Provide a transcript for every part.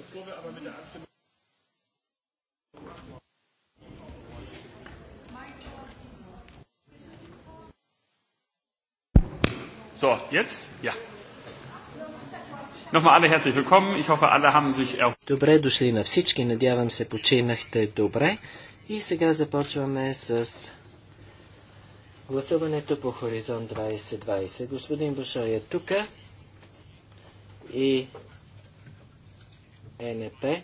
Bevor wir aber mit der Abstimmung So, jetzt? Ja. Nochmal alle herzlich willkommen. Ich hoffe, alle haben sich Добре дошли на всички. Надявам се, починахте добре. И сега започваме с гласуването по Хоризонт 2020. Господин Бошой е тука и е НП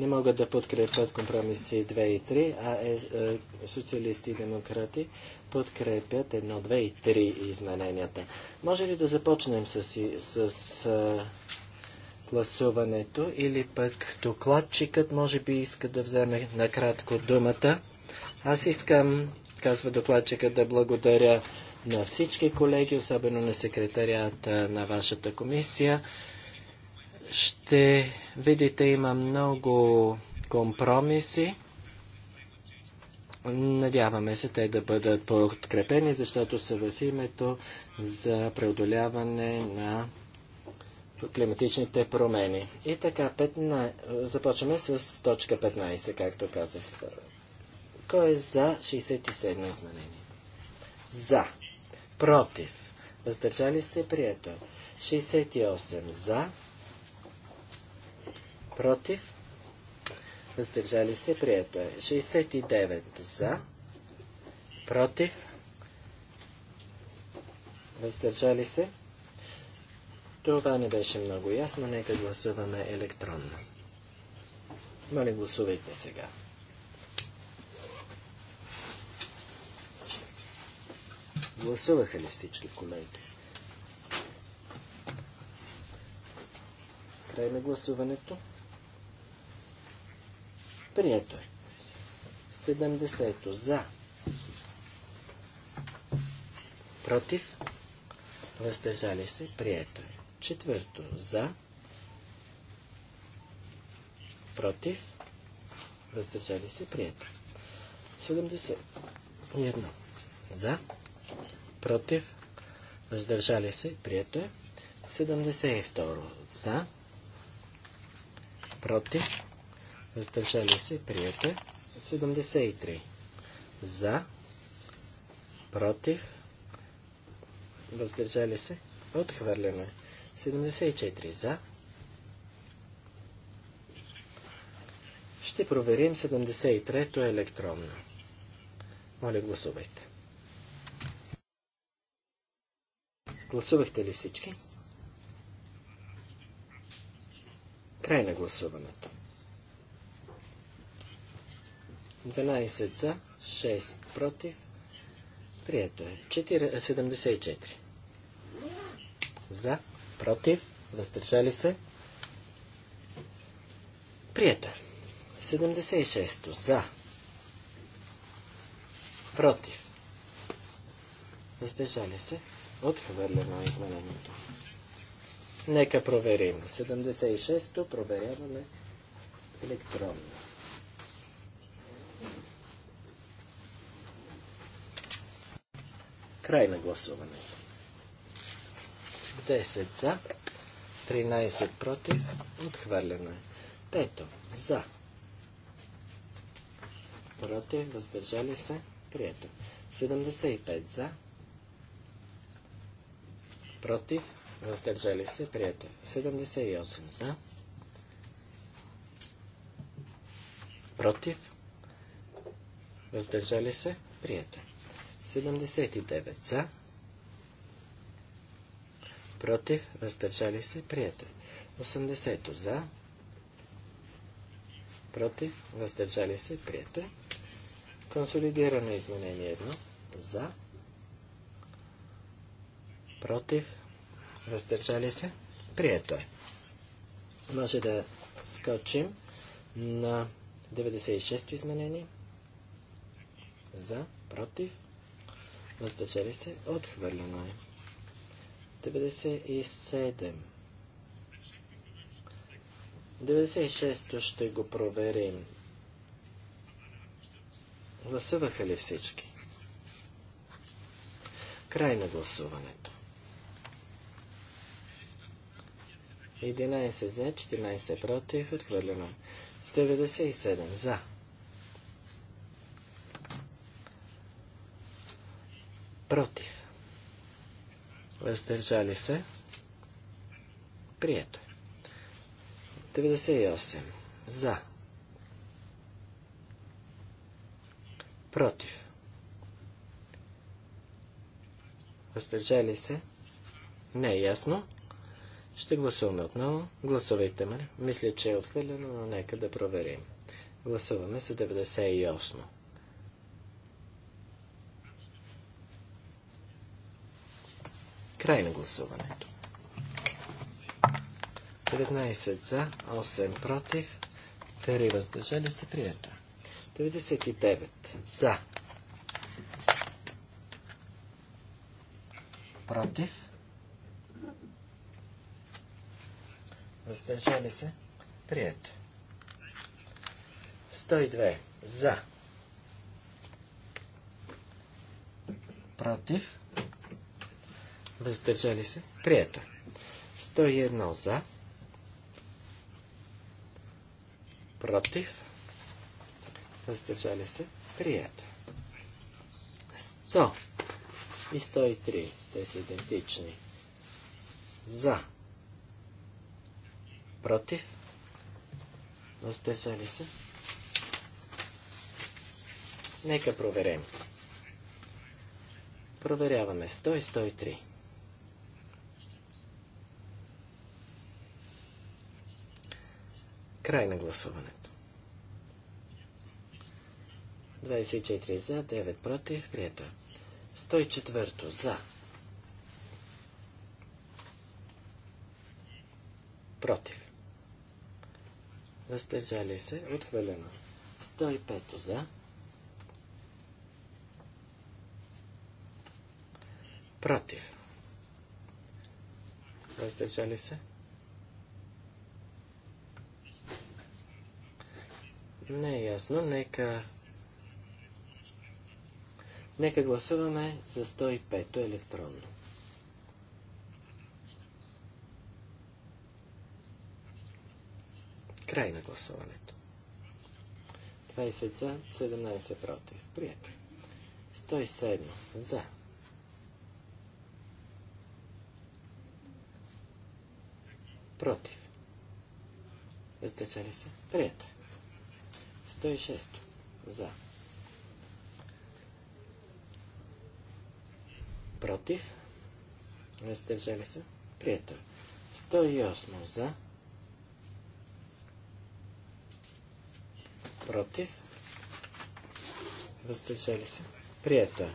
не могат да подкрепят компромиси 2 и 3, а е, е, социалисти и демократи подкрепят 1, 2 и 3 измененията. Може ли да започнем с, с, с е, гласуването или пък докладчикът може би иска да вземе накратко думата? Аз искам, казва докладчикът, да благодаря на всички колеги, особено на секретарията на вашата комисия. Ще видите, има много компромиси. Надяваме се те да бъдат подкрепени, защото са в името за преодоляване на климатичните промени. И така, 15... започваме с точка 15, както казах. Кой е за 67 изменение? За против, въздържали се, прието. 68 за, против, въздържали се, прието е. 69 за, против, въздържали се. Това не беше много ясно, нека гласуваме електронно. Моля, гласувайте сега. Гласуваха ли всички колеги? Край на гласуването. Прието е. 70 за. Против. Въздържали се. Прието е. Четвърто за. Против. Въздържали се. Прието е. 71 за против, въздържали се, прието е. 72 за, против, въздържали се, прието е. 73 за, против, въздържали се, отхвърлено е. 74 за, Ще проверим 73-то електронно. Моля, гласувайте. Гласувахте ли всички? Край на гласуването. 12 за, 6 против. Прието е. 4, 74. Е, за, против, въздържали се. Прието е. 76 за, против, въздържали се. Отхвърлено е изменението. Нека проверим. 76-то проверяваме електронно. Край на гласуването. 10 за, 13 против, отхвърлено е. Пето за, против, въздържали се, прието. 75 за, против, въздържали се, прието. 78 за, против, въздържали се, прието. 79 за, против, въздържали се, прието. 80 за, против, въздържали се, прието. Консолидирано изменение 1 за, против, въздържали се, прието е. Може да скочим на 96-то изменение. За, против, въздържали се, отхвърлено е. 97. 96-то ще го проверим. Гласуваха ли всички? Край на гласуването. 11 за, 14 против, отхвърлено. 197 за. Против. Въздържали се. Прието. 98 е. за. Против. Въздържали се. Не е ясно. Ще гласуваме отново. Гласувайте ме. Мисля, че е отхвърлено, но нека да проверим. Гласуваме за 98. Край на гласуването. 19 за, 8 против, 3 въздържали се, приятел. 99 за. Против. въздържали се, прието. 102 за, против, въздържали се, прието. 101 за, против, въздържали се, прието. 100 и 103, те са идентични. За, Против? Въздържали се? Нека проверим. Проверяваме 100 и 103. Край на гласуването. 24 за, 9 против, прието е. 104 за. Против въздържали се, отхвърлено. 105 за, против, въздържали се. Не е ясно, нека... Нека гласуваме за 105 електронно. Край на гласуването. 20 за, 17 против. Прието. 107 за. Против. Въздържали се. Прието. 106 за. Против. Въздържали се. Прието. 108 за. против, въздържали се, прието е.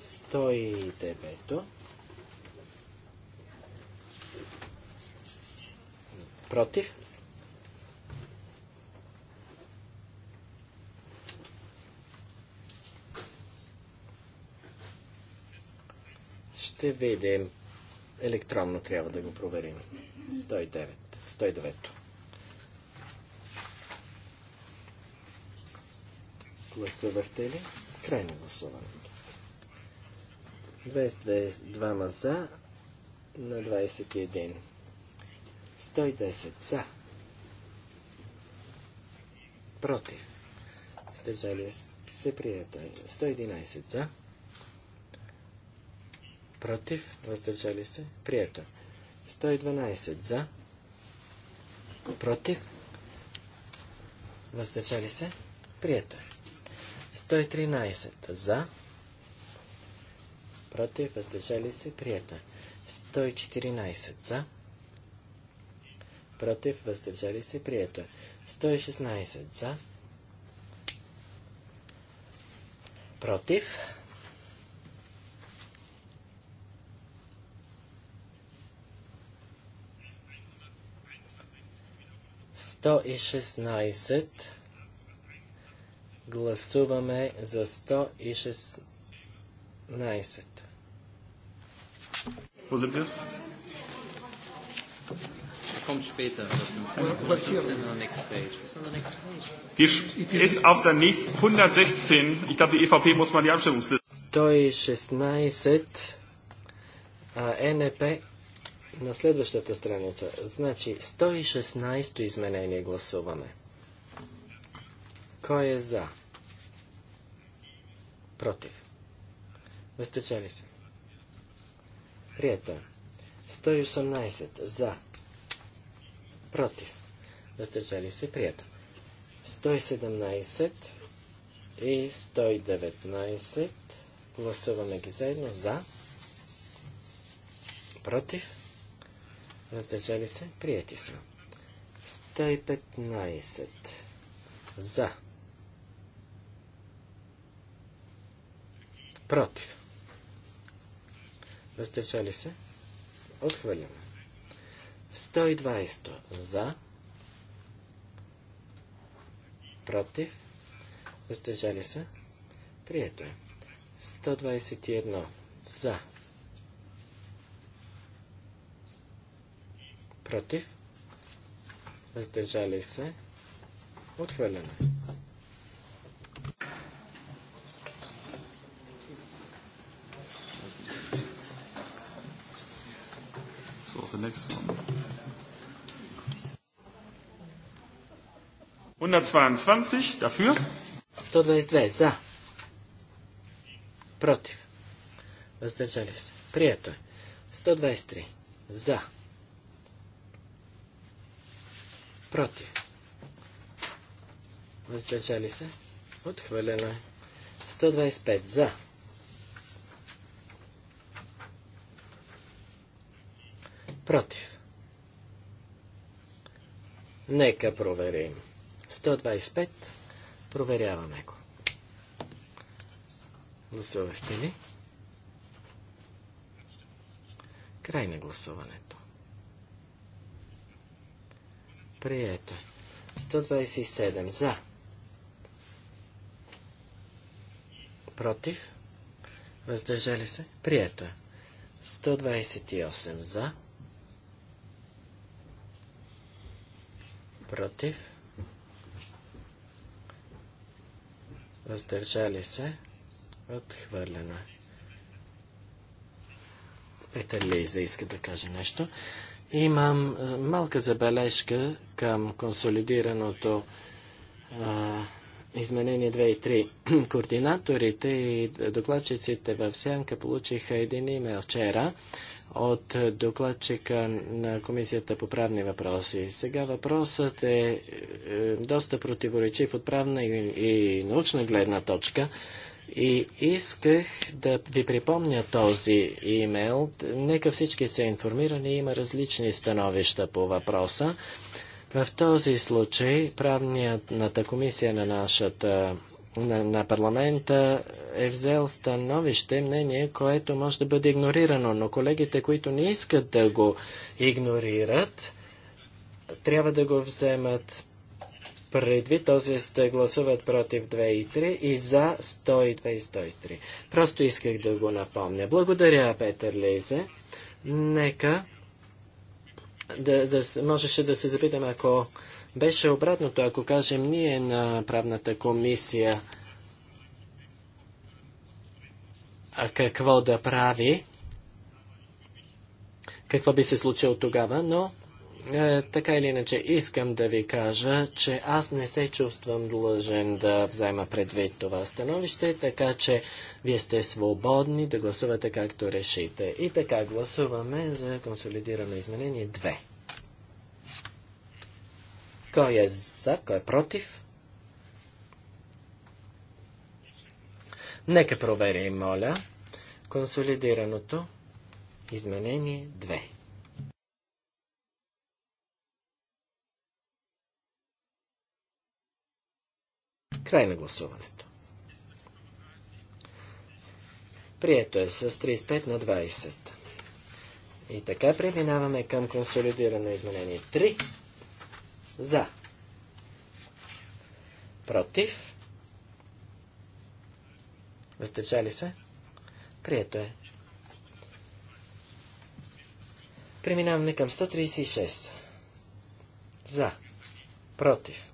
109 против, ще видим. Електронно трябва да го проверим. 109. 109. Гласувахте ли? Край на гласуването. 22 за на 21. 110 за. Против. Сдържали се прието. 111 за. Против. Въздържали се. Прието. 112 за. Против. Въздържали се. Прието е. 113 за, против, въздържали се, прието 114 е. за, против, въздържали се, прието 116 е. за, против, Сто и шестнадцать. Гласуваме за 116. Позитив? kommt später. Die ist auf der nächsten 116. Ich glaube, die EVP muss mal die Abstimmungsliste. 116 НП на следващата страница. Значи 116 изменение гласуваме. Кой е за? Против. Въздържали се. Прието е. 118 за. Против. Въздържали се. Прието. 117 и 119. Гласуваме ги заедно за. Против. Въздържали се. Прияти са. 115 за. Против. Въздържали се. Отхвърляме. 120 за. Против. Въздържали се. Прието е. 121 за. Против. Въздържали се. Отхвърляме. this was the next one. 122 dafür. 122 за. Против. Въздържали се. Прието е. 123 за. Против. Въздържали се. Отхвърлено е. 125 за. Напротив. Нека проверим. 125. Проверяваме го. Гласувахте ли? Край на гласуването. Прието е. 127 за. Против. Въздържали се. Прието е. 128 за. против, въздържали се, отхвърлено Петър Лиза иска да каже нещо. Имам малка забележка към консолидираното а, изменение 2 и 3. Координаторите и докладчиците в Сянка получиха един имейл вчера, от докладчика на Комисията по правни въпроси. Сега въпросът е, е доста противоречив от правна и, научна гледна точка. И исках да ви припомня този имейл. Нека всички са информирани, има различни становища по въпроса. В този случай правната комисия на нашата на, парламента е взел становище, мнение, което може да бъде игнорирано, но колегите, които не искат да го игнорират, трябва да го вземат предвид, т.е. да гласуват против 2 и 3 и за 102 и 103. Просто исках да го напомня. Благодаря, Петър Лейзе. Нека да, да, можеше да се запитам, ако беше обратното, ако кажем ние на правната комисия какво да прави, какво би се случило тогава, но е, така или иначе искам да ви кажа, че аз не се чувствам длъжен да взема предвид това становище, така че вие сте свободни да гласувате както решите. И така гласуваме за консолидирано изменение 2. Кой е за, кой е против? Нека и моля, консолидираното изменение 2. Край на гласуването. Прието е с 35 на 20. И така преминаваме към консолидирано изменение 3. За. Против. Въздържали се. Прието е. Преминаваме към 136. За. Против.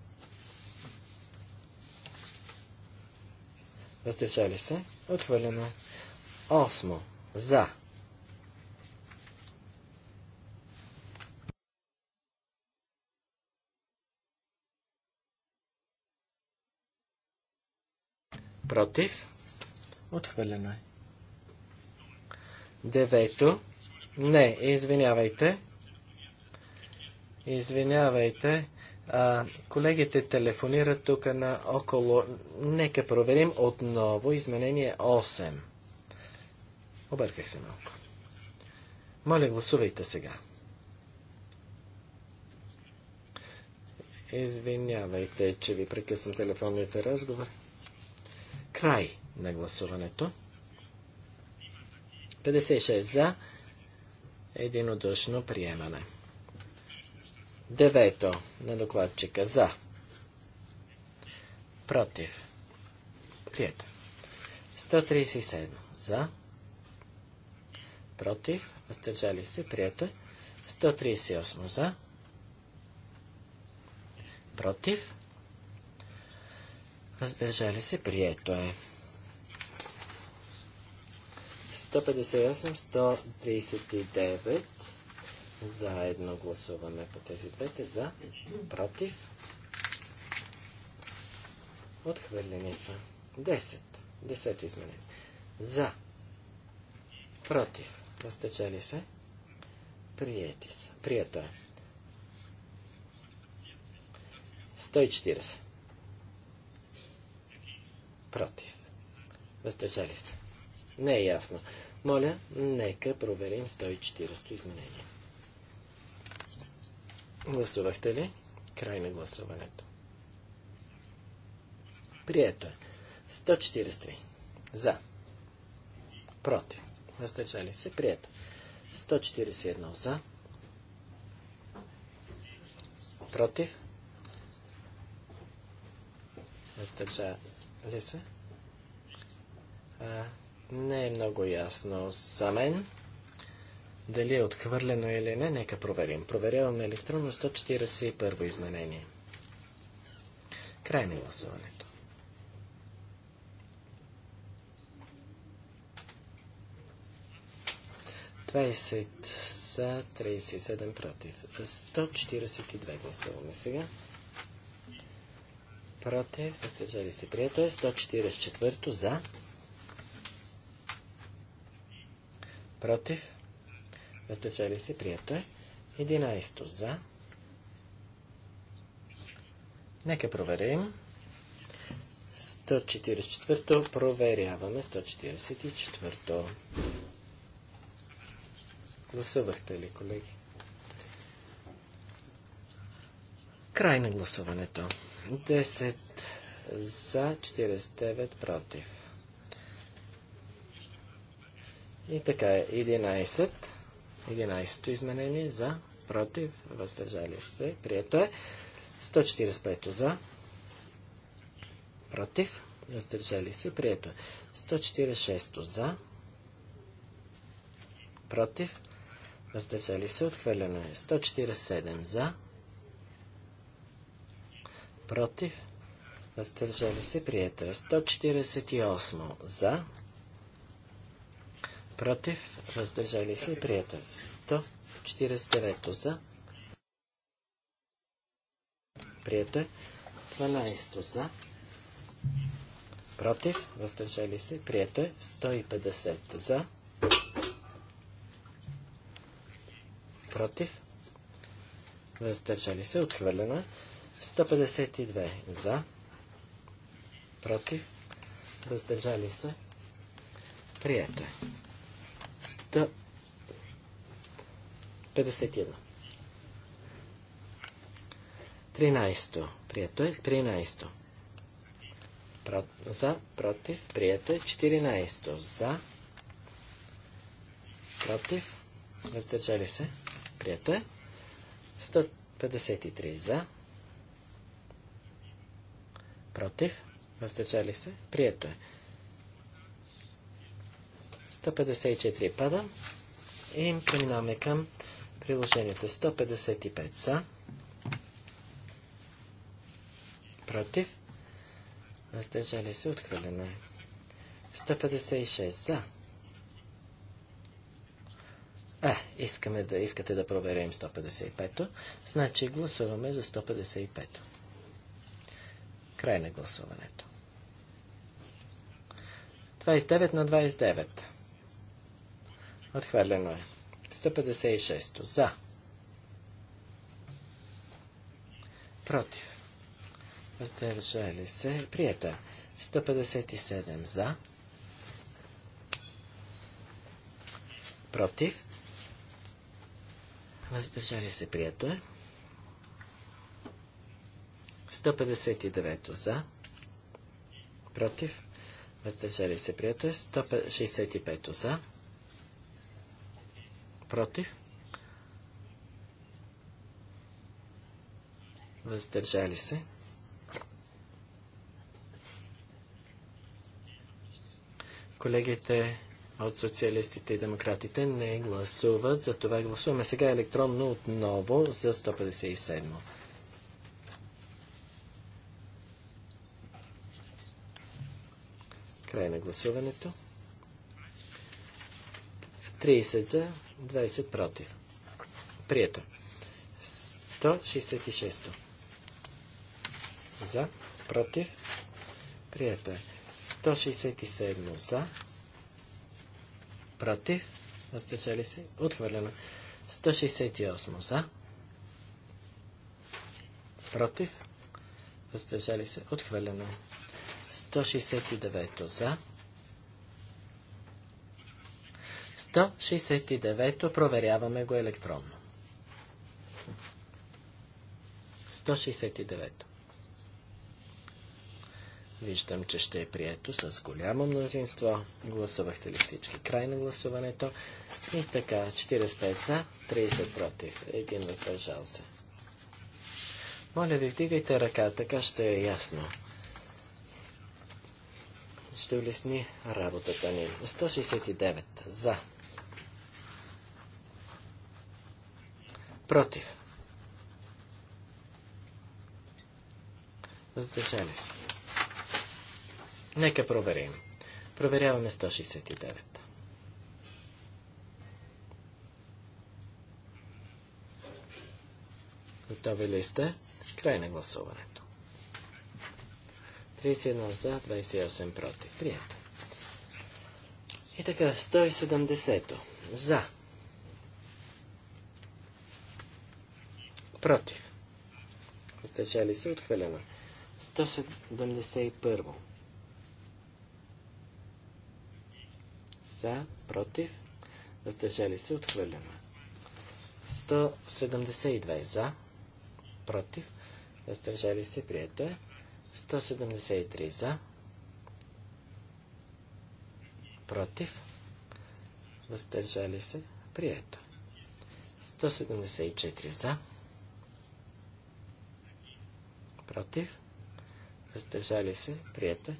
Въздържали се. Отхвърлено. Осмо. За. Против. Отхвърлено е. Девето. Не, извинявайте. Извинявайте. А, колегите телефонират тук на около... Нека проверим отново изменение 8. Обърках се малко. Моля, гласувайте сега. Извинявайте, че ви прекъсна телефонните разговори. Край на гласуването. 56 за. Единодушно приемане. Девето на докладчика за. Против. Прието. 137 за. Против. Въздържали се. Прието. 138 за. Против. Въздържали се, прието е. 158-139. Заедно гласуваме по тези двете. За, против. Отхвърлени са. 10. Десето изменение. За. Против. Въздържали се. Приети са. Прието е. 140. Против. Въздържали се. Не е ясно. Моля, нека проверим 140 изменение. Гласувахте ли? Край на гласуването. Прието е. 143. За. Против. Въздържали се. Прието. 141 за. Против ли се? А, не е много ясно за мен. Дали е отхвърлено или не, нека проверим. Проверяваме електронно 141 изменение. Край на гласуването. Двадесет са 37 против. 142 гласуваме сега против, въздържали се. Прието е 144 за, против, въздържали се. Прието е 11 за. Нека проверим. 144 проверяваме 144 Гласувахте ли, колеги? Край на гласуването. 10 за, 49 против. И така е, 11. 11-то изменение за, против, въздържали се, прието е. 145 за, против, въздържали се, прието е. 146 за, против, въздържали се, отхвърлено е. 147 за, против, против, въздържали се, прието е 148 за, против, въздържали се, прието е 149 за, прието е 12 за, против, въздържали се, прието е 150 за, против, въздържали се, отхвърлено е 152 за, против, въздържали се, прието е. 151. 13. Прието е 13. Про... За, против, прието е 14. За, против, въздържали се, прието е 153. За, против, въздържали се, прието е. 154 пада и преминаваме към приложението. 155 са против, въздържали се, отхвърлено е. 156 за. А, искаме да, искате да проверим 155-то, значи гласуваме за 155-то. Край на гласуването. 29 на 29. Отхвърлено е. 156. За. Против. Въздържали се. Прието е. 157 за. Против. Въздържали се. Прието е. 159 за, против, въздържали се прието е 165 за, против, въздържали се. Колегите от социалистите и демократите не гласуват, затова гласуваме сега електронно отново за 157. Край на гласуването. 30 за, 20 против. Прието. 166 за, против. Прието е. 167 за, против. Въздържали се. Отхвърлено. 168 за, против. Въздържали се. Отхвърлено 169 за. 169 проверяваме го електронно. 169. Виждам, че ще е прието с голямо мнозинство. Гласувахте ли всички? Край на гласуването. И така, 45 за, 30 против, един въздържал се. Моля ви, вдигайте ръка, така ще е ясно ще улесни работата ни. 169 за. Против. Въздържали се. Нека проверим. Проверяваме 169. Готови ли сте? Край на гласуването. 31 за, 28 против. Приятно. И така, 170 за. Против. Въздържали се, отхвалено. 171. За, против. Въздържали се, отхвърлено. 172 за, против. Въздържали се, прието е. 173 за. Против. Въздържали се. Прието. 174 за. Против. Въздържали се. Прието.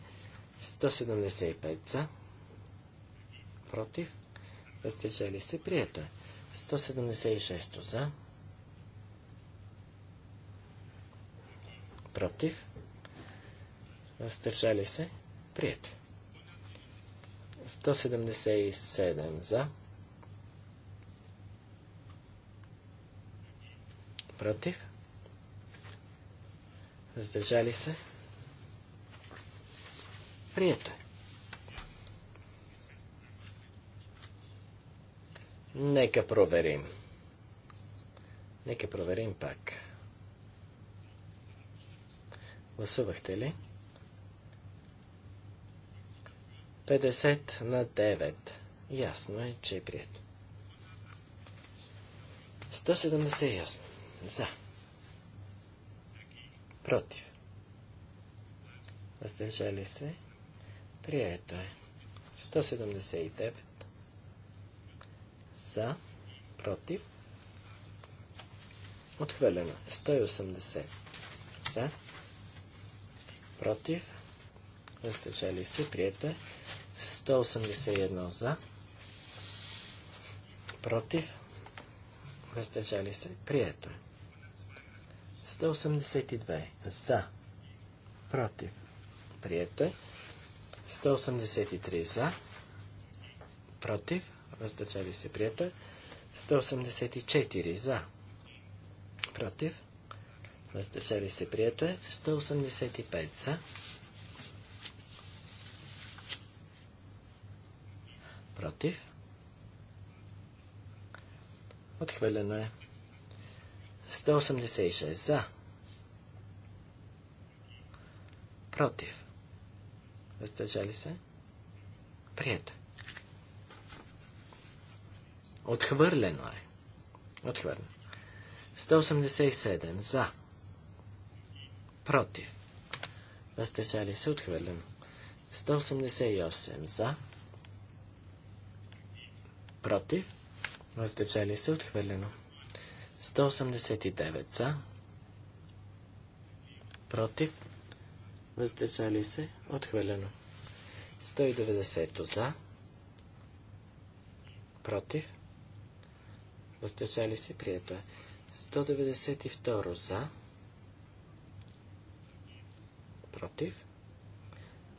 175 е. за. Против. Въздържали се. Прието. 176 е. за. Против въздържали се, прието. 177 за, против, въздържали се, прието. Е. Нека проверим. Нека проверим пак. Гласувахте ли? 50 на 9. Ясно е, че е прието. 178. За. Против. Въздържали се. Прието е. 179. За. Против. Отхвърлено. 180. За. Против. Въздържали се. Прието е. 181 за. Против. Въздържали се. Прието е. 182 за. Против. Прието е. 183 за. Против. Въздържали се. Прието е. 184 за. Против. Въздържали се. Прието е. 185 за против. Отхвърлено е. 186 за. Против. Въздържали се. Прието. Отхвърлено е. Отхвърлено. 187 за. Против. Въздържали се. Отхвърлено. 188 за против, въздържали се, отхвърлено. 189 за, против, въздържали се, отхвърлено. 190 за, против, въздържали се, прието е. 192 за, против,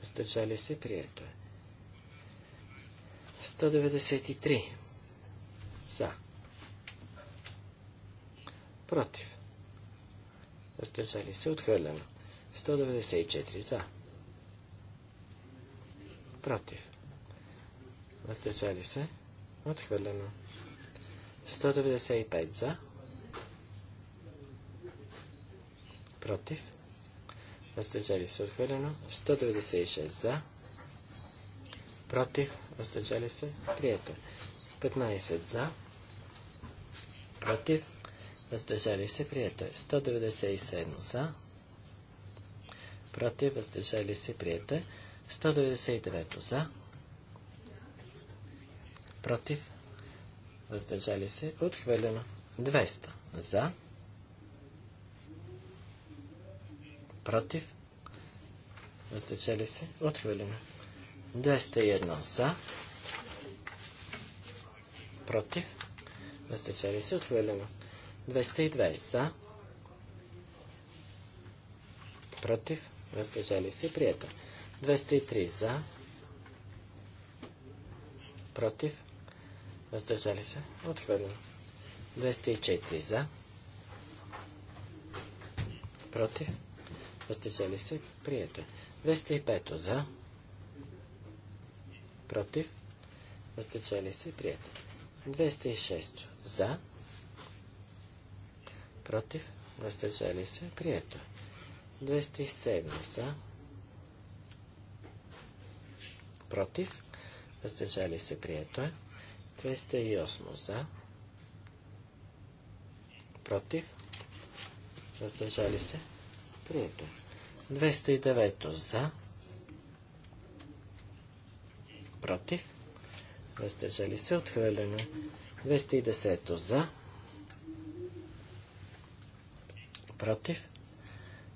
въздържали се, прието е. 193 за. Против. Въздържали се. Отхвърлено. 194 за. Против. Въздържали се. Отхвърлено. 195 за. Против. Въздържали се. Отхвърлено. 196 за. Против въздържали се, прието. 15 за, против, въздържали се, прието. 197 за, против, въздържали се, прието. 199 за, против, въздържали се, отхвърлено. 200 за, против, въздържали се, отхвърлено. 201 за. Против. Въздържали се. Отхвърлено. 202 за. Против. Въздържали се. Прието. 203 за. Против. Въздържали се. Отхвърлено. 204 за. Против. Въздържали се. Прието. 205 за против, въздържали се, прието. 206 за, против, въздържали се, прието. 207 за, против, въздържали се, прието е. 208 за, против, въздържали се, прието е. 209 за, против, въздържали се, отхвърлено. 210 за, против,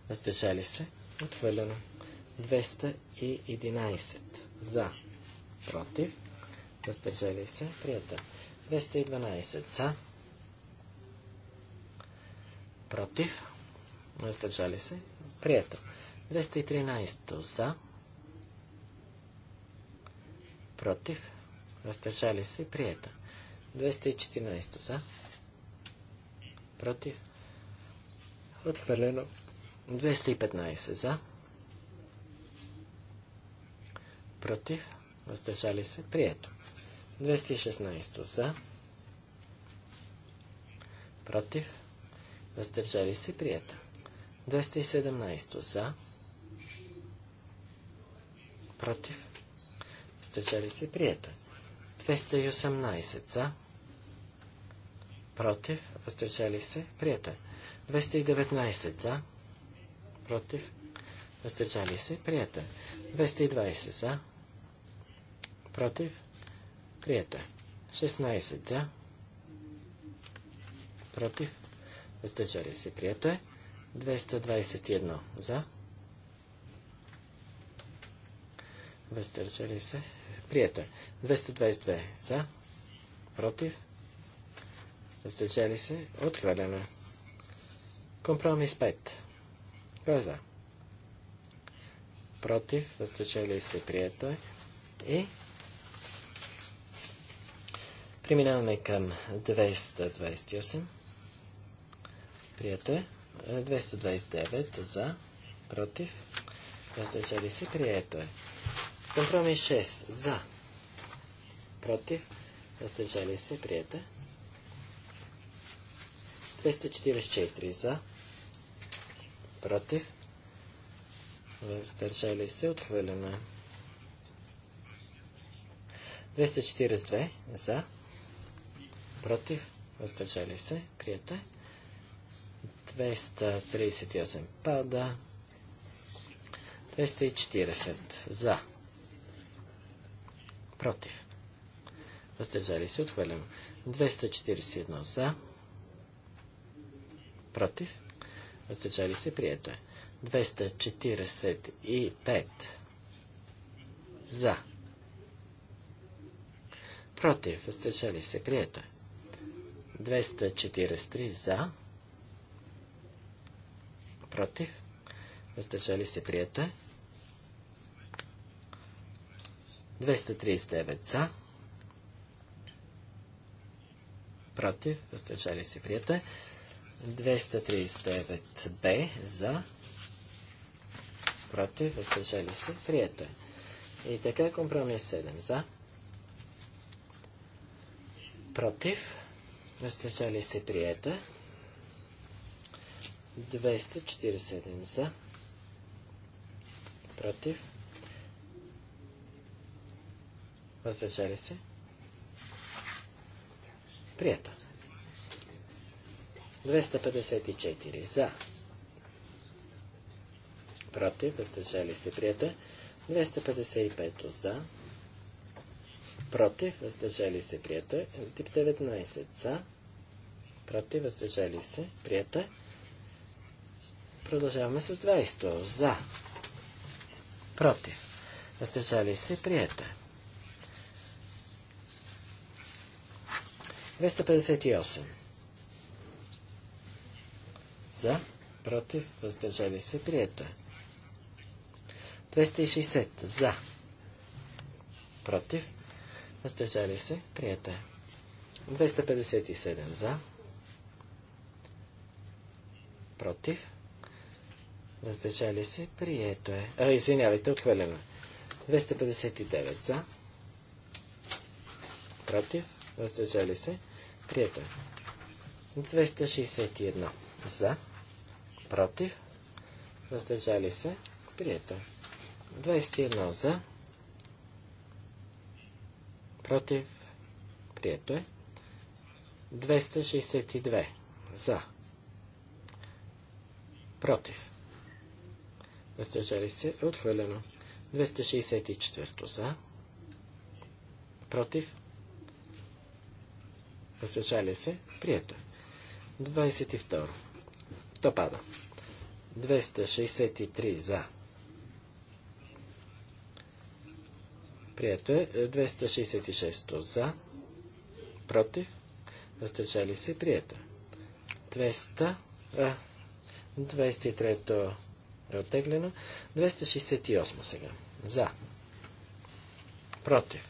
въздържали се, отхвърлено. 211 за, против, въздържали се, приятел. 212 за, против, въздържали се, прието. 213 за, против, въздържали се, прието. 214 за, против, отхвърлено. 215 за, против, въздържали се, прието. 216 за, против, въздържали се, прието. 217 за, против, въздържали се, прието. 218 за, против, въздържали се, прието. 219 за, против, въздържали се, прието. 220 за, против, прието. 16 за, против, въздържали се, прието е. 221 за, въздържали се, Прието е. 222 за. Против. Въздържали се. Отхвърлено е. Компромис 5. Кой е за? Против. Въздържали се. Прието е. И преминаваме към 228. Прието е. 229 за. Против. Въздържали се. Прието е. Компромис 6. За. Против. Въздържали се. Прието. 244. Е. За. Против. Въздържали се. Отхвърлено. 242. Е. За. Против. Въздържали се. Прието 238 е. пада. 240 за. Против. Въздържали се. Отхвърлено. 241 за. Против. Въздържали се. Прието е. 245 за. Против. Въздържали се. Прието е. 243 за. Против. Въздържали се. Прието е. 239 за. Против. Въздържали се. приятели, 239 б за. Против. Въздържали се. приятели. И така компромис 7 за. Против. Въздържали се. приятели, 247 за. Против Въздържали се. Прието. 254 за. Против. Въздържали се. Прието 255 е. за. Против. Въздържали се. Прието е. Тип 19 за. Против. Въздържали се. Прието е. Продължаваме с 20 за. Против. Въздържали се. Прието е. 258. За, против, въздържали се, прието е. 260. За, против, въздържали се, прието е. 257. За, против, въздържали се, прието е. А, извинявайте, отхвърлено 259 е. за, против, въздържали се, прието е. 261 за, против, въздържали се, прието е. 21 за, против, прието е. 262 за, против, въздържали се, отхвърлено. 264 за, против, въздържали се, прието. 22. Е. То пада. 263 за. Прието е. 266 за. Против. Въздържали се. Прието. е. А, 23 е оттеглено. 268 сега. За. Против.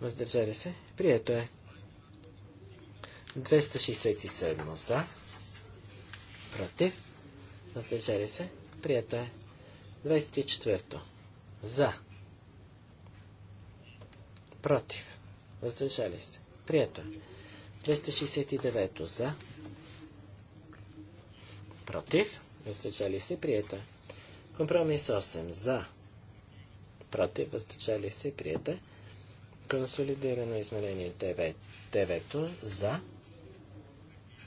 Въздържали се. Прието е. 267 за, против, въздържали се, прието е. 24 за, против, въздържали се, прието е. 269 за, против, въздържали се, прието е. Компромис 8 за, против, въздържали се, прието е. Консолидирано измерение 9, 9 за,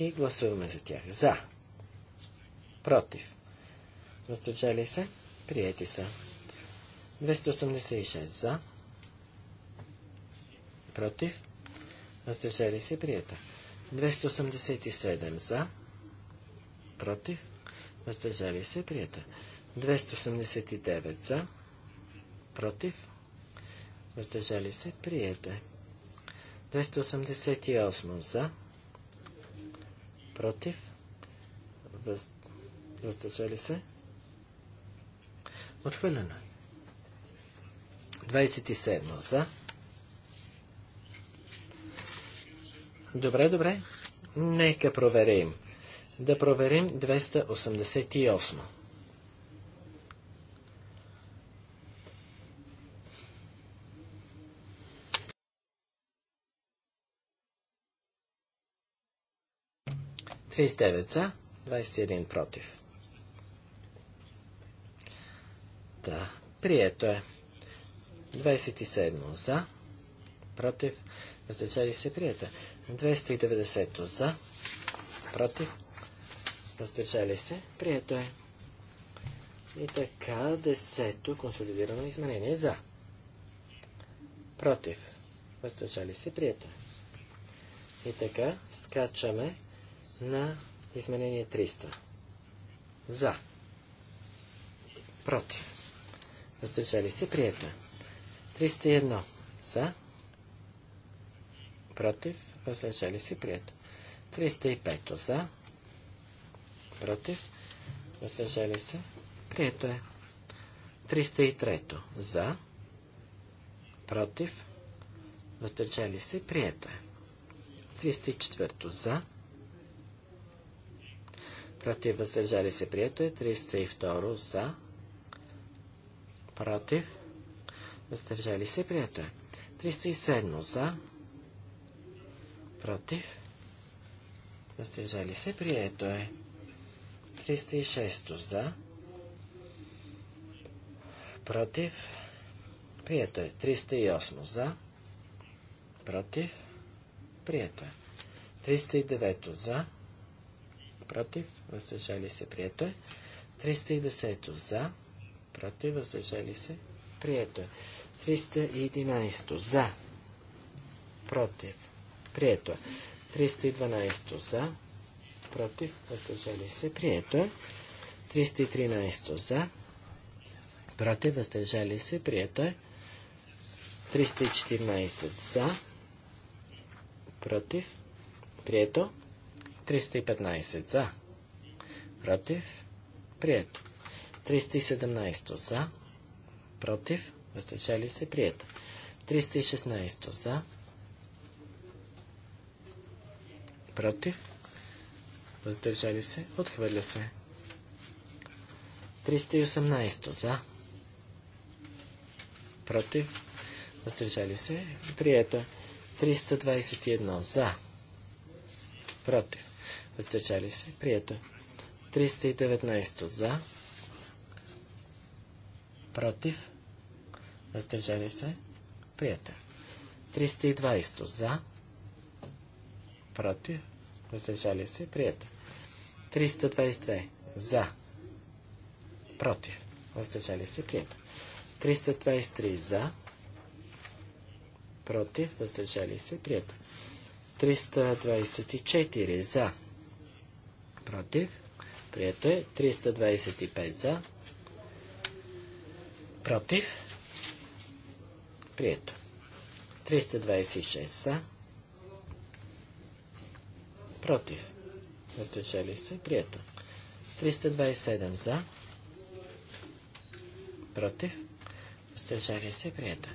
и гласуваме за тях. За. Против. Въздържали се. Приети са. 286 за. Против. Въздържали се. Приета. 287 за. Против. Въздържали се. Приета. 289 за. Против. Въздържали се. Прието е. 288 за против, въз... въздържали се, отхвърлено. 27 е. за. Добре, добре. Нека проверим. Да проверим 288. 39 за, 21 против. Да, прието е. 27 за, против, въздържали се, прието е. 290 за, против, въздържали се, прието е. И така, десето консолидирано изменение за. Против. Въздържали се, прието е. И така, скачаме на изменение 300. За. Против. Въздържали се. Прието. 301. За. Против. Въздържали се. Прието. 305. За. Против. Въздържали се. Прието е. 303. За. Против. Въздържали се. Прието е. 304. За против, въздържали се, прието е. 302 за, против, въздържали се, прието е. 307 за, против, въздържали се, прието е. 306 за, против, прието е. 308 за, против, прието е. 309 за, против, въздържали се, прието е. 310 за, против, въздържали се, прието е. 311 за, против, прието е. 312 за, против, въздържали се, прието е. 313 за, против, въздържали се, прието е. 314 за, против, прието. 315 за. Против. Прието. 317 за. Против. Въздържали се. Прието. 316 за. Против. Въздържали се. Отхвърля се. 318 за. Против. Въздържали се. Прието. 321 за. Против въздържали се, прието. 319 е. за, против, въздържали се, прието. 320 е. за, против, въздържали се, прието. 322 е. за, против, въздържали се, прието. 323 за, против, въздържали се, прието. 324 за, против, прието е. 325 за, против, прието. 326 за, против, въздържали се, прието. 327 за, против, въздържали се, прието.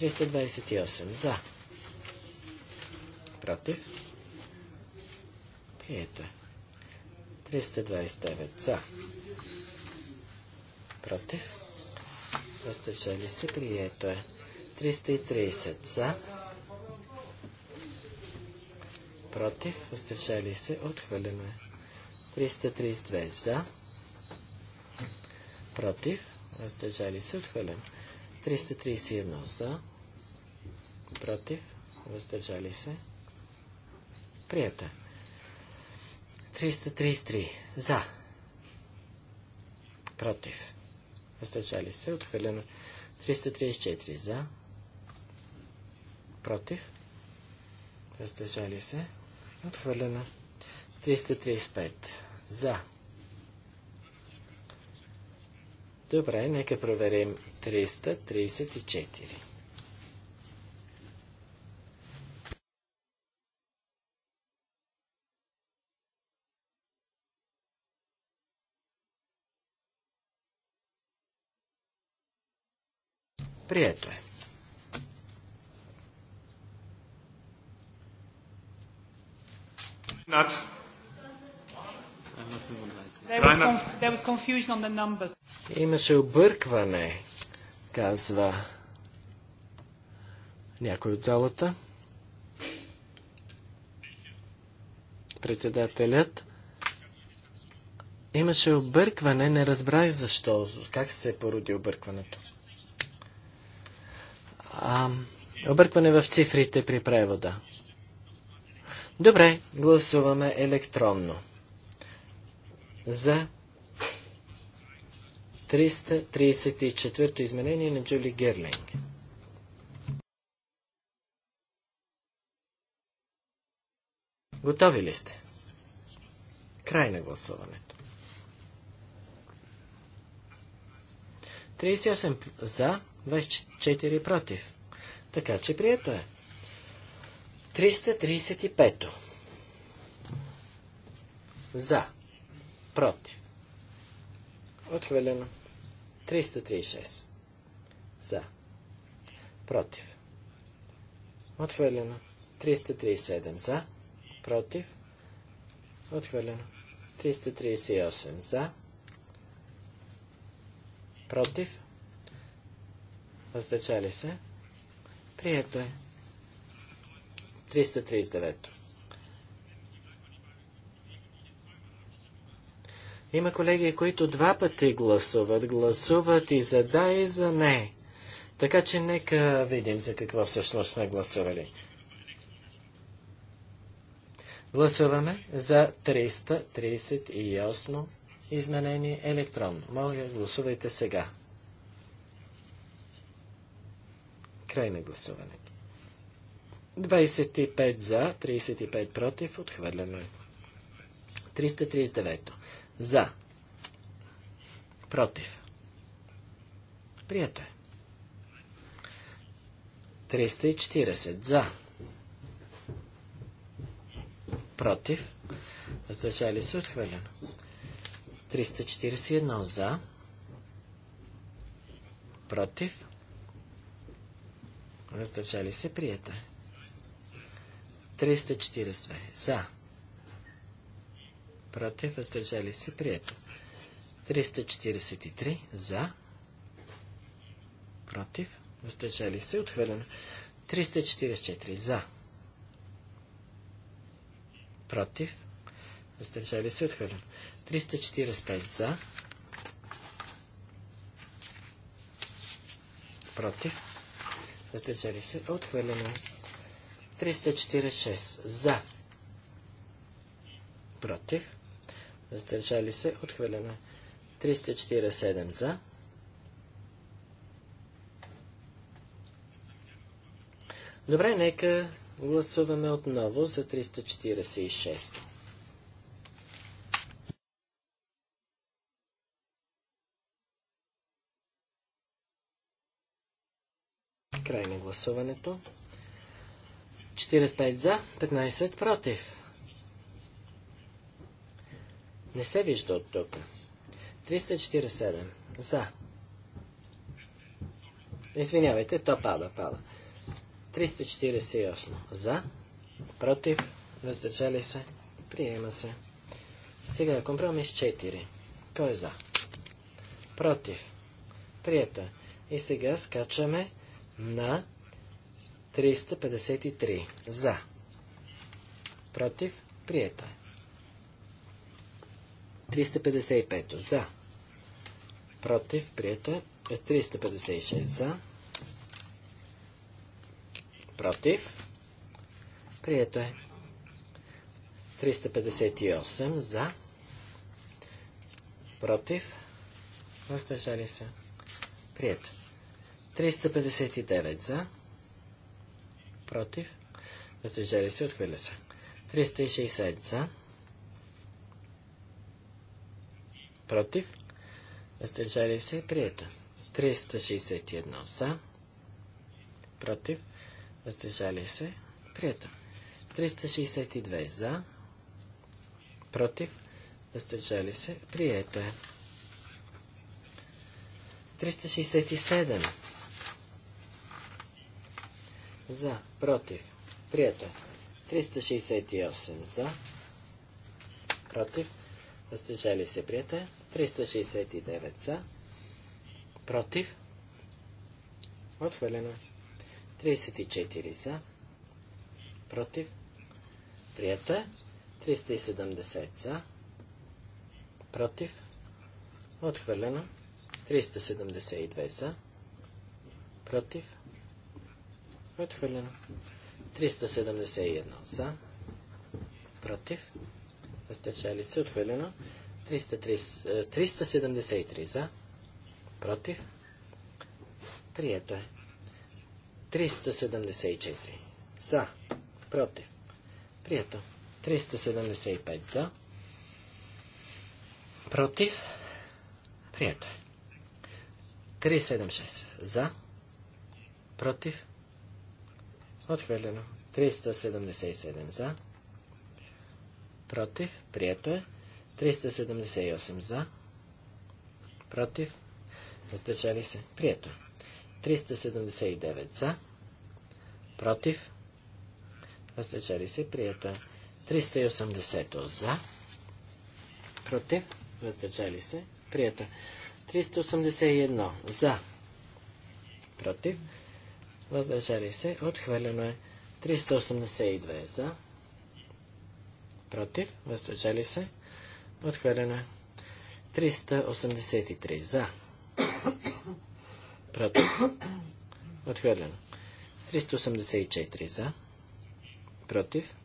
328 за, против, прието. е. 329 за. Против. Въздържали се. Прието е. 330 за. Против. Въздържали се. Отхвърлено е. 332 за. Против. Въздържали се. Отхвърлено. 331 за. Против. Въздържали се. Прието е. 333. За. Против. Въздържали се. Отхвърлено. 334. За. Против. Въздържали се. Отхвърлено. 335. За. Добре, нека проверим 334. Прието е. Имаше объркване, казва някой от залата. Председателят. Имаше объркване, не разбрах защо, как се породи объркването а, объркване в цифрите при превода. Добре, гласуваме електронно. За 334 изменение на Джули Герлинг. Готови ли сте? Край на гласуването. 38 за, 24 против. Така че прието е. 335. За. Против. Отхвърлено. 336. За. Против. Отхвърлено. 337. За. Против. отхвърлено. 338. За. Против. Въздържали се. Прието е. 339. Има колеги, които два пъти гласуват. Гласуват и за да, и за не. Така че нека видим за какво всъщност сме гласували. Гласуваме за 338 изменение електронно. Моля, гласувайте сега. Край на гласуването. 25 за, 35 против, отхвърлено е. 339. За. Против. Прието е. 340. За. Против. Въздържали се отхвърлено. 341 за. Против. Въздържали се. прията. 342. За. Против. Въздържали се. Прието. 343. За. Против. Въздържали се. Отхвърлено. 344. За. Против. Въздържали се. Отхвърлено. 345. За. Против въздържали се, отхвърлено. 346 за, против, въздържали се, отхвърлено. 347 за, Добре, нека гласуваме отново за 346. гласуването. 45 за, 15 против. Не се вижда от тук. 347 за. Извинявайте, то пада, пада. 348 за, против, въздържали се, приема се. Сега е компромис 4. Кой е за? Против. Прието е. И сега скачаме на 353. За. Против. Прието е. 355. За. Против. Прието е. 356. За. Против. Прието е. 358. За. Против. Въздържали се. Прието. 359 за против, въздържали се, отхвърля се. 360 за, против, въздържали се, прието. 361 за, против, въздържали се, прието. 362 за, против, въздържали се, прието е. 367 за. Против. Прието. 368 е. за. Против. Въздържали се. Прието е. 369 за. Против. Отхвърлено. 34 е. за. Против. Прието е. 370 за. Против. Отхвърлено. 372 е. за. Против. Отхвърлено. 371 за. Против. Въздържали се. Отхвърлено. 373 за. Против. Прието е. 374 за. Против. Прието. 375 за. Против. Прието е. 376 за. Против. Отхвърлено. 377 за. Против. Прието е. 378 за. Против. Въздържали се. Прието е. 379 за. Против. Въздържали се. Прието е. 380 за. Против. Въздържали се. Прието е. 381 за. Против въздържали се, отхвърлено е 382 за, против, въздържали се, отхвърлено е 383 за, против, отхвърлено 384 за, против,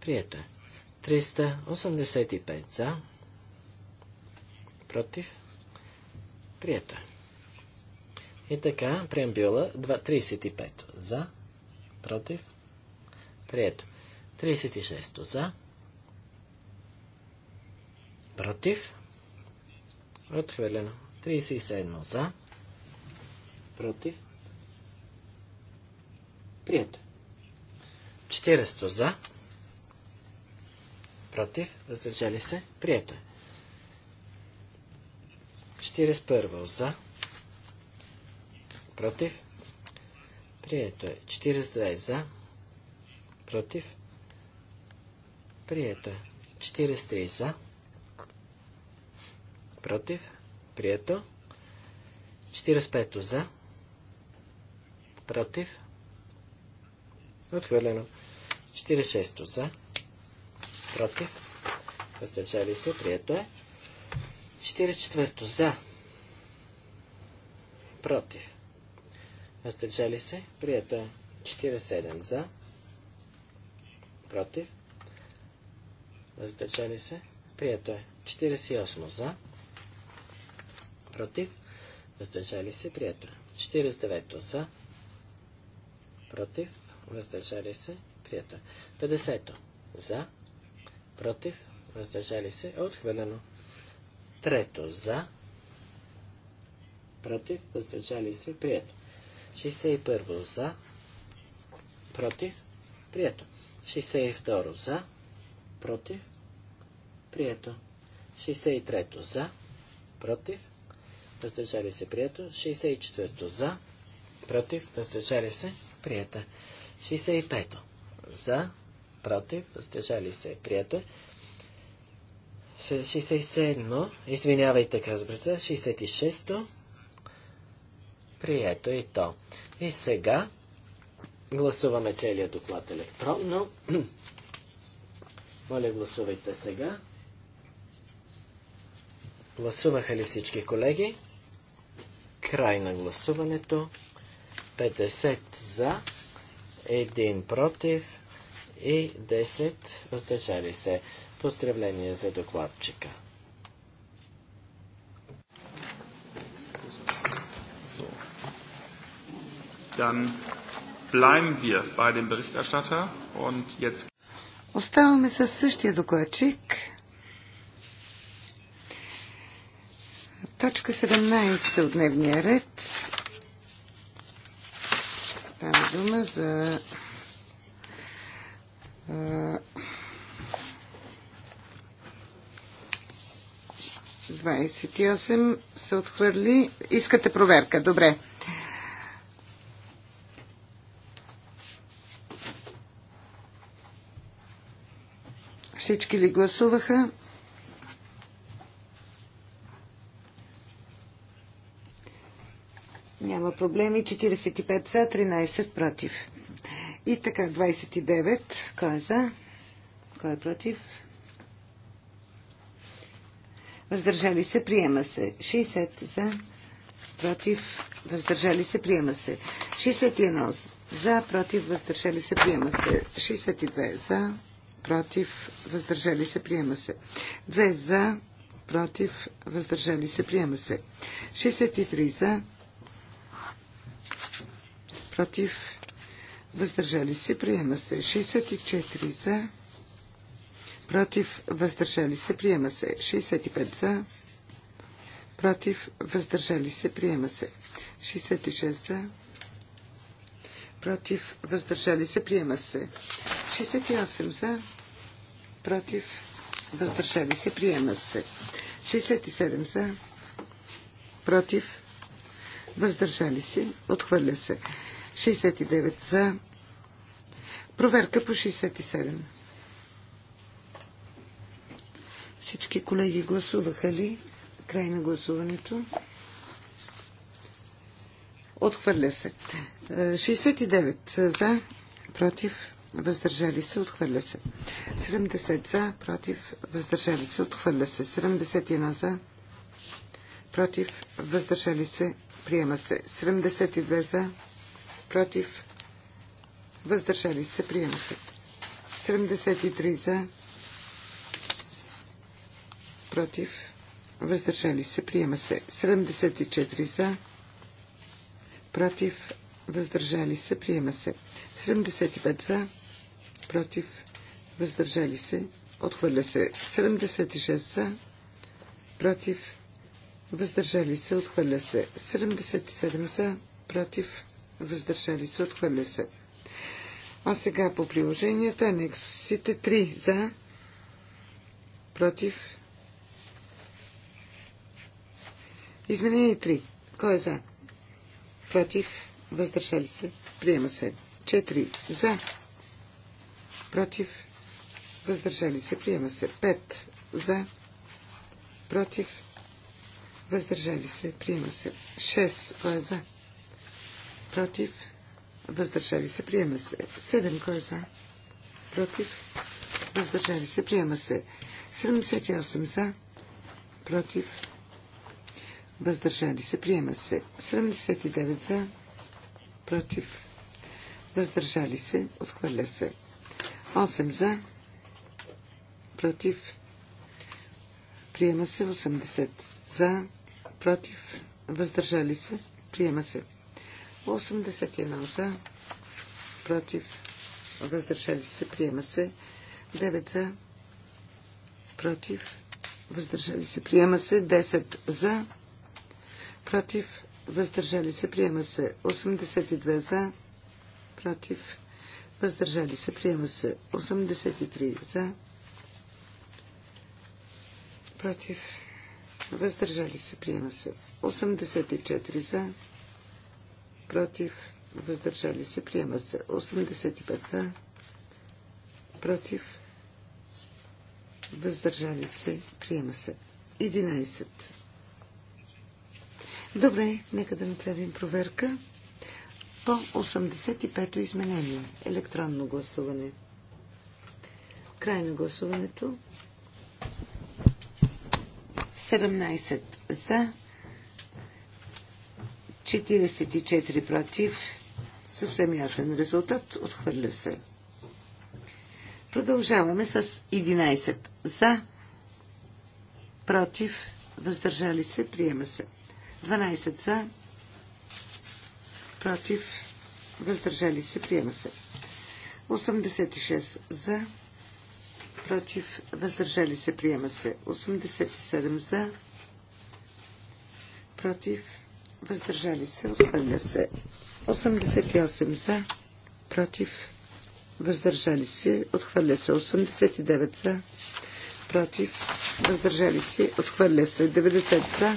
прието е 385 за, против, прието е и така, преамбюла 35 за, против, прието. 36 за, против, отхвърлено. 37 за, против, прието. 40 за, против, въздържали се, прието е. 41 за, против. Прието е. 42 за, против. Прието е. 43 за, против. Прието. 45 за, против. Отхвърлено. 46 за, против. Въздържали се. Прието е. 44 за, против въздържали се, прието е 47 за, против, въздържали се, прието е 48 за, против, въздържали се, прието е 49 за, против, въздържали се, прието е 50 за, против, въздържали се, е отхвърлено. Трето за, против, въздържали се, прието. 61 за. Против. Прието. 62 за. Против. Прието. 63 за. Против. Въздържали се. Прието. 64 за. Против. Въздържали се. Прието. 65 за. Против. Въздържали се. Прието. 67 извинявайте, казва 66 Прието е и то. И сега гласуваме целият доклад електронно. Моля, гласувайте сега. Гласуваха ли всички колеги? Край на гласуването. 50 за, 1 против и 10 въздържали се. Поздравление за докладчика. Dann bleiben wir bei dem Berichterstatter und jetzt. Оставаме със същия докладчик. Точка 17 от дневния ред. Става дума за а, 28 се отхвърли. Искате проверка. Добре. Всички ли гласуваха? Няма проблеми. 45 за, 13 против. И така, 29. Кой е за? Кой е против? Въздържали се, приема се. 60 за, против, въздържали се, приема се. 61 за, против, въздържали се, приема се. 62 за, против, въздържали се, приема се. 2 за, против, въздържали се, приема се. 63 за, против, въздържали се, приема се. 64 за, против, въздържали се, приема се. 65 за, против, въздържали се, приема се. 66 за, против, въздържали се, приема се. 68 за, против, въздържали се, приема се. 67 за, против, въздържали се, отхвърля се. 69 за, проверка по 67. Всички колеги гласуваха ли? Край на гласуването. Отхвърля се. 69 за, против, въздържали се, отхвърля се. 70 за, против, въздържали се, отхвърля се. 71 за, против, въздържали се, приема се. 72 за, против, въздържали се, приема се. 73 за, против, въздържали се, приема се. 74 за, против, въздържали се, приема се. 75 за, против, въздържали се, отхвърля се 76 за, против, въздържали се, отхвърля се 77 за, против, въздържали се, отхвърля се. А сега по приложенията, анексите 3 за, против, изменение 3. Кой е за? Против, въздържали се, приема се. 4 за, против, въздържали се, приема се. 5 за, против, въздържали се, приема се. 6 кой е за, против, въздържали се, приема се. 7 кой е за, против, въздържали се, приема се. 78 за, против, въздържали се, приема се. 79 за, против, въздържали се, отхвърля се. 8 за, против, приема се 80 за, против, въздържали се, приема се 81 за, против, въздържали се, приема се 9 за, против, въздържали се, приема се 10 за, против, въздържали се, приема се 82 за, против, въздържали се, приема се 83 за, против, въздържали се, приема се 84 за, против, въздържали се, приема се 85 за, против, въздържали се, приема се 11. Добре, нека да направим проверка по 85-то изменение. Електронно гласуване. Край на гласуването. 17 за, 44 против. Съвсем ясен резултат. Отхвърля се. Продължаваме с 11 за, против, въздържали се, приема се. 12 за, против, въздържали се, приема се. 86 за, против, въздържали се, приема се. 87 за, против, въздържали се, отхвърля се. 88 за, против, въздържали се, отхвърля се. 89 за, против, въздържали се, отхвърля се. 90 за,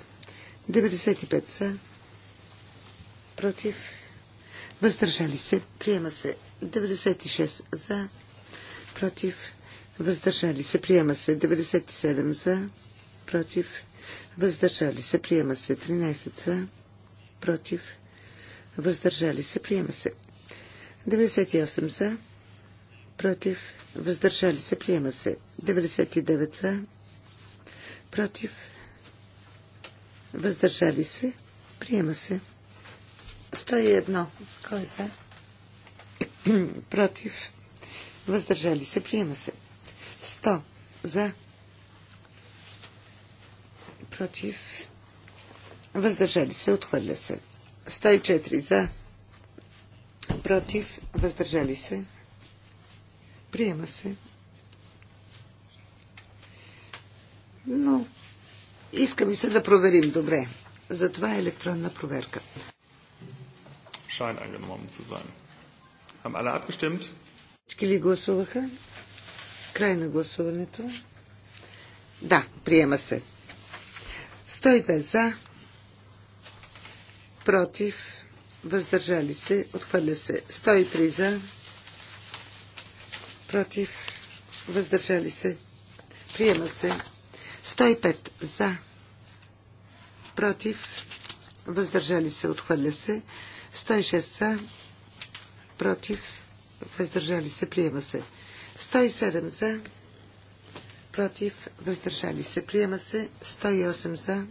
95 са против. Въздържали се. Приема се. 96 за против. Въздържали се. Приема се. 97 за против. Въздържали се. Приема се. 13 за против. Въздържали се. Приема се. 98 за против. Въздържали се. Приема се. 99 за против Въздържали се. Приема се. 101. Кой е за? Против. Въздържали се. Приема се. 100. За. Против. Въздържали се. Отхвърля се. 104. За. Против. Въздържали се. Приема се. Но иска ми се да проверим добре. Затова е електронна проверка. angenommen zu sein. Haben alle abgestimmt? Всички ли гласуваха? Край на гласуването. Да, приема се. 105 за, против, въздържали се, отхвърля се. 103 за, против, въздържали се, приема се. 105 за, против, въздържали се, отхвърля се. 106 за, против, въздържали се, приема се. 107 за, против, въздържали се, приема се. 108 за,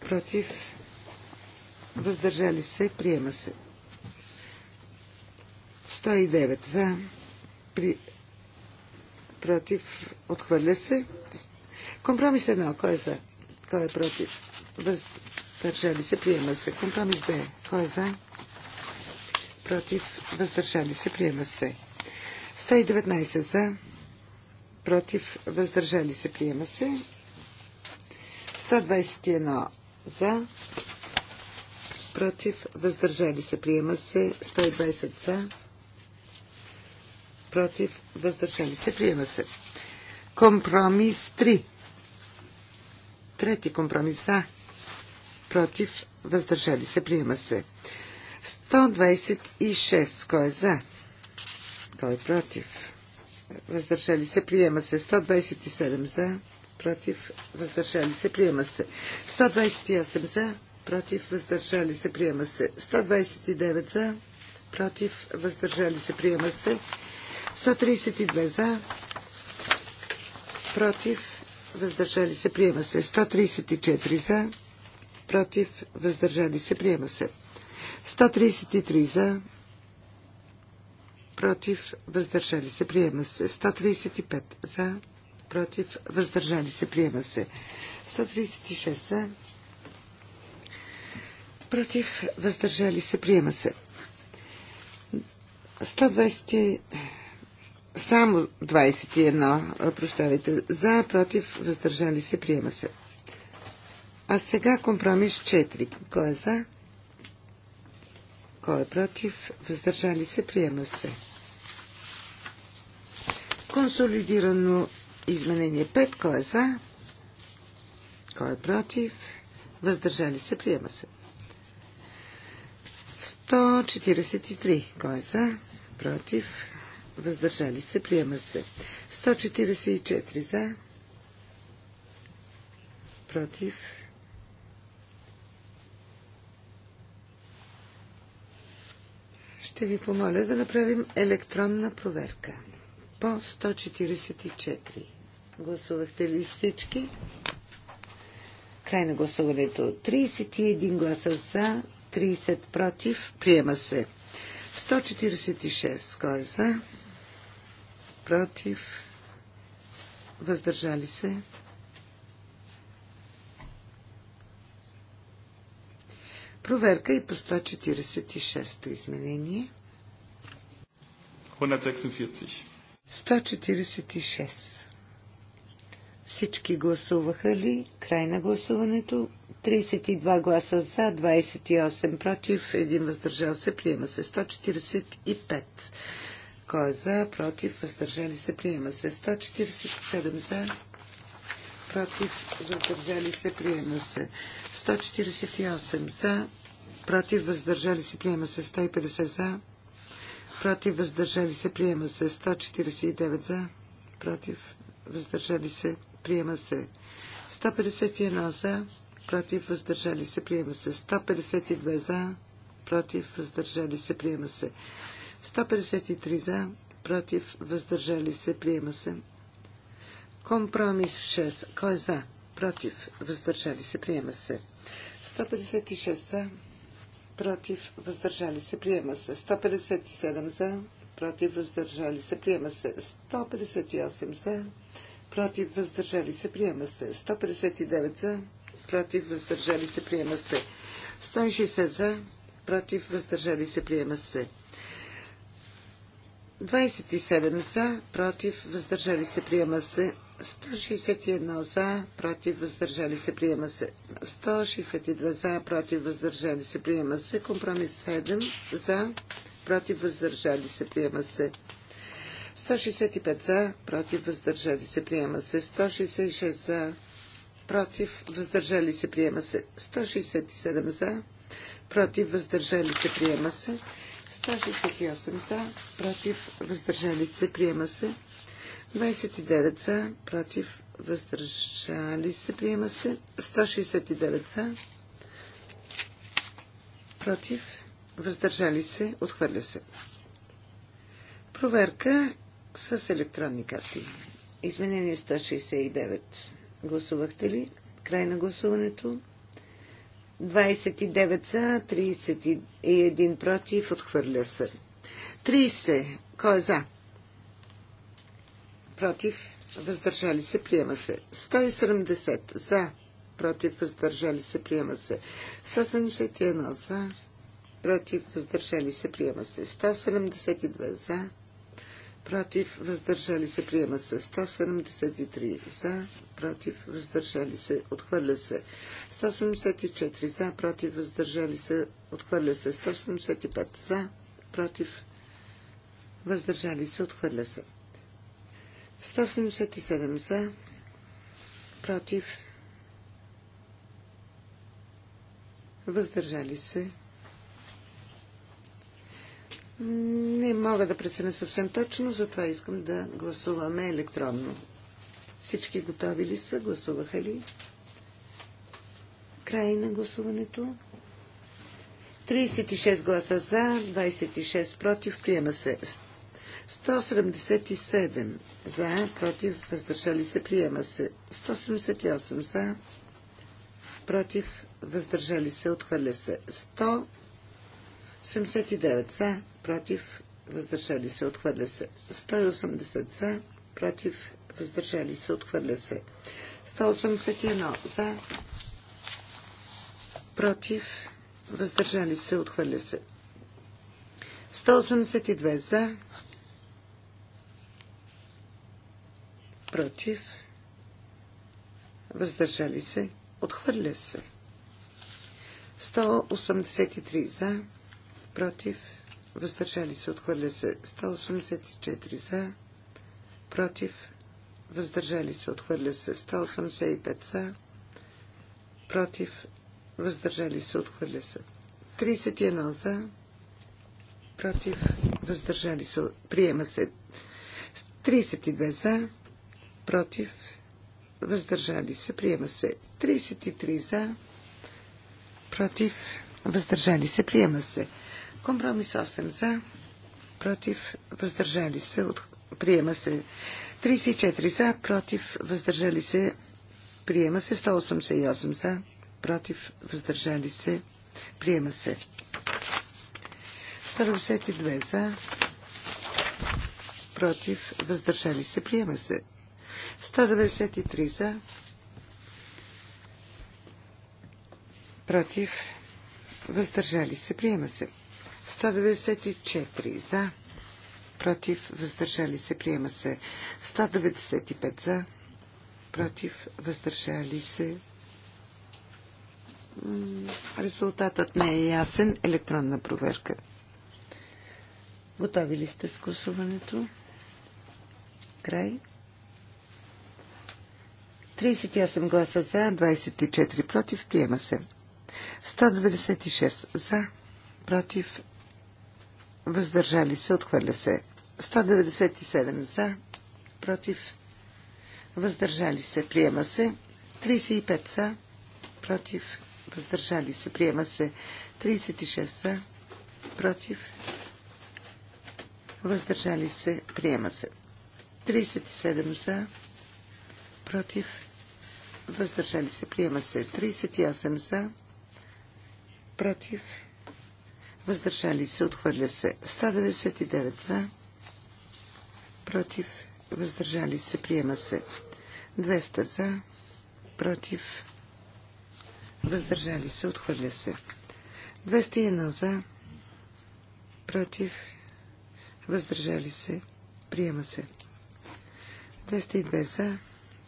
против, въздържали се, приема се. 109 за, при, против, отхвърля се. Компромис 1, кой е за, кой е против, въздържали се, приема се. Компромис две, кой е за, против, въздържали се, приема се. 119 за, против, въздържали се, приема се. 121 за, против, въздържали се, приема се. 120 за, против, въздържали се, приема се. Компромис 3. Трети компромис за, против, въздържали се, приема се. 126. Кой е за? Кой е против? Въздържали се, приема се. 127 за, против, въздържали се, приема се. 128 за, против, въздържали се, приема се. 129 за, против, въздържали се, приема се. 132 за, против, въздържали се, приема се. 134 за, против, въздържали се, приема се. 133 за, против, въздържали се, приема се. 135 за, против, въздържали се, приема се. 136 за, против, въздържали се, приема се. 120 само 21, прощавайте, за, против, въздържали се, приема се. А сега компромис 4. Кой е за? Кой е против? Въздържали се, приема се. Консолидирано изменение 5. Кой е за? Кой е против? Въздържали се, приема се. 143. Кой е за? Против? въздържали се, приема се. 144 за, против, ще ви помоля да направим електронна проверка. По 144. Гласувахте ли всички? Край на гласуването. 31 гласа за, 30 против. Приема се. 146. Кой са. Е за? против, въздържали се. Проверка и по 146-то изменение. 146. 146. Всички гласуваха ли? Край на гласуването. 32 гласа за, 28 против, един въздържал се, приема се 145. Кой е за, против, въздържали се, приема се. 147 за, против, въздържали се, приема се. 148 за, против, въздържали се, приема се. 150 за, против, въздържали се, приема се. 149 за, против, въздържали се, приема се. 151 за, против, въздържали се, приема се. 152 за, против, въздържали се, приема се. 153 за, против, въздържали се, приема се. Компромис 6. Кой е за? Против, въздържали се, приема се. 156 за, против, въздържали се, приема се. 157 за, против, въздържали се, приема се. 158 за, против, въздържали се, приема се. 159 за, против, въздържали се, приема се. 160 за, против, въздържали се, приема се. 27 за, против, въздържали се, приема се. 161 за, против, въздържали се, приема се. 162 за, против, въздържали се, приема се. Компромис 7 за, против, въздържали се, приема се. 165 за, против, въздържали се, приема се. 166 за, против, въздържали се, приема се. 167 за, против, въздържали се, приема се. 168 за, против, въздържали се, приема се. 29 за, против, въздържали се, приема се. 169 за, против, въздържали се, отхвърля се. Проверка с електронни карти. Изменение 169. Гласувахте ли? Край на гласуването. 29 за, 31 против, отхвърля се. 30. Кой е за? Против, въздържали се, приема се. 170 за, против, въздържали се, приема се. 171 за, против, въздържали се, приема се. 172 за, против, въздържали се, приема се. 173 за, против, въздържали се, отхвърля се. 174 за, против, въздържали се, отхвърля се. 175 за, против, въздържали се, отхвърля се. 177 за, против, въздържали се. Не мога да преценя съвсем точно, затова искам да гласуваме електронно. Всички готови ли са? Гласуваха ли? Край на гласуването. 36 гласа за, 26 против. Приема се 177 за, против, въздържали се. Приема се 178 за, против, въздържали се. Отхвърля се 179 за, против, въздържали се. Отхвърля се 180 за, против, въздържали се, отхвърля се. 181 за, против, въздържали се, отхвърля се. 182 за, против, въздържали се, отхвърля се. 183 за, против, въздържали се, отхвърля се. 184 за, против, въздържали се, отхвърля се 185 за, против, въздържали се, отхвърля се 31 за, против, въздържали се, приема се 32 за, против, въздържали се, приема се 33 за, против, въздържали се, приема се. Компромис 8 за, против, въздържали се, от... приема се 34 за, против, въздържали се. Приема се 188 за, против, въздържали се. Приема се. 192 за, против, въздържали се. Приема се. 193 за, против, въздържали се. Приема се. 194 за, против, въздържали се, приема се. 195 за, против, въздържали се. Резултатът не е ясен. Електронна проверка. Готови ли сте с гласуването? Край. 38 гласа за, 24 против, приема се. 196 за, против, въздържали се, отхвърля се. 197 за, против, въздържали се, приема се. 35 за, против, въздържали се, приема се. 36 за, против, въздържали се, приема се. 37 за, против, въздържали се, приема се. 38 за, против, въздържали се, отхвърля се. 199 за, против, въздържали се, приема се. 200 за, против, въздържали се, отхвърля се. 201 за, против, въздържали се, приема се. 202 за,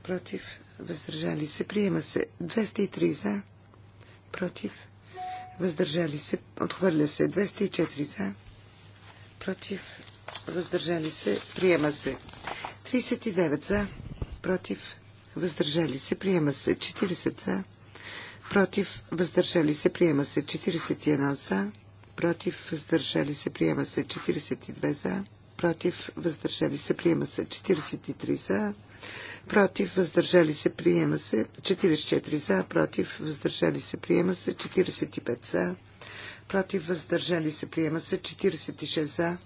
против, въздържали се, приема се. 203 за, против, въздържали се, отхвърля се 204 за, против, въздържали се, приема се 39 за, против, въздържали се, приема се 40 за, против, въздържали се, приема се 41 за, против, въздържали се, приема се 42 за, против, въздържали се, приема се. 43 за, против, въздържали се, приема се. 44 за, против, въздържали се, приема се. 45 за, против, въздържали се, приема се. 46 за,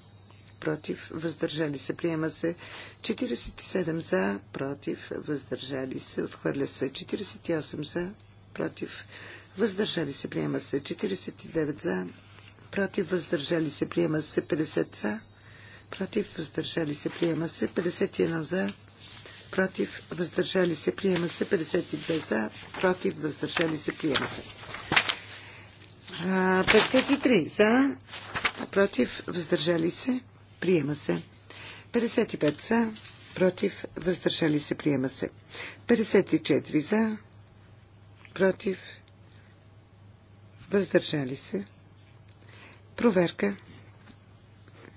против, въздържали се, приема се. 47 за, против, въздържали се, отхвърля се. 48 за, против, въздържали се, приема се. 49 за, против, въздържали се, приема се. 50 за, против, въздържали се, приема се. 51 за, против, въздържали се, приема се. 52 за, против, въздържали се, приема се. 53 за, против, въздържали се, приема се. 55 за, против, въздържали се, приема се. 54 за, против, въздържали се. Проверка.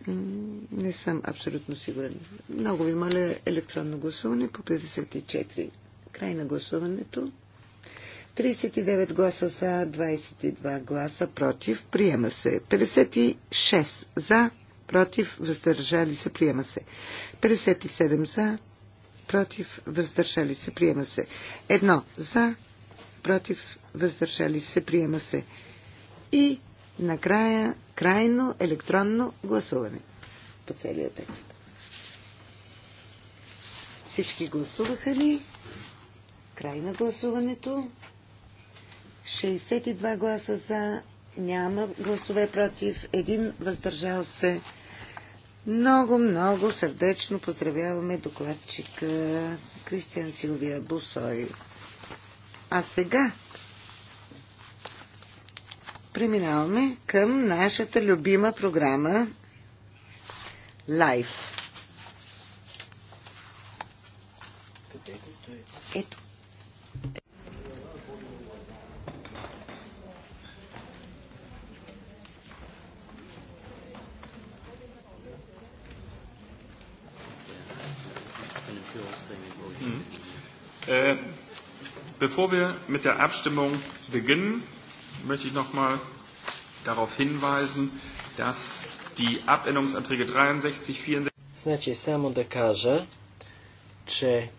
Не съм абсолютно сигурен. Много ви моля електронно гласуване по 54. Край на гласуването. 39 гласа за, 22 гласа против. Приема се. 56 за, против, въздържали се. Приема се. 57 за, против, въздържали се. Приема се. Едно за, против, въздържали се. Приема се. И накрая крайно електронно гласуване по целия текст. Всички гласуваха ли? Край на гласуването. 62 гласа за, няма гласове против, един въздържал се. Много, много сърдечно поздравяваме докладчика Кристиан Силвия Бусой. А сега Преминаваме към нашата любима програма Лайф. Ето. Hm. Äh, bevor wir mit der Abstimmung beginnen, möchte ich nochmal darauf hinweisen, dass die Abänderungsanträge 63, 64... Znaczy, samo да кажа, че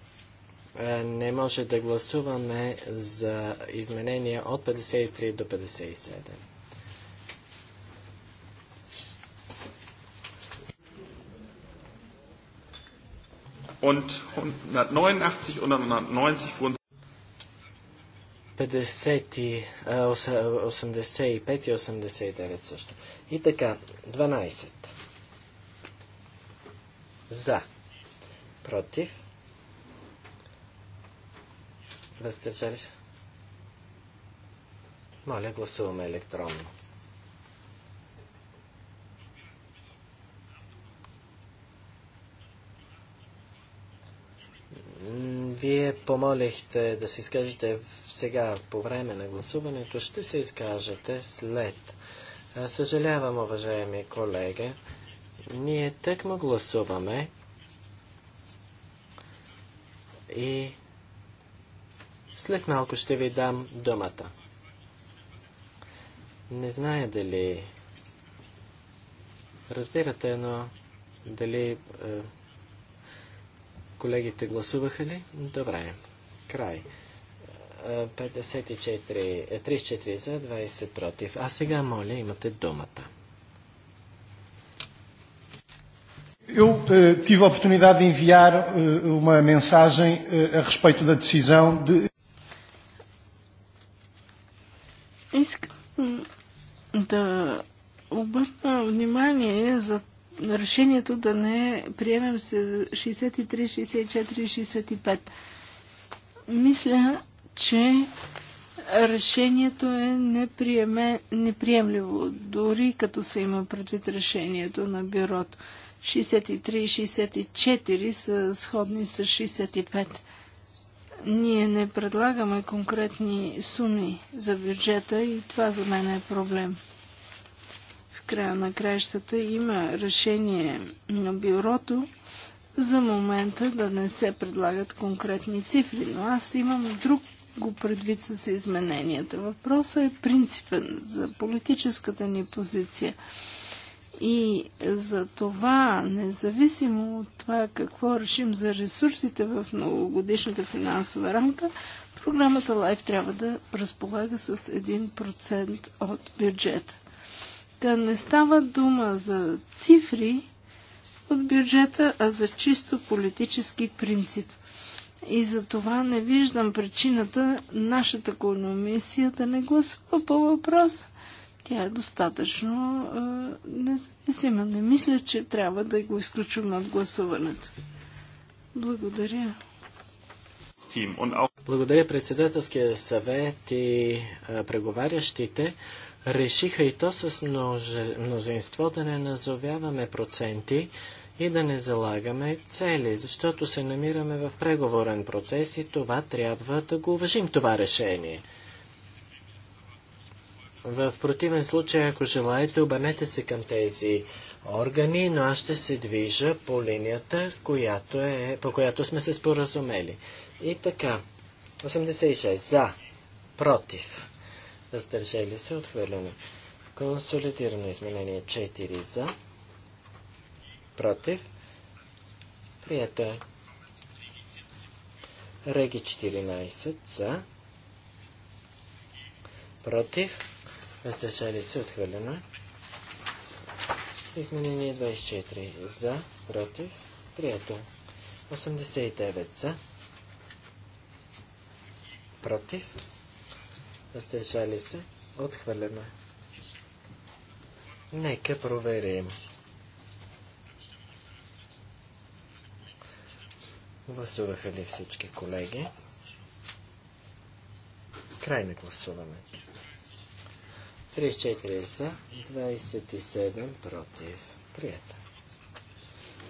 не може да гласуваме за изменения от 53 do 57. Und 189 und 190 wurden 50 и, 85 и 89 също. И така, 12. За. Против. Въздържали се. Моля, гласуваме електронно. Вие помолихте да се изкажете сега по време на гласуването. Ще се изкажете след. Съжалявам, уважаеми колеги. Ние тъкмо гласуваме и след малко ще ви дам думата. Не зная дали разбирате, но дали е, Колегите гласуваха ли? Добре. Край. 54, 34 е, за, 20 против. А сега, моля, имате думата. Eu eh, tive a oportunidade de enviar eh, uma mensagem eh, a respeito da decisão de. Искам да обърна внимание за решението да не приемем се 63, 64, 65. Мисля, че решението е неприеме, неприемливо, дори като се има предвид решението на бюрото. 63 и 64 са сходни с 65. Ние не предлагаме конкретни суми за бюджета и това за мен е проблем края на краищата има решение на бюрото за момента да не се предлагат конкретни цифри, но аз имам друг го предвид с измененията. Въпросът е принципен за политическата ни позиция. И за това, независимо от това какво решим за ресурсите в многогодишната финансова рамка, програмата Life трябва да разполага с 1% от бюджета. Да не става дума за цифри от бюджета, а за чисто политически принцип. И за това не виждам причината нашата комисия да не гласува по въпрос. тя е достатъчно е, независима. Не мисля, че трябва да го изключим от гласуването. Благодаря. Благодаря председателския съвет и преговарящите решиха и то с мнозинство да не назовяваме проценти и да не залагаме цели, защото се намираме в преговорен процес и това трябва да го уважим това решение. В противен случай, ако желаете, обърнете се към тези органи, но аз ще се движа по линията, която е, по която сме се споразумели. И така, 86 е. за, против, въздържали се, отхвърлено. Консолидирано е. изменение 4 за, против, прието е. Реги 14 за, против, въздържали се, отхвърляме. е. Изменение 24 за, против, прието е. 89 за, против, въздържали се, отхвърлено е. Нека проверим. Гласуваха ли всички колеги? Край на гласуване. 34 са, 27 против. Прието.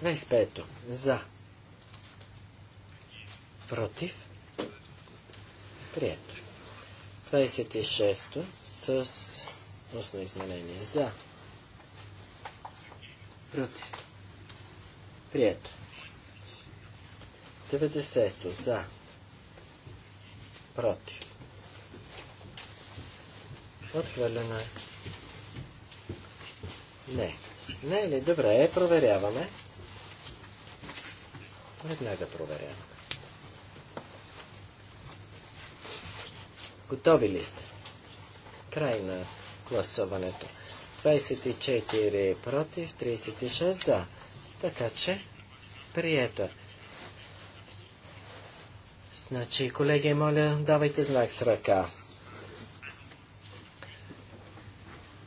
25 за. Против. Прието. 26-то с устно изменение. За. Против. Прието. 90-то. За. Против. Отхвърлено е. Не. Не ли? Добре, проверяваме. Веднага проверяваме. Готови ли сте? Край на гласуването. 24 против, 36 за. Така че, прието е. Значи, колеги, моля, давайте знак с ръка.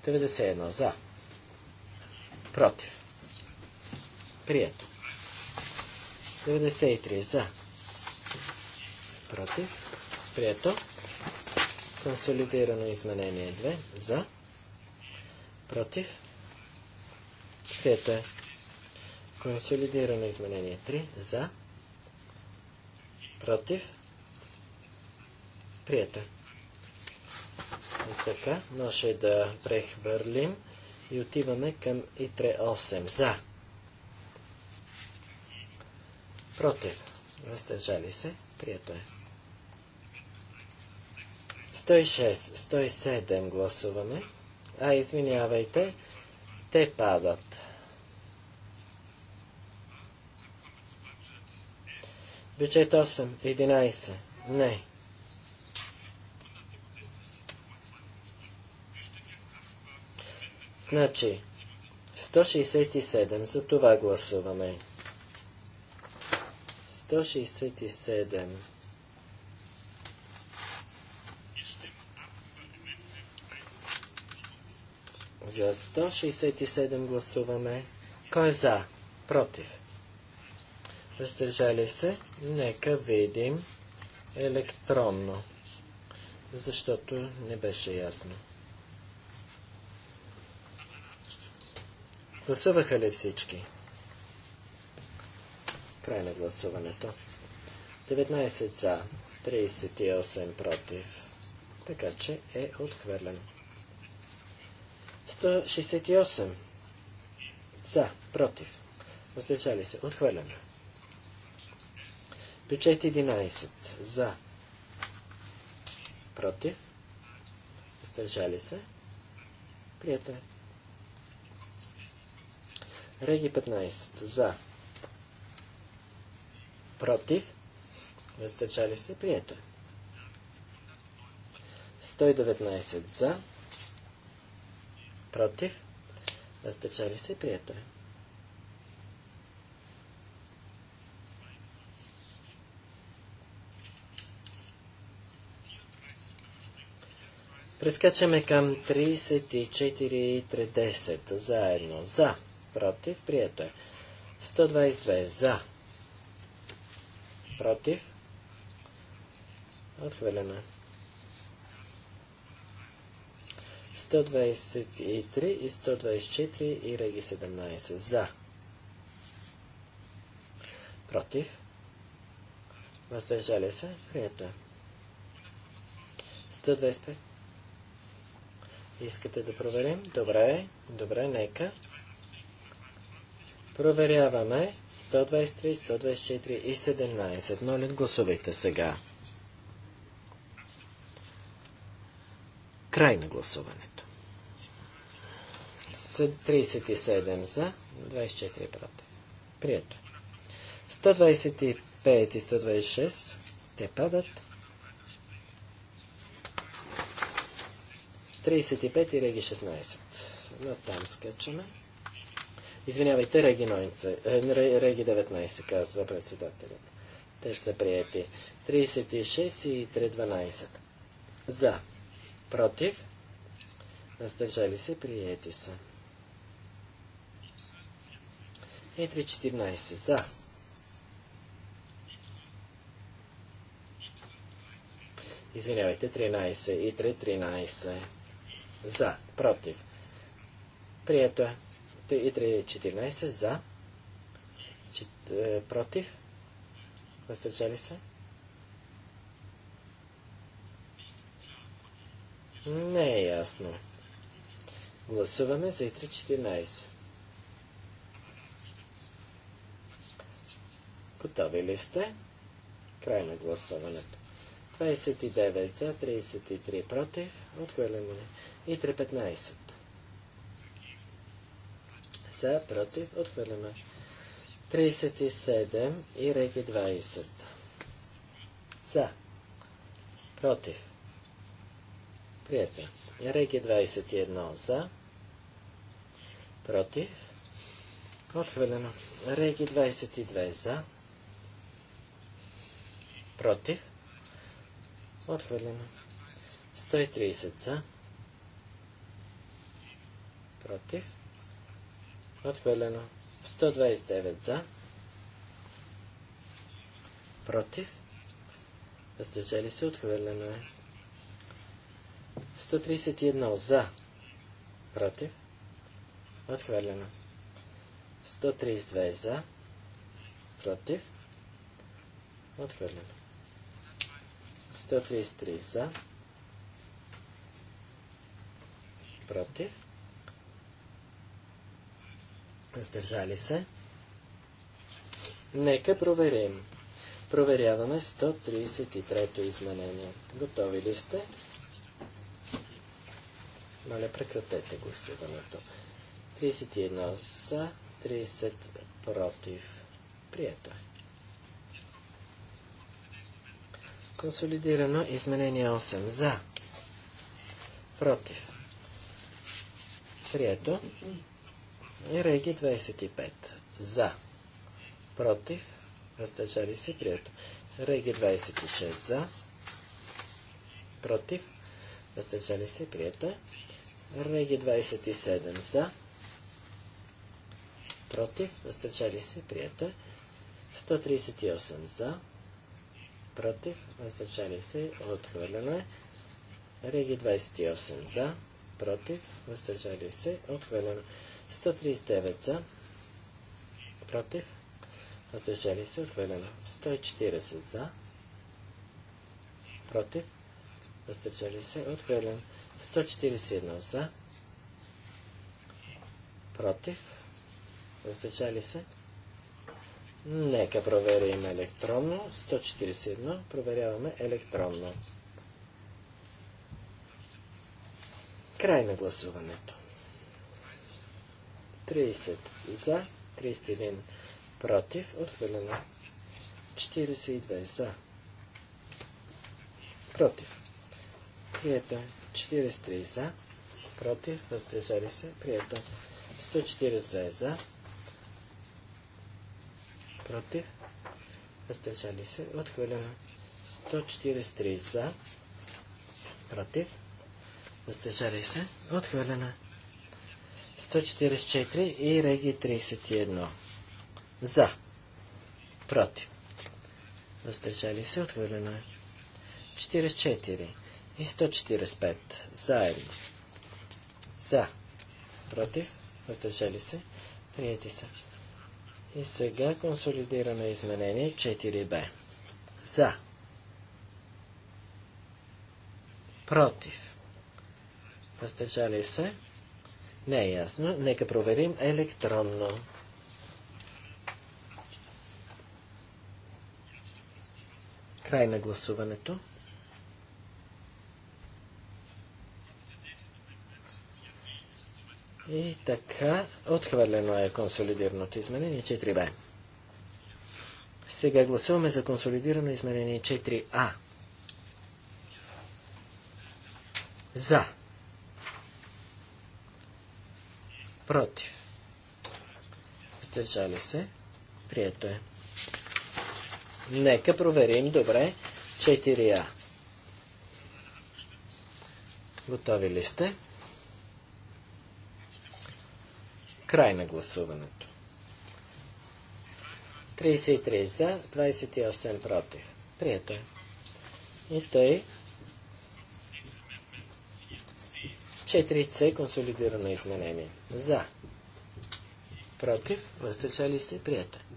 91 за. Против. Прието. 93 за. Против. Прието. Консолидирано изменение 2. За. Против. Прието е. Консолидирано изменение 3. За. Против. Прието е. И така, може да прехвърлим и отиваме към ИТРЕ 8. За. Против. Въздържали се. Прието е. 106, 107 гласуване. А, извинявайте, те падат. Бюджет 8, 11. Не. Значи, 167, за това гласуваме. 167. За 167 гласуваме. Кой е за? Против. Въздържали се? Нека видим електронно, защото не беше ясно. Гласуваха ли всички? Край на гласуването. 19 за, 38 против. Така че е отхвърлено. 168 за, против, въздържали се, отхвърлено. Бюджет 11 за, против, въздържали се, прието е. Реги 15 за, против, въздържали се, прието е. 119 за, против, Разтечали се, прието е. Прескачаме към 34.30 заедно. За, против, прието е. 122 за, против, отхвърлено е. 123 и 124 и Реги 17 за. Против. Въздържали се. Прието е. 125. Искате да проверим? Добре, добре, нека. Проверяваме 123, 124 и 17. Моля, гласувайте сега. Край на гласуването. 37 за, 24 против. Прието. 125 и 126 те падат. 35 и реги 16. там скачаме. Извинявайте, реги, 9, е, реги 19, казва председателят. Те са приети. 36 и 312. За. Против въздържали се, приети са. Е 3.14 за. Извинявайте, 13 и 3, 13 за, против. Прието е. 3 И 3, 14 за, Чет, е, против. Въздържали се. Не е ясно. Гласуваме за Итри 14. Готови ли сте? Край на гласуването. 29 за, 33 против. Отхвърляме Итри 15. За, против, отхвърляме. 37 и реги 20. За, против. Приятел. Реги 21 за, против, отхвърлено. Реги 22 за, против, отхвърлено. 130 за, против, отхвърлено. 129 за, против, въздържали се, отхвърлено е. 131 за, против, Отхвърлено. 132 за. Против. Отхвърлено. 133 за. Против. Сдържали се. Нека проверим. Проверяваме 133-то изменение. Готови ли сте? Моля, прекратете гласуването. 31 за, 30 против. Прието е. Консолидирано изменение 8 за. Против. Прието. И реги 25 за. Против. Разтачали се. Прието. Реги 26 за. Против. разтачали се. Прието е. Реги 27 за против, въздържали се, прието е. 138 за, против, въздържали се, отхвърлено е. Реги 28 за, против, въздържали се, отхвърлено. 139 за, против, въздържали се, отхвърлено. 140 за, против, въздържали се, отхвърлено. 141 за, против, Въздържали се? Нека проверим електронно. 141. Проверяваме електронно. Край на гласуването. 30 за, 31 против, отхвърлено. 42 за. Против. Прието. 43 е. за. Против. Въздържали се. Прието. 142 е. за против, въздържали се, отхвърлено. 143 за, против, въздържали се, отхвърлено. 144 и реги 31 за, против, въздържали се, отхвърлено. 44 и 145 заедно. За, против, въздържали се, прияти са. И сега консолидираме изменение 4b. За. Против. Въздържали се? Не е ясно. Нека проверим електронно. Край на гласуването. И така, отхвърлено е консолидираното изменение 4b. Сега гласуваме за консолидирано изменение 4а. За. Против. Сдържали се. Прието е. Нека проверим добре 4а. Готови ли сте? Край на гласуването. 33 за, 28 против. Прието е. И тъй. 4C е консолидирано изменение. За. Против. Въздържали се. Прието е.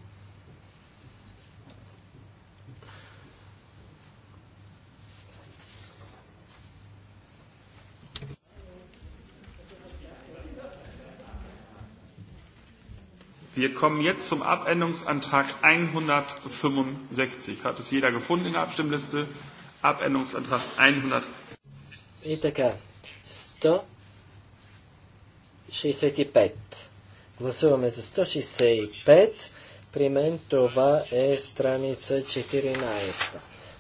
Wir kommen jetzt zum Abänderungsantrag 165. Hat es jeder gefunden in der Abstimmliste? Abänderungsantrag 165.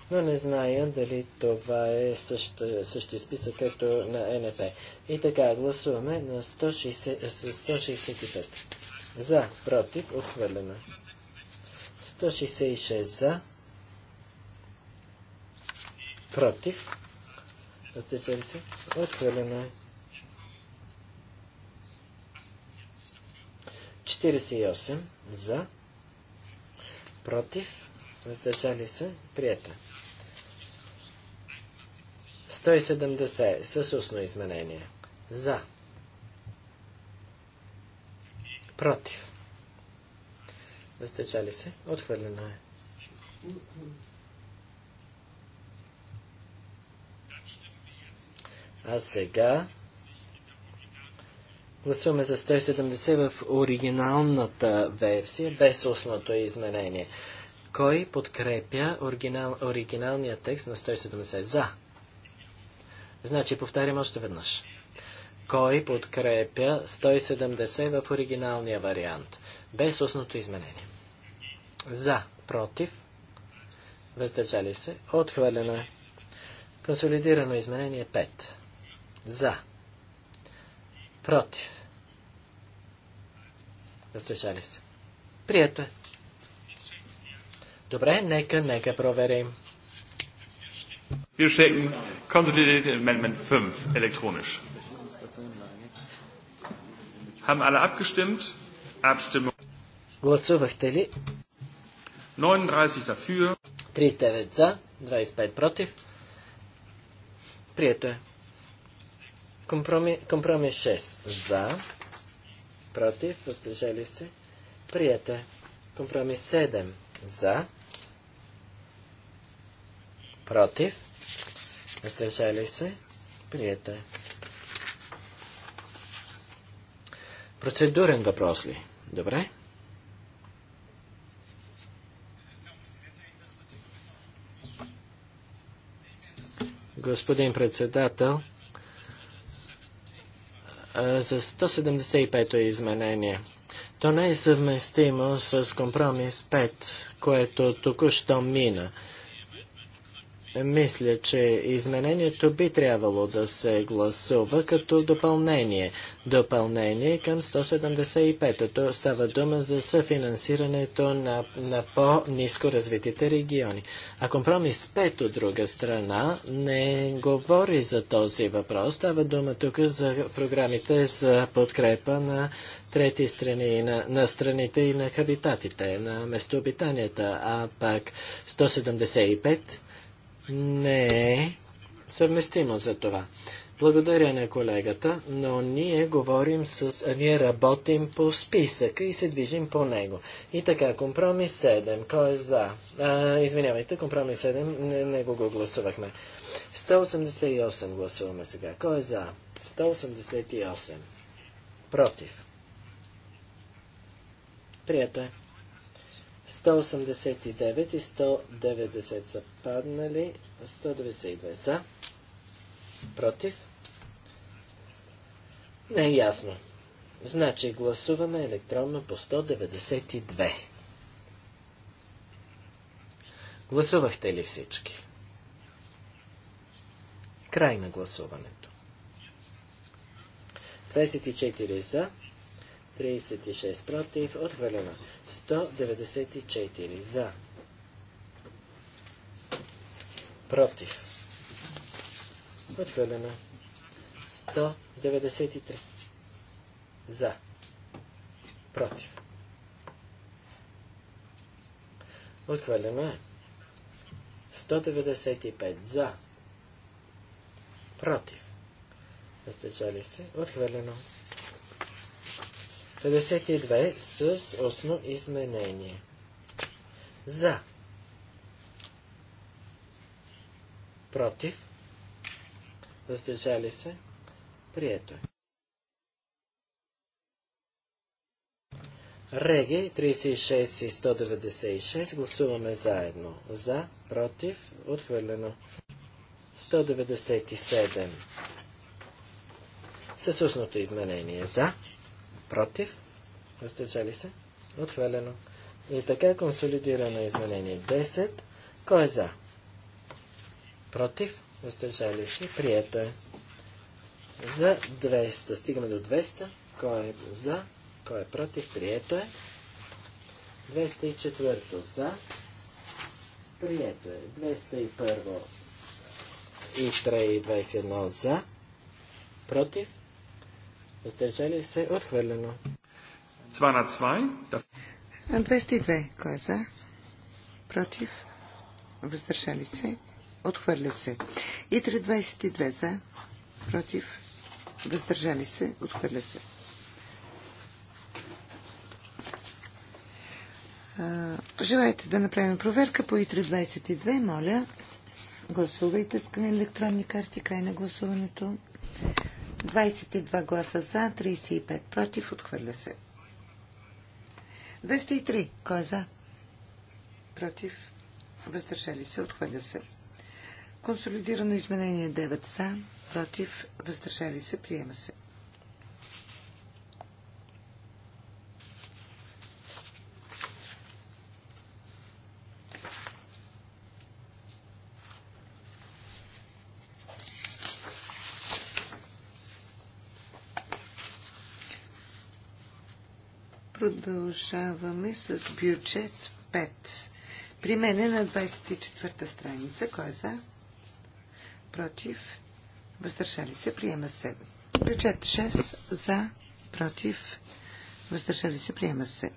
Но не зная дали това е същия списък като на НП. И така, гласуваме на 160, 165. За, против, отхвърлено. 166 за, против, въздържали се, отхвърлено е. 48 за, против, въздържали се, прието. 170 е. с устно изменение. За. против. Въздържали се, Отхвърлена е. А сега гласуваме за 170 в оригиналната версия, без устното изменение. Кой подкрепя оригинал, оригиналния текст на 170 за? Значи повтарям още веднъж. Кой подкрепя 170 в оригиналния вариант? Без устното изменение. За, против, въздържали се, отхвърлено е. Консолидирано изменение 5. За, против, въздържали се. Прието е. Добре, нека, нека проверим. Wir schicken Consolidated Amendment 5 elektronisch. Haben alle abgestimmt? Abstimmung. Гласувахте ли? 39 dafür. 39 за, 25 против. Прието е. компромис 6 за, против, въздържали се. Прието е. Компромис 7 за, против, въздържали се. Прието е. Процедурен въпрос ли? Добре. Господин председател, за 175-то изменение. То не е съвместимо с компромис 5, което току-що мина мисля, че изменението би трябвало да се гласува като допълнение. Допълнение към 175-то става дума за съфинансирането на, на по-низко развитите региони. А компромис 5 от друга страна не говори за този въпрос. Става дума тук за програмите за подкрепа на трети страни, на, на страните и на хабитатите, на местообитанията. А пак 175 не е съвместимо за това. Благодаря на колегата, но ние говорим с... А ние работим по списъка и се движим по него. И така, компромис 7. Кой е за? А, извинявайте, компромис 7. Не, го го гласувахме. 188 гласуваме сега. Кой е за? 188. Против. Прието е. 189 и 190 са паднали. 192 за. Против. Не е ясно. Значи гласуваме електронно по 192. Гласувахте ли всички? Край на гласуването. 24 за, 36 против, отхвърлено. 194 за. Против. Отхвърлено. 193 за. Против. Отхвърлено е. 195 за. Против. чали се. Отхвърлено. 52 с осно изменение. За. Против. Въздържали се. Прието е. Реги 36 и 196 гласуваме заедно. За, против, отхвърлено. 197 с устното изменение. За, против, въздържали се, отхвърлено. И така консолидирано изменение 10. Кой е за? Против, въздържали се, прието е. За 200. Стигаме до 200. Кой е за? Кой е против? Прието е. 204 за. Прието е. 201 и 3 и 21 за. Против. Въздържали се. Отхвърлено. 202. Кой е за? Против. Въздържали се. Отхвърля се. И 322 за. Против. Въздържали се. Отхвърля се. Желаете да направим проверка по и 22, моля. Гласувайте с електронни карти, край на гласуването. 22 гласа за, 35 против, отхвърля се. 203. Кой е за? Против. Въздържали се, отхвърля се. Консолидирано изменение 9 за, против, въздържали се, приема се. Продължаваме с бюджет 5. При мен е на 24-та страница. Кой е за? Против? Въздържали се? Приема се. Бюджет 6. За? Против? Въздържали се? Приема се.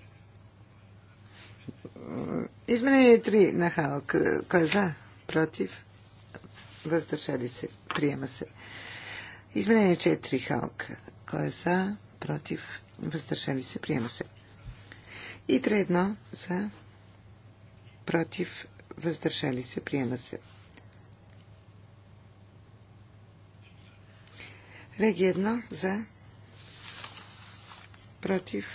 Изменение 3 на Халк. Кой е за? Против? Въздържали се? Приема се. Изменение 4 Халк. Кой е за? Против? Въздържали се? Приема се. И 3-1 за против въздържали се. Приема се. Реги 1 за против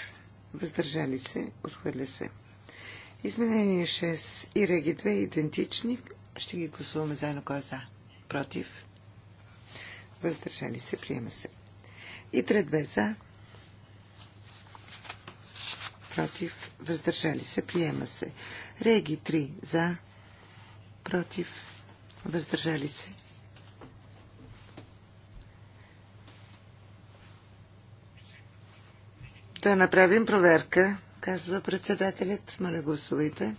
въздържали се. Отхвърля се. Изменение 6 и Реги 2 идентични. Ще ги гласуваме заедно кой е за. Против. Въздържали се. Приема се. И 3-2 за против, въздържали се, приема се. Реги 3 за, против, въздържали се. Да направим проверка, казва председателят. Моля, гласувайте.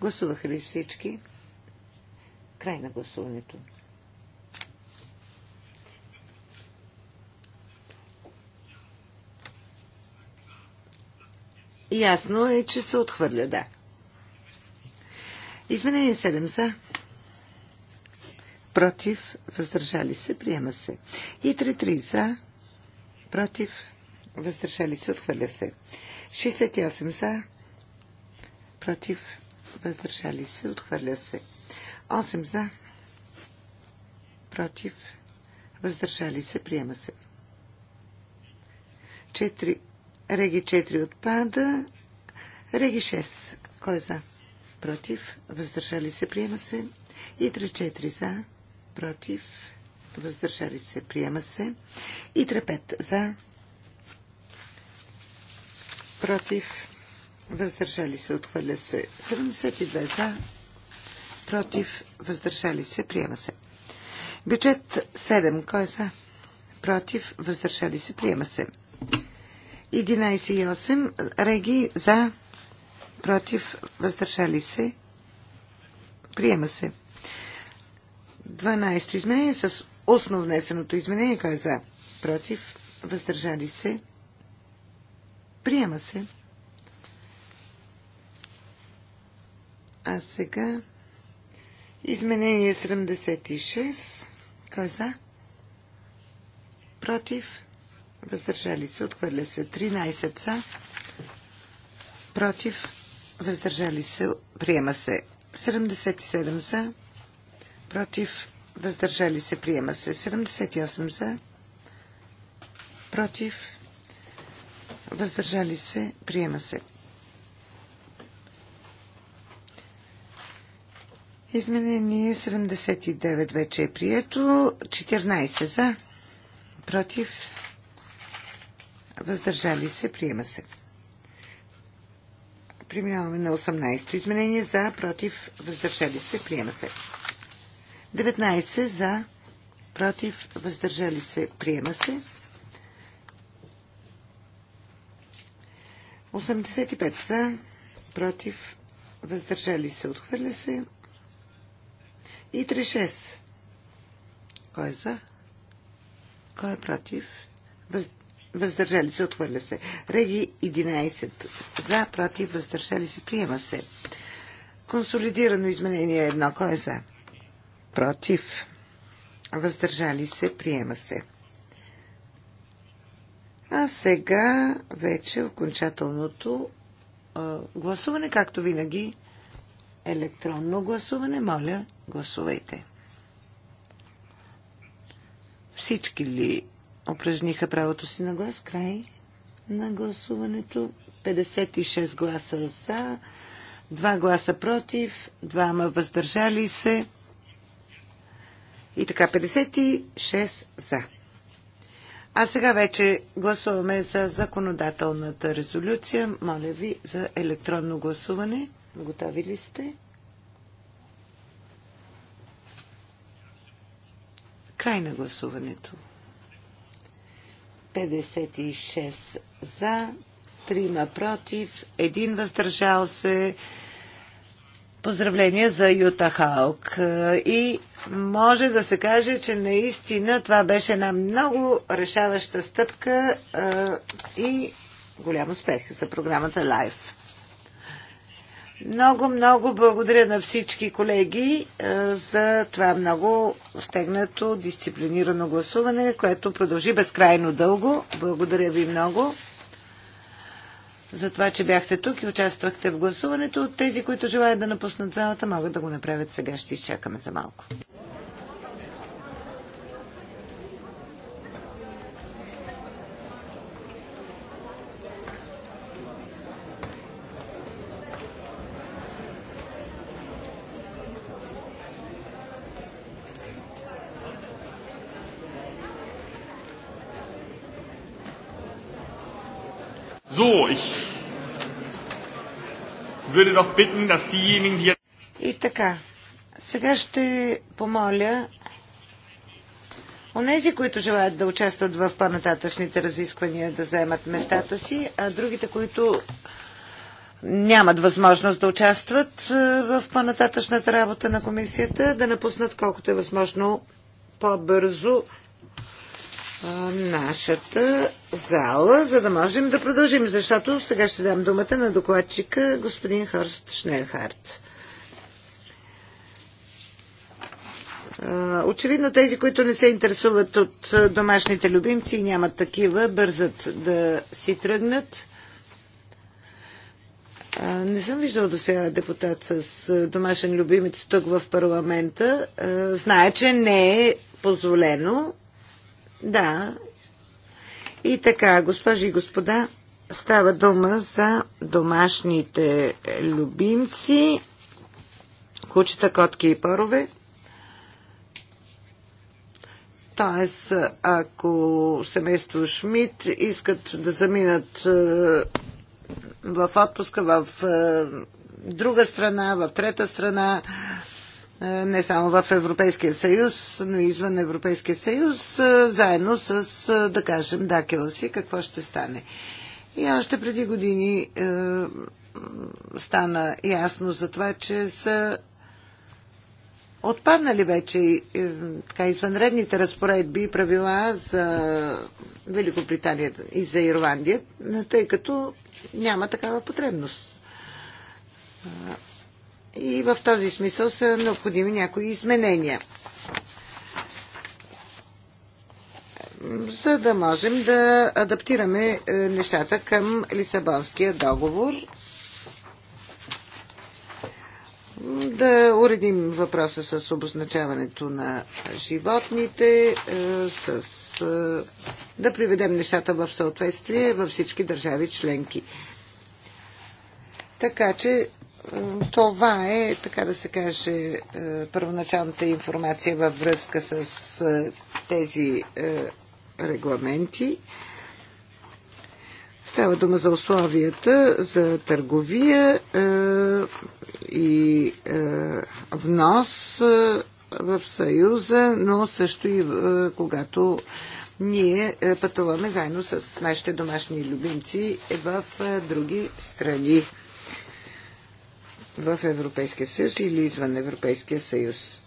Гласуваха ли всички? Край на гласуването. Ясно е, че се отхвърля, да. Изменение 7 за. Против. Въздържали се. Приема се. И 3-3 за. Против. Въздържали се. Отхвърля се. 68 за. Против. Въздържали се. Отхвърля се. 8 за. Против. Въздържали се. Приема се. 4 Реги 4 отпада. Реги 6. Кой е за? Против. Въздържали се. Приема се. И 3-4 за. Против. Въздържали се. Приема се. И 3-5 за. Против. Въздържали се. Отхвърля се. 72 за. Против. Въздържали се. Приема се. Бюджет 7. Кой е за? Против. Въздържали се. Приема се. 11,8. Реги за, против, въздържали се. Приема се. 12 изменение с основно внесеното изменение. Кой е за? Против. Въздържали се. Приема се. А сега изменение 76. Кой е за? Против въздържали се, отхвърля се 13 за, против, въздържали се, приема се 77 за, против, въздържали се, приема се 78 за, против, въздържали се, приема се. Изменение 79 вече е прието. 14 за. Против въздържали се, приема се. Преминаваме на 18-то изменение за, против, въздържали се, приема се. 19 за, против, въздържали се, приема се. 85 за, против, въздържали се, отхвърля се. И 36. Кой е за? Кой е против? се? въздържали се, отхвърля се. Реги 11 за, против, въздържали се, приема се. Консолидирано изменение едно. Кой е за? Против. Въздържали се, приема се. А сега вече окончателното а, гласуване, както винаги, електронно гласуване. Моля, гласувайте. Всички ли упражниха правото си на глас. Край на гласуването. 56 гласа за, 2 гласа против, 2 въздържали се. И така, 56 за. А сега вече гласуваме за законодателната резолюция. Моля ви за електронно гласуване. Готови ли сте? Край на гласуването. 56 за, 3 против, 1 въздържал се. Поздравления за Юта Халк. И може да се каже, че наистина това беше една много решаваща стъпка и голям успех за програмата Life. Много, много благодаря на всички колеги е, за това много стегнато, дисциплинирано гласуване, което продължи безкрайно дълго. Благодаря ви много за това, че бяхте тук и участвахте в гласуването. тези, които желаят да напуснат залата, могат да го направят сега. Ще изчакаме за малко. So, ich würde doch bitten, dass diejenigen, die И така, сега ще помоля Онези, които желаят да участват в по-нататъчните разисквания, да вземат местата си, а другите, които нямат възможност да участват е, в по-нататъчната работа на комисията, да напуснат колкото е възможно по-бързо нашата зала, за да можем да продължим, защото сега ще дам думата на докладчика господин Хорст Шнелхарт. Очевидно тези, които не се интересуват от домашните любимци и нямат такива, бързат да си тръгнат. Не съм виждал до сега депутат с домашен любимец тук в парламента. Знае, че не е позволено да. И така, госпожи и господа, става дума за домашните любимци, кучета, котки и порове. Тоест, ако семейство Шмидт искат да заминат е, в отпуска в е, друга страна, в трета страна, е, не само в Европейския съюз, но и извън Европейския съюз, е, заедно с, е, да кажем, Дакела си, какво ще стане. И още преди години стана ясно за това, че са отпаднали вече така, извънредните разпоредби и правила за Великобритания и за Ирландия, тъй като няма такава потребност и в този смисъл са необходими някои изменения. За да можем да адаптираме е, нещата към Лисабонския договор, да уредим въпроса с обозначаването на животните, е, с, е, да приведем нещата в съответствие във всички държави членки. Така че това е, така да се каже, е, първоначалната информация във връзка с е, тези е, регламенти. Става дума за условията за търговия и внос в Съюза, но също и когато ние пътуваме заедно с нашите домашни любимци в други страни в Европейския съюз или извън Европейския съюз.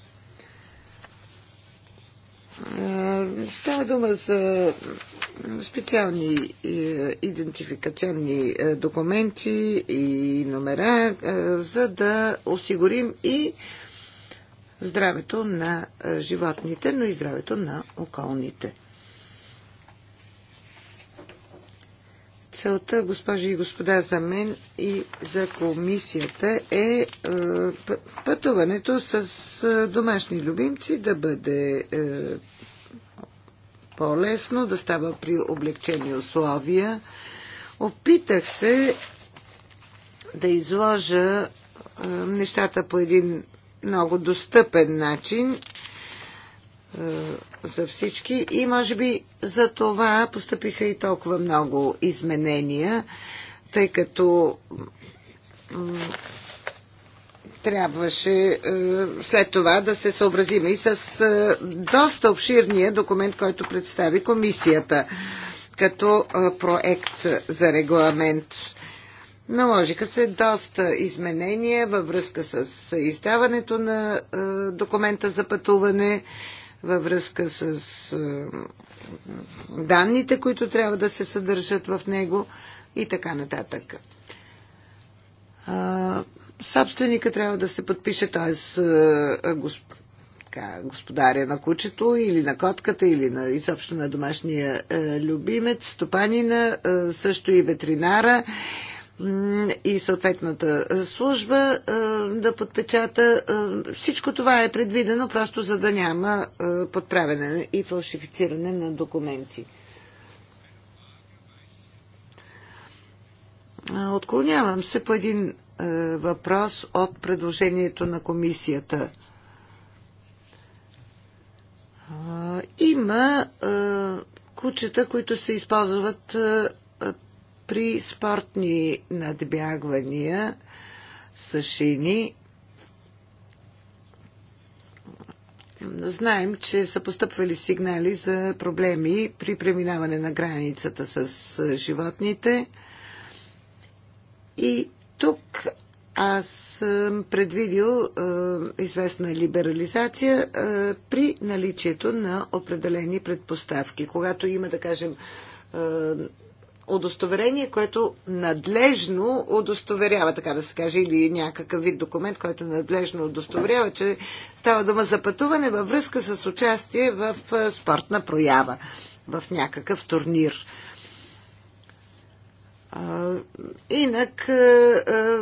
Става дума за специални е, идентификационни е, документи и номера, е, за да осигурим и здравето на животните, но и здравето на околните. Целта, госпожи и господа, за мен и за комисията е, е пътуването с е, домашни любимци да бъде е, по-лесно, да става при облегчени условия. Опитах се да изложа нещата по един много достъпен начин за всички и може би за това поступиха и толкова много изменения, тъй като трябваше е, след това да се съобразим и с е, доста обширния документ, който представи комисията като е, проект за регламент. Наложиха се доста изменения във връзка с издаването на документа за пътуване, във връзка с данните, които трябва да се съдържат в него и така нататък. Собственика трябва да се подпише, т.е. Госп... господаря на кучето или на котката или на, изобщо на домашния любимец, стопанина, също и ветеринара и съответната служба да подпечата. Всичко това е предвидено просто за да няма подправене и фалшифициране на документи. Отклонявам се по един въпрос от предложението на комисията. Има кучета, които се използват при спортни надбягвания с шини знаем, че са постъпвали сигнали за проблеми при преминаване на границата с животните. И тук аз съм предвидил е, известна либерализация е, при наличието на определени предпоставки. Когато има, да кажем, е, удостоверение, което надлежно удостоверява, така да се каже, или някакъв вид документ, който надлежно удостоверява, че става дума за пътуване във връзка с участие в спортна проява, в някакъв турнир. Инак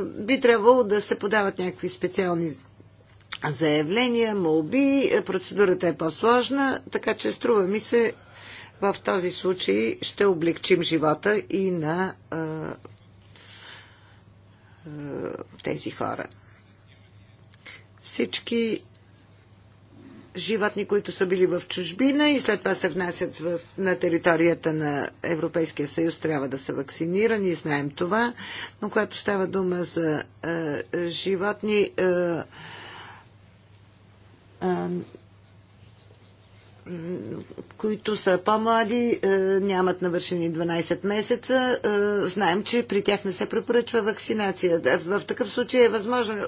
би трябвало да се подават някакви специални заявления, молби. Процедурата е по-сложна, така че струва ми се в този случай ще облегчим живота и на а, а, тези хора. Всички животни, които са били в чужбина и след това се внасят в, на територията на Европейския съюз, трябва да са вакцинирани, знаем това. Но когато става дума за а, животни, а, които са по-млади, е, нямат навършени 12 месеца. Е, знаем, че при тях не се препоръчва вакцинация. Е, в такъв случай е възможно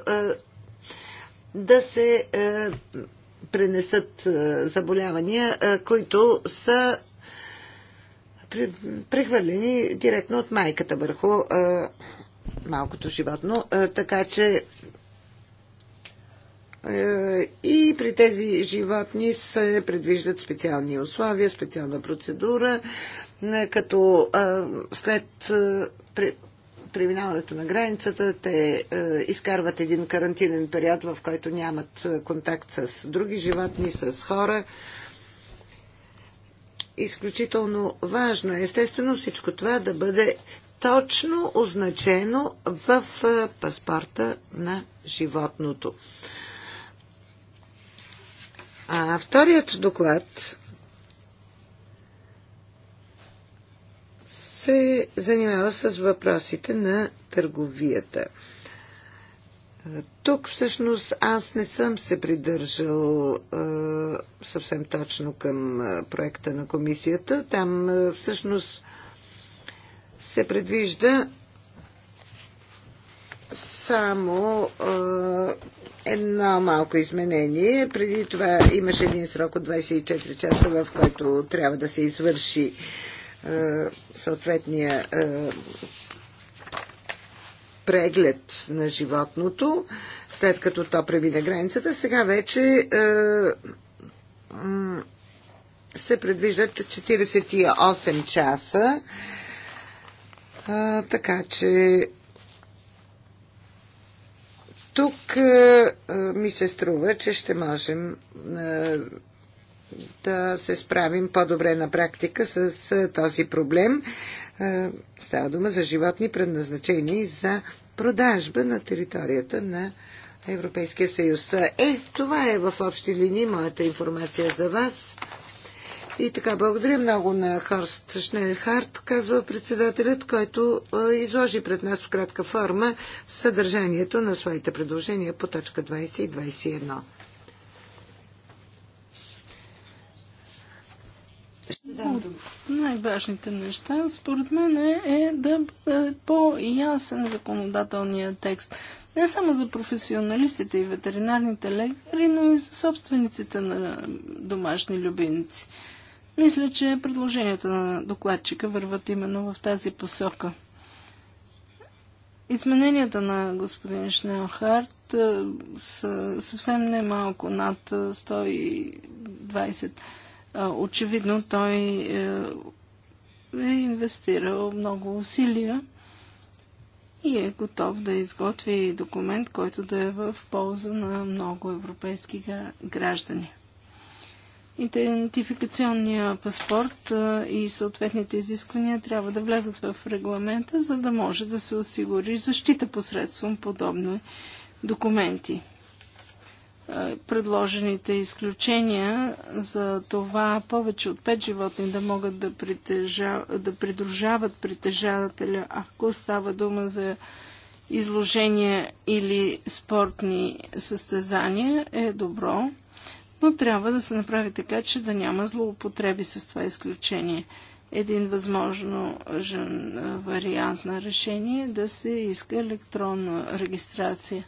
да се пренесат заболявания, които са прехвърлени директно от майката върху малкото животно. Така че е, и при тези животни се предвиждат специални условия, специална процедура, е, като е, след преминаването на границата те изкарват един карантинен период, в който нямат контакт с други животни, с хора. Изключително важно е, естествено, всичко това да бъде точно означено в паспорта на животното. А вторият доклад се занимава с въпросите на търговията. Тук всъщност аз не съм се придържал е, съвсем точно към проекта на комисията. Там е, всъщност се предвижда само е, едно малко изменение. Преди това имаше един срок от 24 часа, в който трябва да се извърши е, съответния е, преглед на животното, след като то превида границата. Сега вече е, се предвиждат 48 часа. Е, така че тук е, е, ми се струва, че ще можем е, да се справим по-добре на практика с този проблем. Става дума за животни, предназначени за продажба на територията на Европейския съюз. Е, това е в общи линии моята информация за вас. И така, благодаря много на Хорст Шнелхарт, казва председателят, който изложи пред нас в кратка форма съдържанието на своите предложения по точка 20 и 21. Да. Най-важните неща, според мен, е да е по-ясен законодателния текст. Не само за професионалистите и ветеринарните лекари, но и за собствениците на домашни любимци. Мисля, че предложенията на докладчика върват именно в тази посока. Измененията на господин Шнелхарт е, са съвсем не малко, над 120. Е, е, очевидно той е инвестирал много усилия и е готов да изготви документ, който да е в полза на много европейски граждани идентификационния паспорт и съответните изисквания трябва да влязат в регламента, за да може да се осигури защита посредством подобни документи. Предложените изключения за това повече от 5 животни да могат да, притежа... да придружават притежателя, ако става дума за изложения или спортни състезания, е добро но трябва да се направи така, че да няма злоупотреби с това изключение. Един възможно вариант на решение е да се иска електронна регистрация.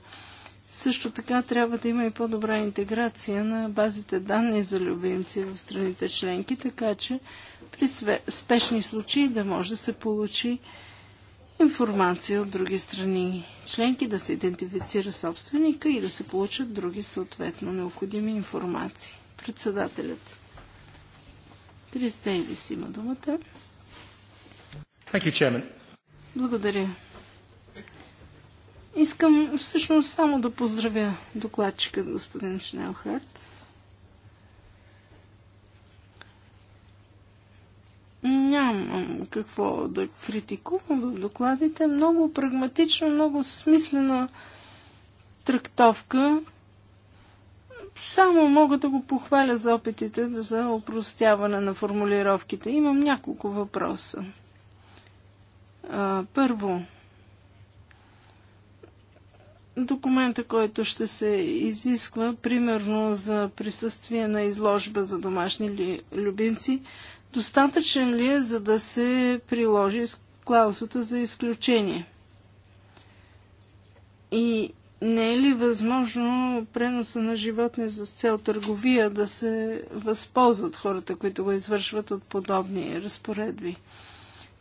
Също така трябва да има и по-добра интеграция на базите данни за любимци в страните членки, така че при спешни случаи да може да се получи информация от други страни членки, да се идентифицира собственика и да се получат други съответно необходими информации. Председателят. Крис Дейвис има думата. You, Благодаря. Искам всъщност само да поздравя докладчика господин Шнелхарт. Нямам какво да критикувам в докладите. Много прагматична, много смислена трактовка. Само мога да го похваля за опитите за опростяване на формулировките. Имам няколко въпроса. А, първо, документа, който ще се изисква, примерно за присъствие на изложба за домашни любимци, достатъчен ли е, за да се приложи клаусата за изключение? И не е ли възможно преноса на животни за цел търговия да се възползват хората, които го извършват от подобни разпоредби?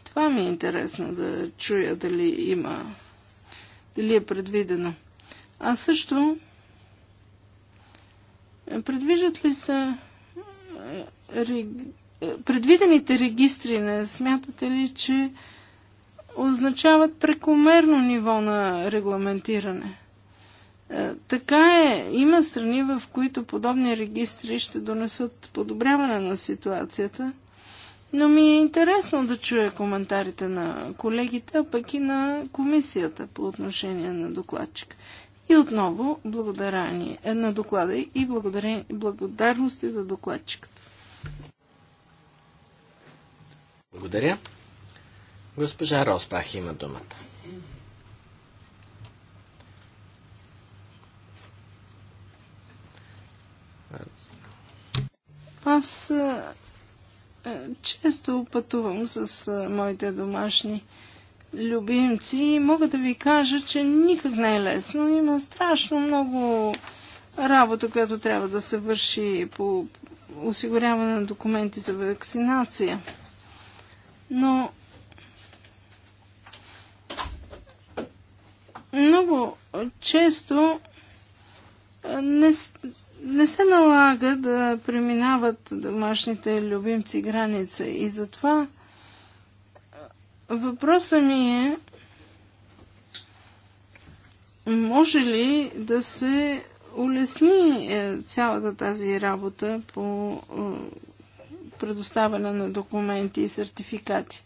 Това ми е интересно да чуя дали има, дали е предвидено. А също, предвиждат ли се е, предвидените регистри, не смятате ли, че означават прекомерно ниво на регламентиране? Е, така е. Има страни, в които подобни регистри ще донесат подобряване на ситуацията. Но ми е интересно да чуя коментарите на колегите, а пък и на комисията по отношение на докладчик. И отново благодарение на доклада и благодарности за докладчиката. Благодаря. Госпожа Роспах има думата. Аз е, е, често пътувам с е, моите домашни любимци и мога да ви кажа, че никак не е лесно. Има страшно много работа, която трябва да се върши по осигуряване на документи за вакцинация. Но много често не, не се налага да преминават домашните любимци граница. И затова въпросът ми е може ли да се улесни е, цялата тази работа по предоставяне на документи и сертификати.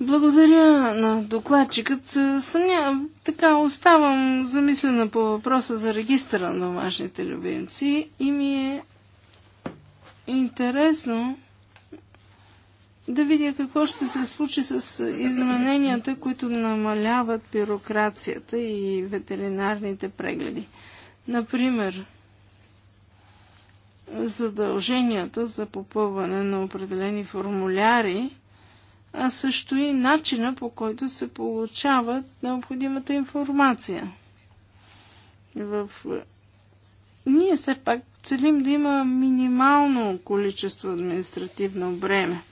Благодаря на докладчикът. Съня, така оставам замислена по въпроса за регистъра на домашните любимци и ми е интересно да видя какво ще се случи с измененията, които намаляват бюрокрацията и ветеринарните прегледи. Например, задълженията за попълване на определени формуляри, а също и начина по който се получава необходимата информация. В... Ние все пак целим да има минимално количество административно бреме.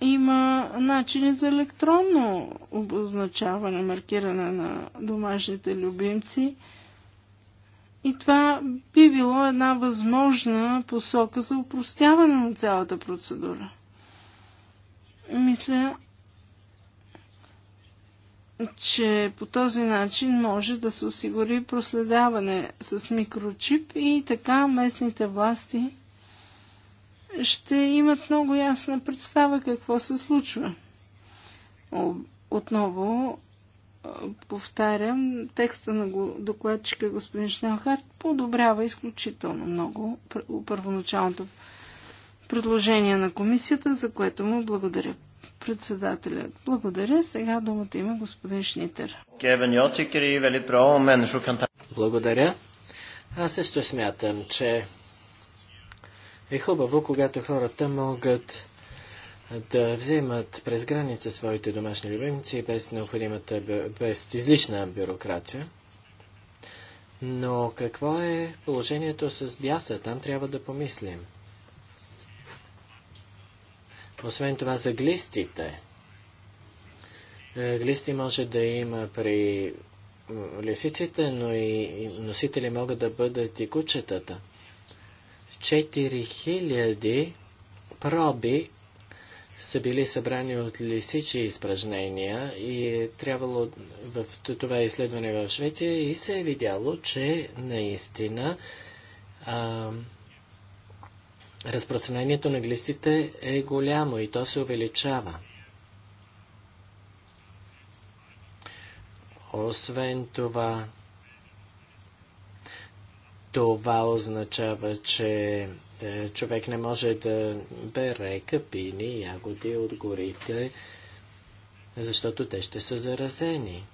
Има начини за електронно обозначаване, маркиране на домашните любимци – и това би било една възможна посока за упростяване на цялата процедура. Мисля, че по този начин може да се осигури проследяване с микрочип и така местните власти ще имат много ясна представа какво се случва. Отново повтарям, текста на докладчика господин Шнелхарт подобрява изключително много първоначалното предложение на комисията, за което му благодаря. Председателят. Благодаря. Сега думата има господин Шнитер. Благодаря. Аз също смятам, че е хубаво, когато хората могат да вземат през граница своите домашни любимци без необходимата, без излишна бюрокрация. Но какво е положението с бяса? Там трябва да помислим. Освен това за глистите. Е, глисти може да има при лисиците, но и носители могат да бъдат и кучетата. 4000 проби са били събрани от лисичи изпражнения и е трябвало в това изследване в Швеция и се е видяло, че наистина а, разпространението на глистите е голямо и то се увеличава. Освен това, това означава, че е, човек не може да бере капини, ягоди от горите, защото те ще са заразени.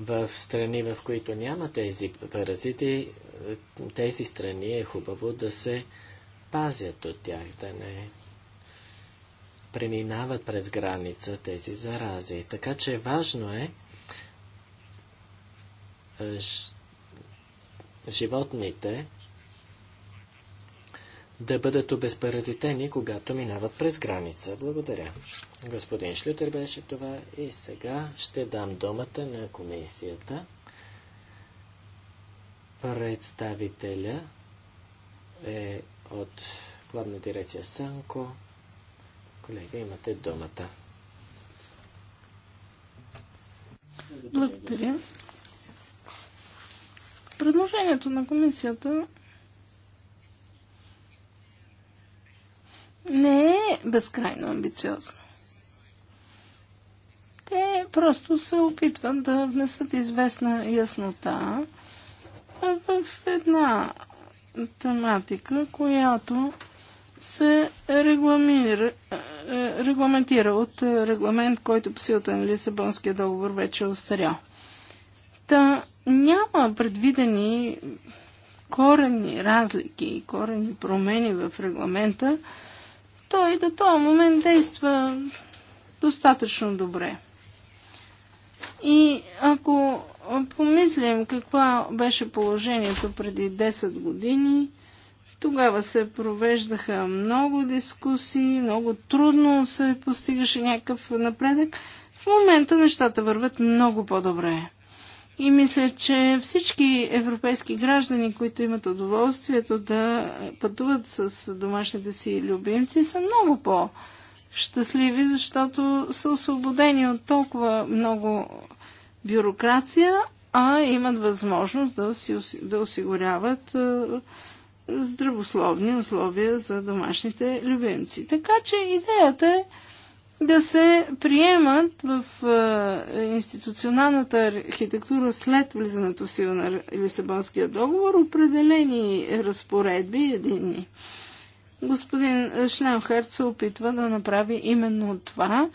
В страни, в които няма тези паразити, е, тези страни е хубаво да се пазят от тях, да не преминават през граница тези зарази. Така че важно е, е животните да бъдат обезпаразитени, когато минават през граница. Благодаря. Господин Шлютер беше това и сега ще дам думата на комисията. Представителя е от главна дирекция Санко. Колега, имате думата. Благодаря. Предложението на комисията не е безкрайно амбициозно. Те просто се опитват да внесат известна яснота в една тематика, която се регламира, е, регламентира от регламент, който по силата на Лисабонския договор вече е устарял. Та няма предвидени корени разлики и корени промени в регламента, той до този момент действа достатъчно добре. И ако помислим какво беше положението преди 10 години, тогава се провеждаха много дискусии, много трудно се постигаше някакъв напредък. В момента нещата върват много по-добре. И мисля, че всички европейски граждани, които имат удоволствието да пътуват с домашните си любимци, са много по-щастливи, защото са освободени от толкова много бюрокрация, а имат възможност да, си, да осигуряват здравословни условия за домашните любимци. Така че идеята е да се приемат в е, институционалната архитектура след влизането в сила на Лисабонския договор определени разпоредби единни. Господин Шляхард се опитва да направи именно това,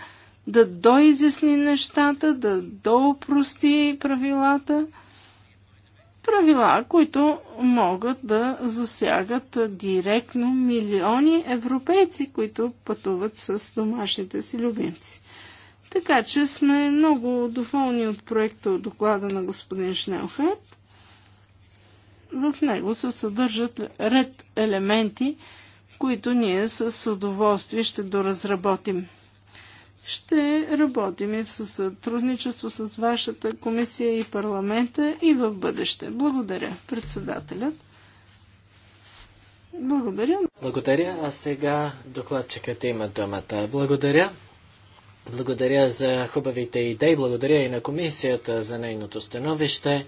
да доизясни нещата, да доопрости правилата – правила, които могат да засягат директно милиони европейци, които пътуват с домашните си любимци. Така че сме много доволни от проекта от доклада на господин Шнелхеп. В него се съдържат ред елементи, които ние с удоволствие ще доразработим. Ще работим и в сътрудничество с вашата комисия и парламента и в бъдеще. Благодаря, председателят. Благодаря. Благодаря. А сега докладчикът има думата. Благодаря. Благодаря за хубавите идеи. Благодаря и на комисията за нейното становище.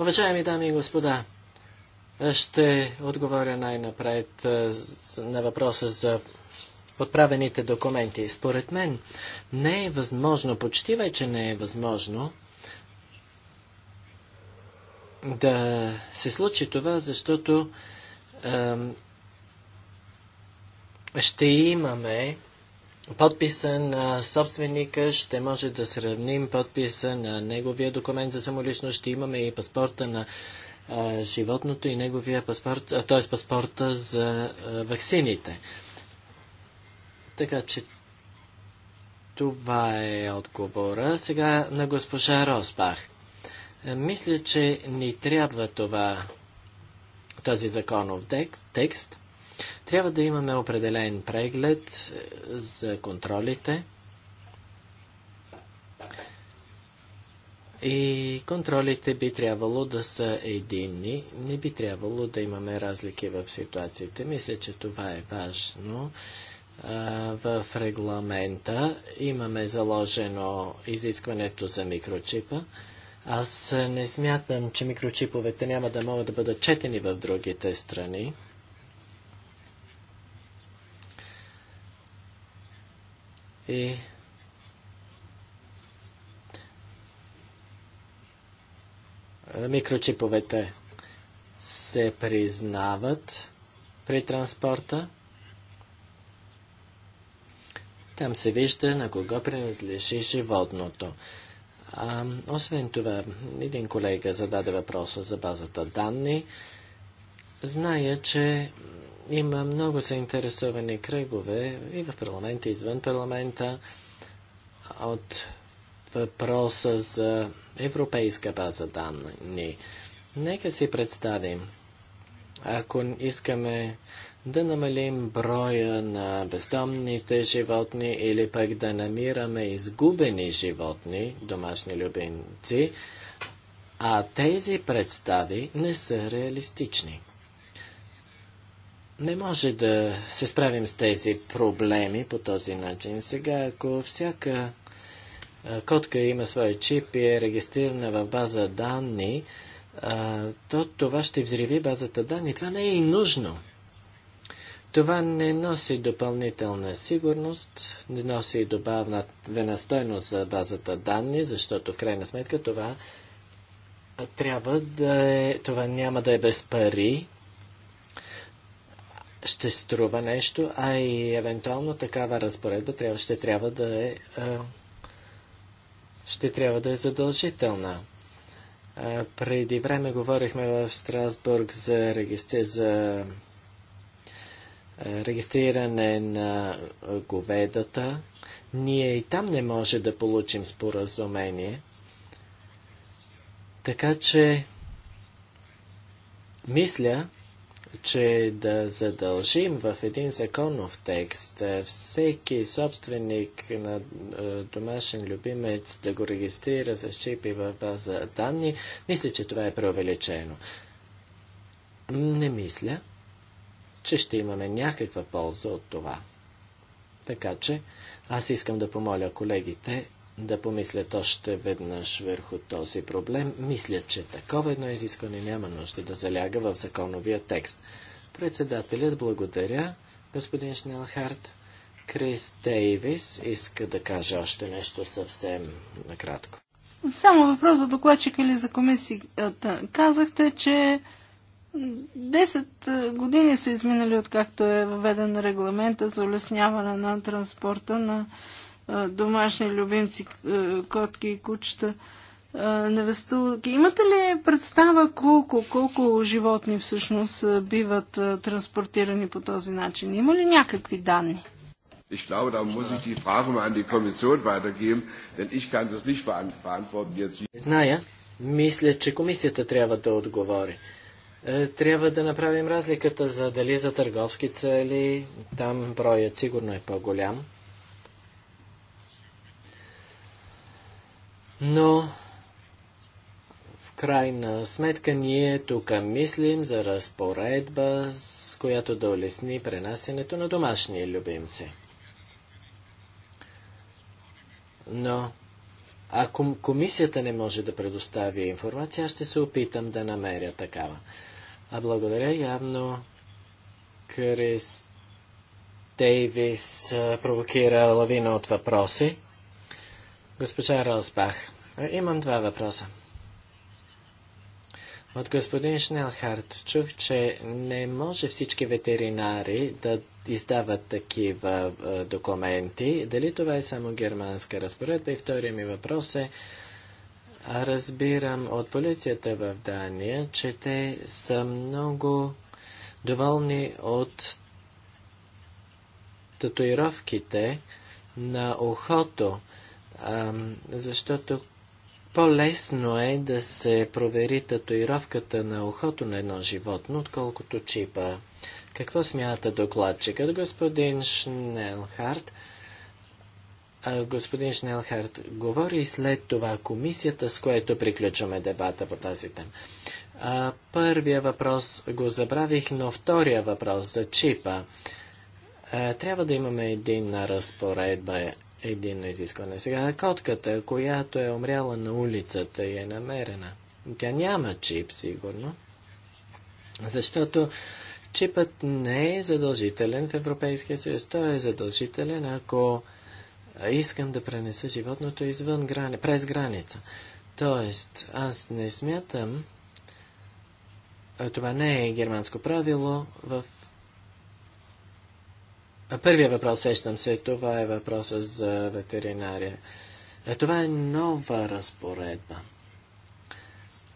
Уважаеми дами и господа, ще отговоря най-напред на въпроса за подправените документи. Според мен не е възможно, почти вече не е възможно да се случи това, защото е, ще имаме подписа на собственика, ще може да сравним подписа на неговия документ за самоличност, ще имаме и паспорта на животното и неговия паспорт, т.е. паспорта за ваксините. Така че това е отговора. Сега на госпожа Росбах. Е, мисля, че ни трябва това, този законов текст. Трябва да имаме определен преглед е, за контролите. И контролите би трябвало да са единни, не би трябвало да имаме разлики в ситуациите. Мисля, че това е важно в регламента имаме заложено изискването за микрочипа. Аз не смятам, че микрочиповете няма да могат да бъдат четени в другите страни. И микрочиповете се признават при транспорта. Там се вижда на кого принадлежи животното. А, освен това, един колега зададе въпроса за базата данни. Зная, че има много заинтересовани кръгове и в парламента, и извън парламента от въпроса за европейска база данни. Нека си представим ако искаме да намалим броя на бездомните животни или пък да намираме изгубени животни, домашни любимци, а тези представи не са реалистични. Не може да се справим с тези проблеми по този начин. Сега, ако всяка котка има своя чип и е регистрирана в база данни, то това ще взриви базата данни. Това не е и нужно. Това не носи допълнителна сигурност, не носи добавна венастойност за базата данни, защото в крайна сметка това трябва да е, това няма да е без пари, ще струва нещо, а и евентуално такава разпоредба трябва, ще трябва да е, ще трябва да е задължителна. Преди време говорихме в Страсбург за, регистри... за регистриране на говедата. Ние и там не може да получим споразумение. Така че, мисля, че да задължим в един законов текст е, всеки собственик на е, домашен любимец да го регистрира за щипи в база данни, мисля, че това е преувеличено. Не мисля, че ще имаме някаква полза от това. Така че аз искам да помоля колегите да помислят още веднъж върху този проблем. Мисля, че такова едно изискване няма нужда да заляга в законовия текст. Председателят благодаря, господин Шнелхарт. Крис Дейвис иска да каже още нещо съвсем накратко. Само въпрос за докладчика или за комисията. Казахте, че 10 е, години са изминали откакто е въведен регламента за улесняване на транспорта на домашни любимци, котки и кучета, невестулки. Имате ли представа колко, колко животни всъщност биват транспортирани по този начин? Има ли някакви данни? Ich glaube, da muss ich die Frage mal an die Kommission weitergeben, denn ich kann das nicht verantworten jetzt. Зная, мисля, че комисията трябва да отговори. Е, трябва да направим разликата за дали за търговски цели, там броят сигурно е по-голям, но в крайна сметка ние тук мислим за разпоредба, с която да улесни пренасенето на домашни любимци. Но ако комисията не може да предостави информация, аз ще се опитам да намеря такава. А благодаря явно Крис Дейвис провокира лавина от въпроси. Госпожа Росбах, имам два въпроса. От господин Шнелхарт чух, че не може всички ветеринари да издават такива документи. Дали това е само германска разпоредба? И втория ми въпрос е, разбирам от полицията в Дания, че те са много доволни от татуировките на ухото защото по-лесно е да се провери татуировката на ухото на едно животно, отколкото чипа. Какво смята докладчикът, господин Шнелхарт? Господин Шнелхарт говори след това комисията, с което приключваме дебата по тази тема. А, първия въпрос го забравих, но втория въпрос за чипа. А, трябва да имаме един разпоредба единно изискване. Сега котката, която е умряла на улицата и е намерена, тя няма чип, сигурно, защото чипът не е задължителен в Европейския съюз. Той е задължителен, ако искам да пренеса животното извън грани, през граница. Тоест, аз не смятам, това не е германско правило, в Първият въпрос, сещам се, това е въпроса за ветеринария. Е, това е нова разпоредба.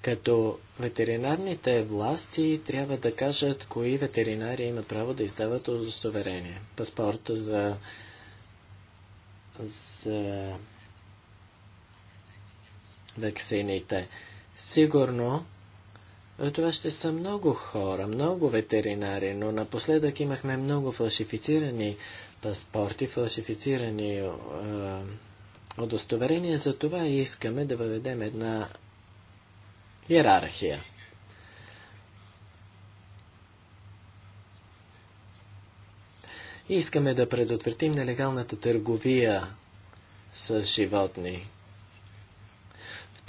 Като ветеринарните власти трябва да кажат кои ветеринари имат право да издават удостоверение. Паспорта за, за вакцините. Сигурно е, това ще са много хора, много ветеринари, но напоследък имахме много фалшифицирани паспорти, фалшифицирани е, удостоверения. За това искаме да въведем една иерархия. Искаме да предотвратим нелегалната търговия с животни,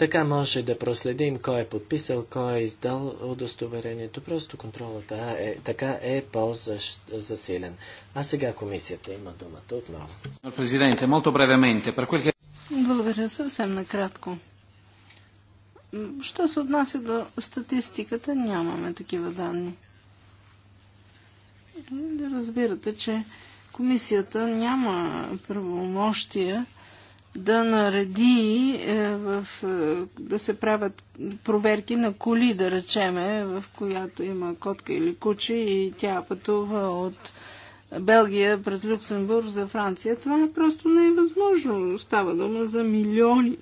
така може да проследим кой е подписал, кой е издал удостоверението. Просто контролът е, така е по-засилен. А сега комисията има думата отново. Президенте, много бревементе. Благодаря съвсем накратко. Що се отнася до статистиката, нямаме такива данни. Да разбирате, че комисията няма правомощия да нареди е, в, е, да се правят проверки на коли, да речеме, в която има котка или куче и тя пътува от Белгия през Люксембург за Франция. Това е просто невъзможно. Става дума за милиони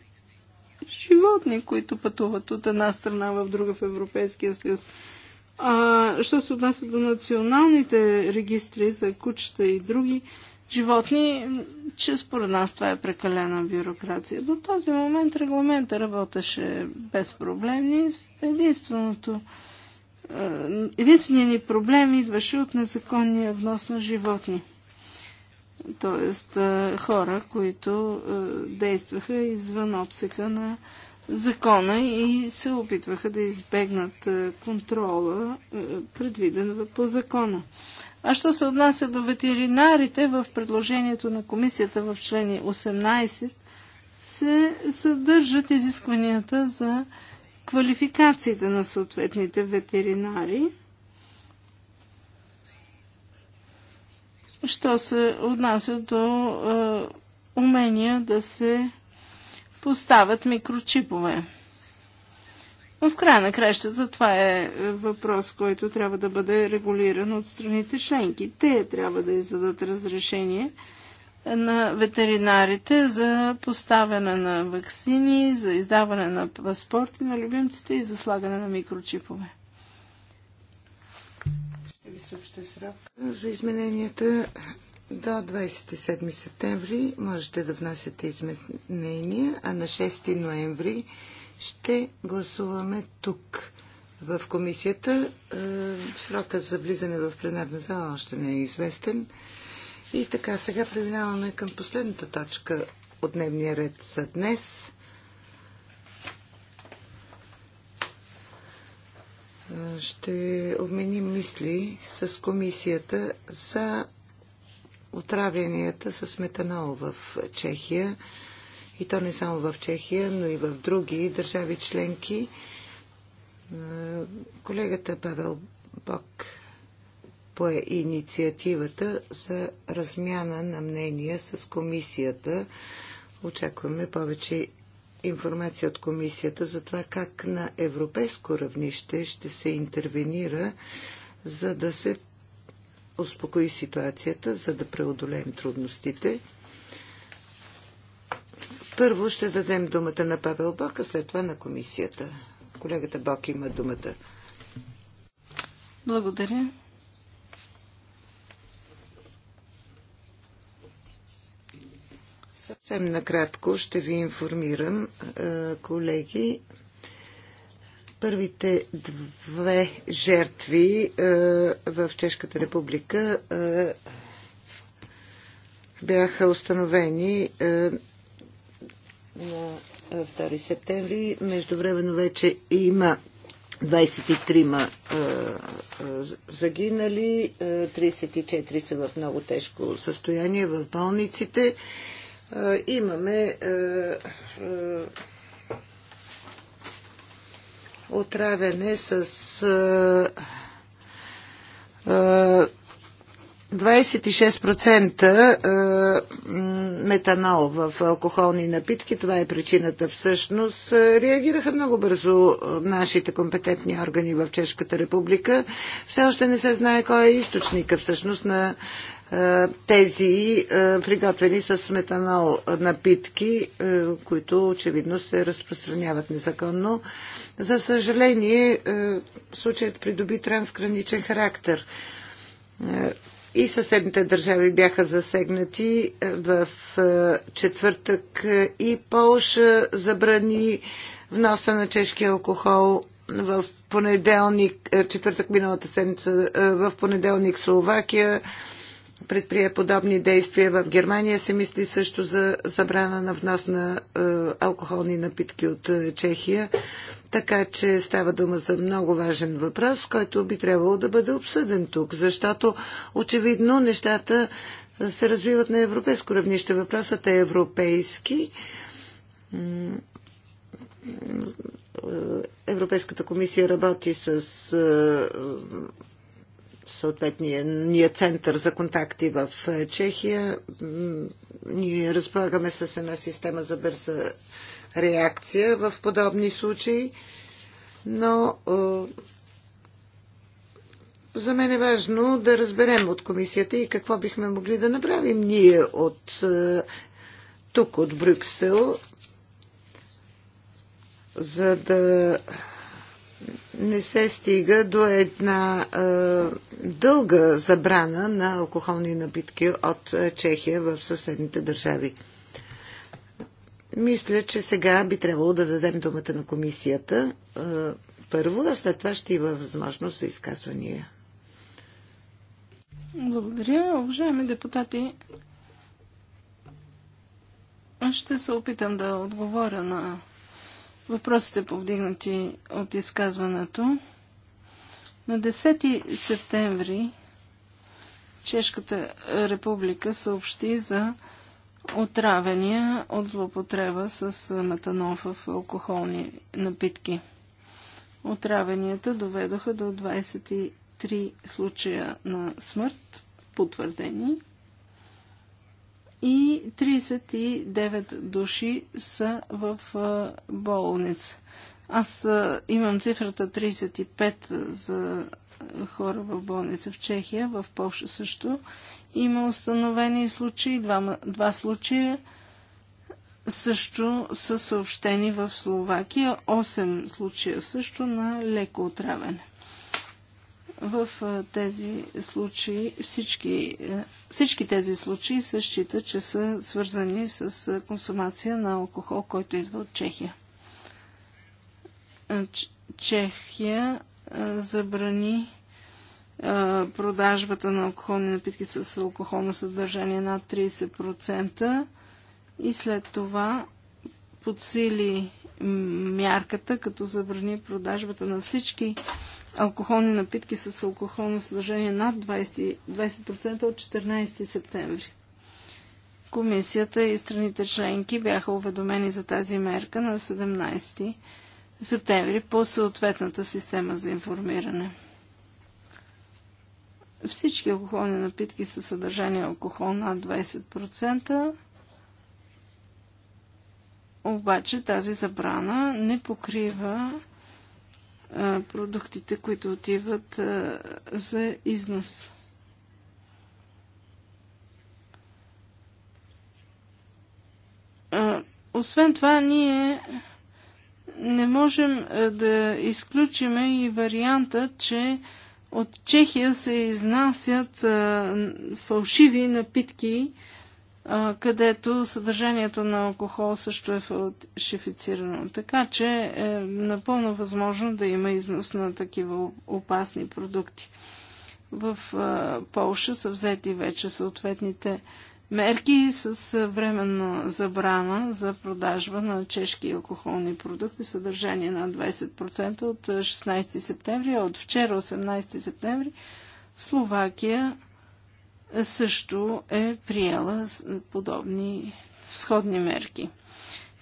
животни, които пътуват от една страна в друга в Европейския съюз. А, що се отнася до националните регистри за кучета и други, животни, че според нас това е прекалена бюрокрация. До този момент регламента работеше без проблеми. Единственото е, единственият ни проблем идваше от незаконния внос на животни. Тоест е, хора, които е, действаха извън обсека на закона и се опитваха да избегнат контрола, предвиден по закона. А що се отнася до ветеринарите, в предложението на комисията в члени 18 се съдържат изискванията за квалификациите на съответните ветеринари. Що се отнася до е, умения да се поставят микрочипове. Но в края на кращата това е, е въпрос, който трябва да бъде регулиран от страните членки. Те трябва да издадат разрешение на ветеринарите за поставяне на вакцини, за издаване на паспорти на любимците и за слагане на микрочипове. Ще ви съобща срок за измененията до 27 септември. Можете да внасяте изменения, а на 6 ноември ще гласуваме тук в комисията. Е, срока за влизане в пленарна зала още не е известен. И така, сега преминаваме към последната точка от дневния ред за днес. Е, ще обменим мисли с комисията за отравянията с метанол в Чехия и то не само в Чехия, но и в други държави членки. Е, колегата Павел Бок пое инициативата за размяна на мнения с комисията. Очакваме повече информация от комисията за това как на европейско равнище ще се интервенира, за да се успокои ситуацията, за да преодолеем трудностите. Първо ще дадем думата на Павел Бок, а след това на комисията. Колегата Бок има думата. Благодаря. Съвсем накратко ще ви информирам, колеги. Първите две жертви в Чешката република бяха установени на 2 е, септември. Междувременно вече има 23-ма е, е, загинали, 34 са в много тежко състояние в болниците. Имаме отравяне с 26% е, метанол в алкохолни напитки, това е причината всъщност. Е, реагираха много бързо е, нашите компетентни органи в Чешката република. Все още не се знае кой е източника всъщност на тези приготвени с метанол напитки, които очевидно се разпространяват незаконно. За съжаление, случаят придоби трансграничен характер и съседните държави бяха засегнати в е, четвъртък е, и Полша забрани вноса на чешки алкохол в понеделник, е, четвъртък миналата седмица, в понеделник Словакия предприе подобни действия. В Германия се мисли също за забрана на внос на е, алкохолни напитки от е, Чехия. Така че става дума за много важен въпрос, който би трябвало да бъде обсъден тук, защото очевидно нещата е, се развиват на европейско равнище. Въпросът е европейски. Европейската комисия работи с съответния център за контакти в е, Чехия. Ние разполагаме с една система за бърза реакция в подобни случаи, но е, за мен е важно да разберем от комисията и какво бихме могли да направим ние от е, тук, от Брюксел, за да не се стига до една е, дълга забрана на алкохолни напитки от Чехия в съседните държави. Мисля, че сега би трябвало да дадем думата на комисията е, първо, а след това ще има възможност за изказвания. Благодаря, уважаеми депутати. Ще се опитам да отговоря на въпросите повдигнати от изказването. На 10 септември Чешката република съобщи за отравения от злопотреба с метанол в алкохолни напитки. Отравенията доведоха до 23 случая на смърт, потвърдени, и 39 души са в болница. Аз имам цифрата 35 за хора в болница в Чехия, в Польша също. Има установени случаи, два, два случая също са съобщени в Словакия, 8 случая също на леко отравяне. В тези случаи всички, е, всички тези случаи се счита, че са свързани с консумация на алкохол, който идва от Чехия. Е, Чехия е, забрани продажбата на алкохолни напитки с алкохолно съдържание над 30% и след това подсили мярката, като забрани продажбата на всички алкохолни напитки с алкохолно съдържание над 20%, 20 от 14 септември. Комисията и страните членки бяха уведомени за тази мерка на 17 септември по съответната система за информиране. Всички алкохолни напитки са съдържани алкохол над 20%, обаче тази забрана не покрива продуктите, които отиват за износ. Освен това, ние не можем да изключиме и варианта, че от Чехия се изнасят фалшиви напитки, където съдържанието на алкохол също е фалшифицирано. Така че е напълно възможно да има износ на такива опасни продукти. В Полша са взети вече съответните мерки с временна забрана за продажба на чешки алкохолни продукти, съдържание на 20% от 16 септември, а от вчера 18 септември в Словакия също е приела подобни сходни мерки.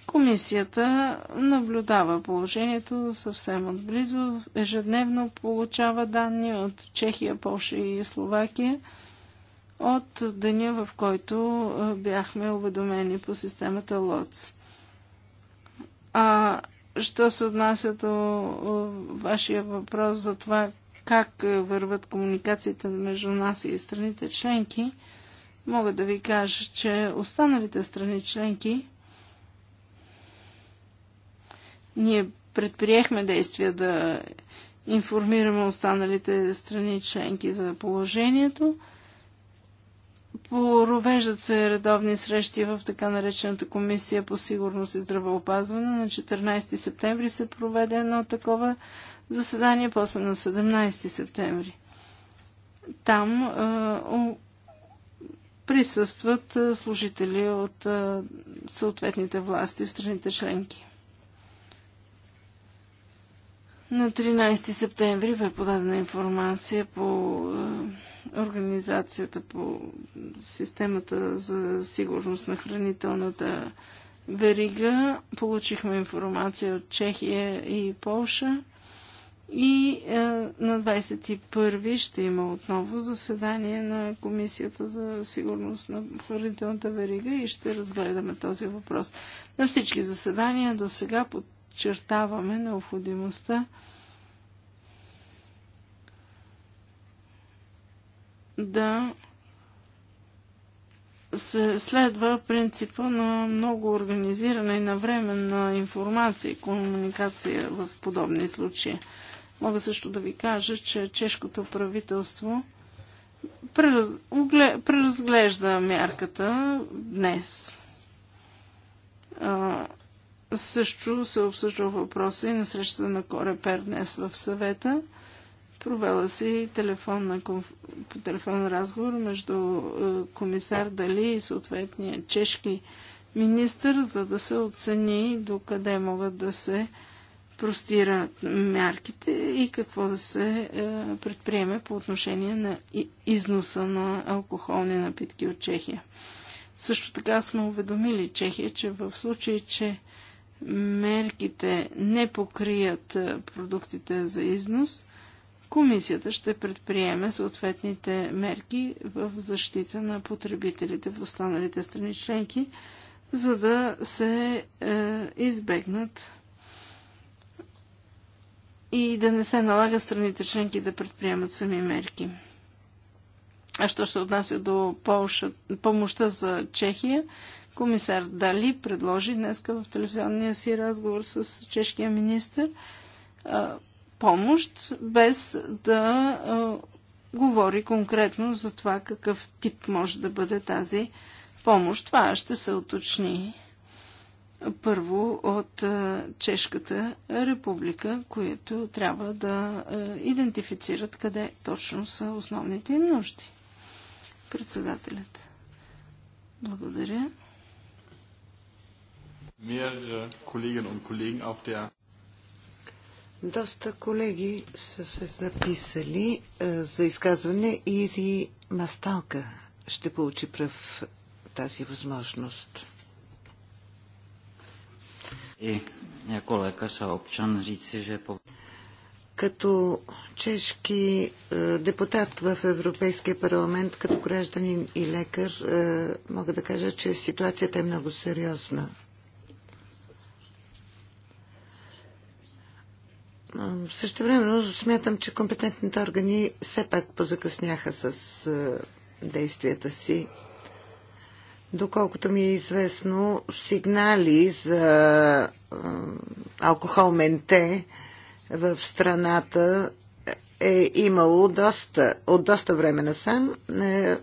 Комисията наблюдава положението съвсем отблизо. Ежедневно получава данни от Чехия, Польша и Словакия от деня, в който бяхме уведомени по системата ЛОЦ. А що се отнася до вашия въпрос за това как е, върват комуникацията между нас и страните членки, мога да ви кажа, че останалите страни членки ние предприехме действия да информираме останалите страни членки за положението. Провеждат се редовни срещи в така наречената комисия по сигурност и здравеопазване. На 14 септември се проведе едно такова заседание после на 17 септември. Там е, присъстват е, служители от е, съответните власти в страните членки. На 13 септември бе подадена информация по организацията по системата за сигурност на хранителната верига. Получихме информация от Чехия и Полша. И е, на 21 ще има отново заседание на Комисията за сигурност на хранителната верига и ще разгледаме този въпрос. На всички заседания до сега подчертаваме необходимостта да се следва принципа на много организирана и навременна информация и комуникация в подобни случаи. Мога също да ви кажа, че чешкото правителство преразглежда мярката днес. също се обсъжда въпроса и на срещата на Корепер днес в съвета. Провела се и телефонна, телефонен разговор между комисар Дали и съответния чешки министр, за да се оцени докъде могат да се простират мярките и какво да се е, предприеме по отношение на износа на алкохолни напитки от Чехия. Също така сме уведомили Чехия, че в случай, че мерките не покрият е, продуктите за износ, комисията ще предприеме съответните мерки в защита на потребителите в останалите страни членки, за да се е, избегнат и да не се налага страните членки да предприемат сами мерки. А що се отнася до Полша, помощта за Чехия, комисар Дали предложи днеска в телефонния си разговор с чешкия министр помощ, без да говори конкретно за това какъв тип може да бъде тази помощ. Това ще се уточни първо от е, Чешката република, които трябва да е, идентифицират къде точно са основните им нужди. Председателят. Благодаря. Доста колеги са се записали е, за изказване. Ири Масталка ще получи прав тази възможност i jako lékař a občan říci, že po... Като чешки е, депутат в Европейския парламент, като гражданин и лекар, е, мога да кажа, че ситуацията е много сериозна. Също време смятам, че компетентните органи все пак позакъсняха с е, действията си доколкото ми е известно, сигнали за алкохолменте в страната е имало доста, от доста време насам, е,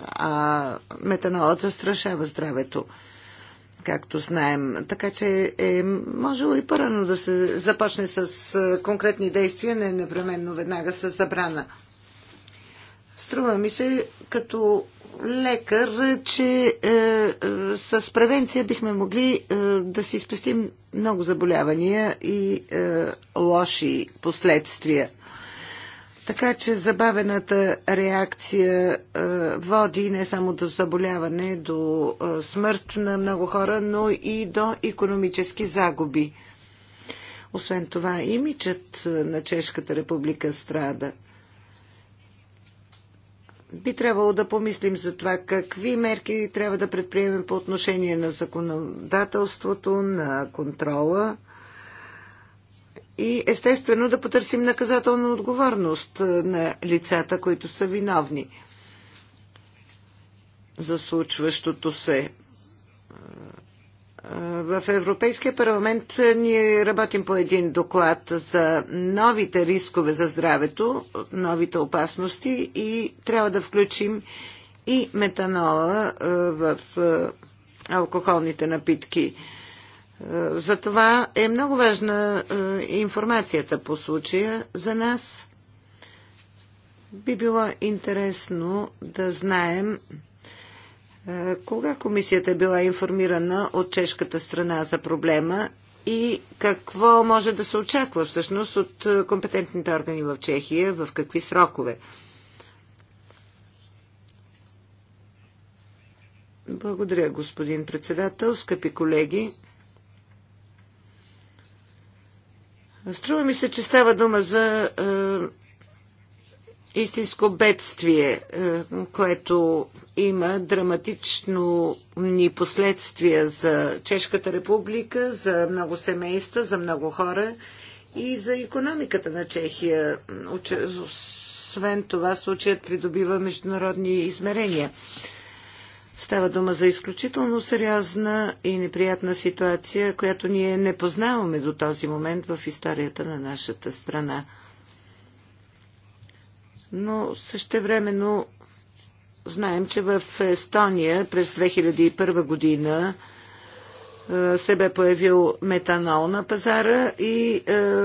а метанолът застрашава здравето, както знаем. Така че е можело и първо да се започне с е, конкретни действия, не непременно веднага с забрана. Струва ми се, като лекар, че е, е, с превенция бихме могли е, да си спестим много заболявания и е, лоши последствия. Така че забавената реакция е, води не само до заболяване, до е, смърт на много хора, но и до економически загуби. Освен това, имиджът на Чешката република страда – би трябвало да помислим за това какви мерки трябва да предприемем по отношение на законодателството, на контрола и естествено да потърсим наказателна отговорност е, на лицата, които са виновни за случващото се. В Европейския парламент е, ние работим по един доклад за новите рискове за здравето, новите опасности и трябва да включим и метанола е, в е, алкохолните напитки. Затова е много важна информацията по случая за нас. Би било интересно да знаем е, кога комисията е била информирана от чешката страна за проблема и какво може да се очаква всъщност от е, компетентните органи в Чехия, в какви срокове? Благодаря, господин председател, скъпи колеги. Струва ми се, че става дума за е, истинско бедствие, е, което има драматично ни последствия за Чешката република, за много семейства, за много хора и за економиката на Чехия. Освен това, случаят придобива международни измерения. Става дума за изключително сериозна и неприятна ситуация, която ние не познаваме до този момент в историята на нашата страна но същевременно знаем, че в Естония през 2001 година се бе появил метанол на пазара и е,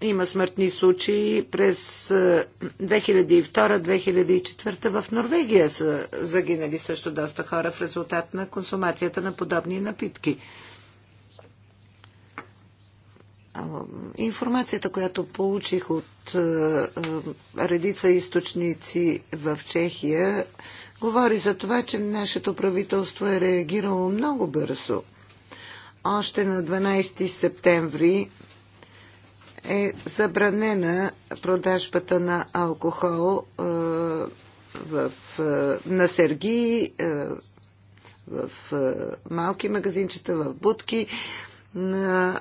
има смъртни случаи през 2002-2004 в Норвегия са загинали също доста хора в резултат на консумацията на подобни напитки. Информацията, която получих от е, е, редица източници в Чехия, говори за това, че нашето правителство е реагирало много бързо. Още на 12 септември е забранена продажбата на алкохол е, в, на сергии, в малки магазинчета, в будки. на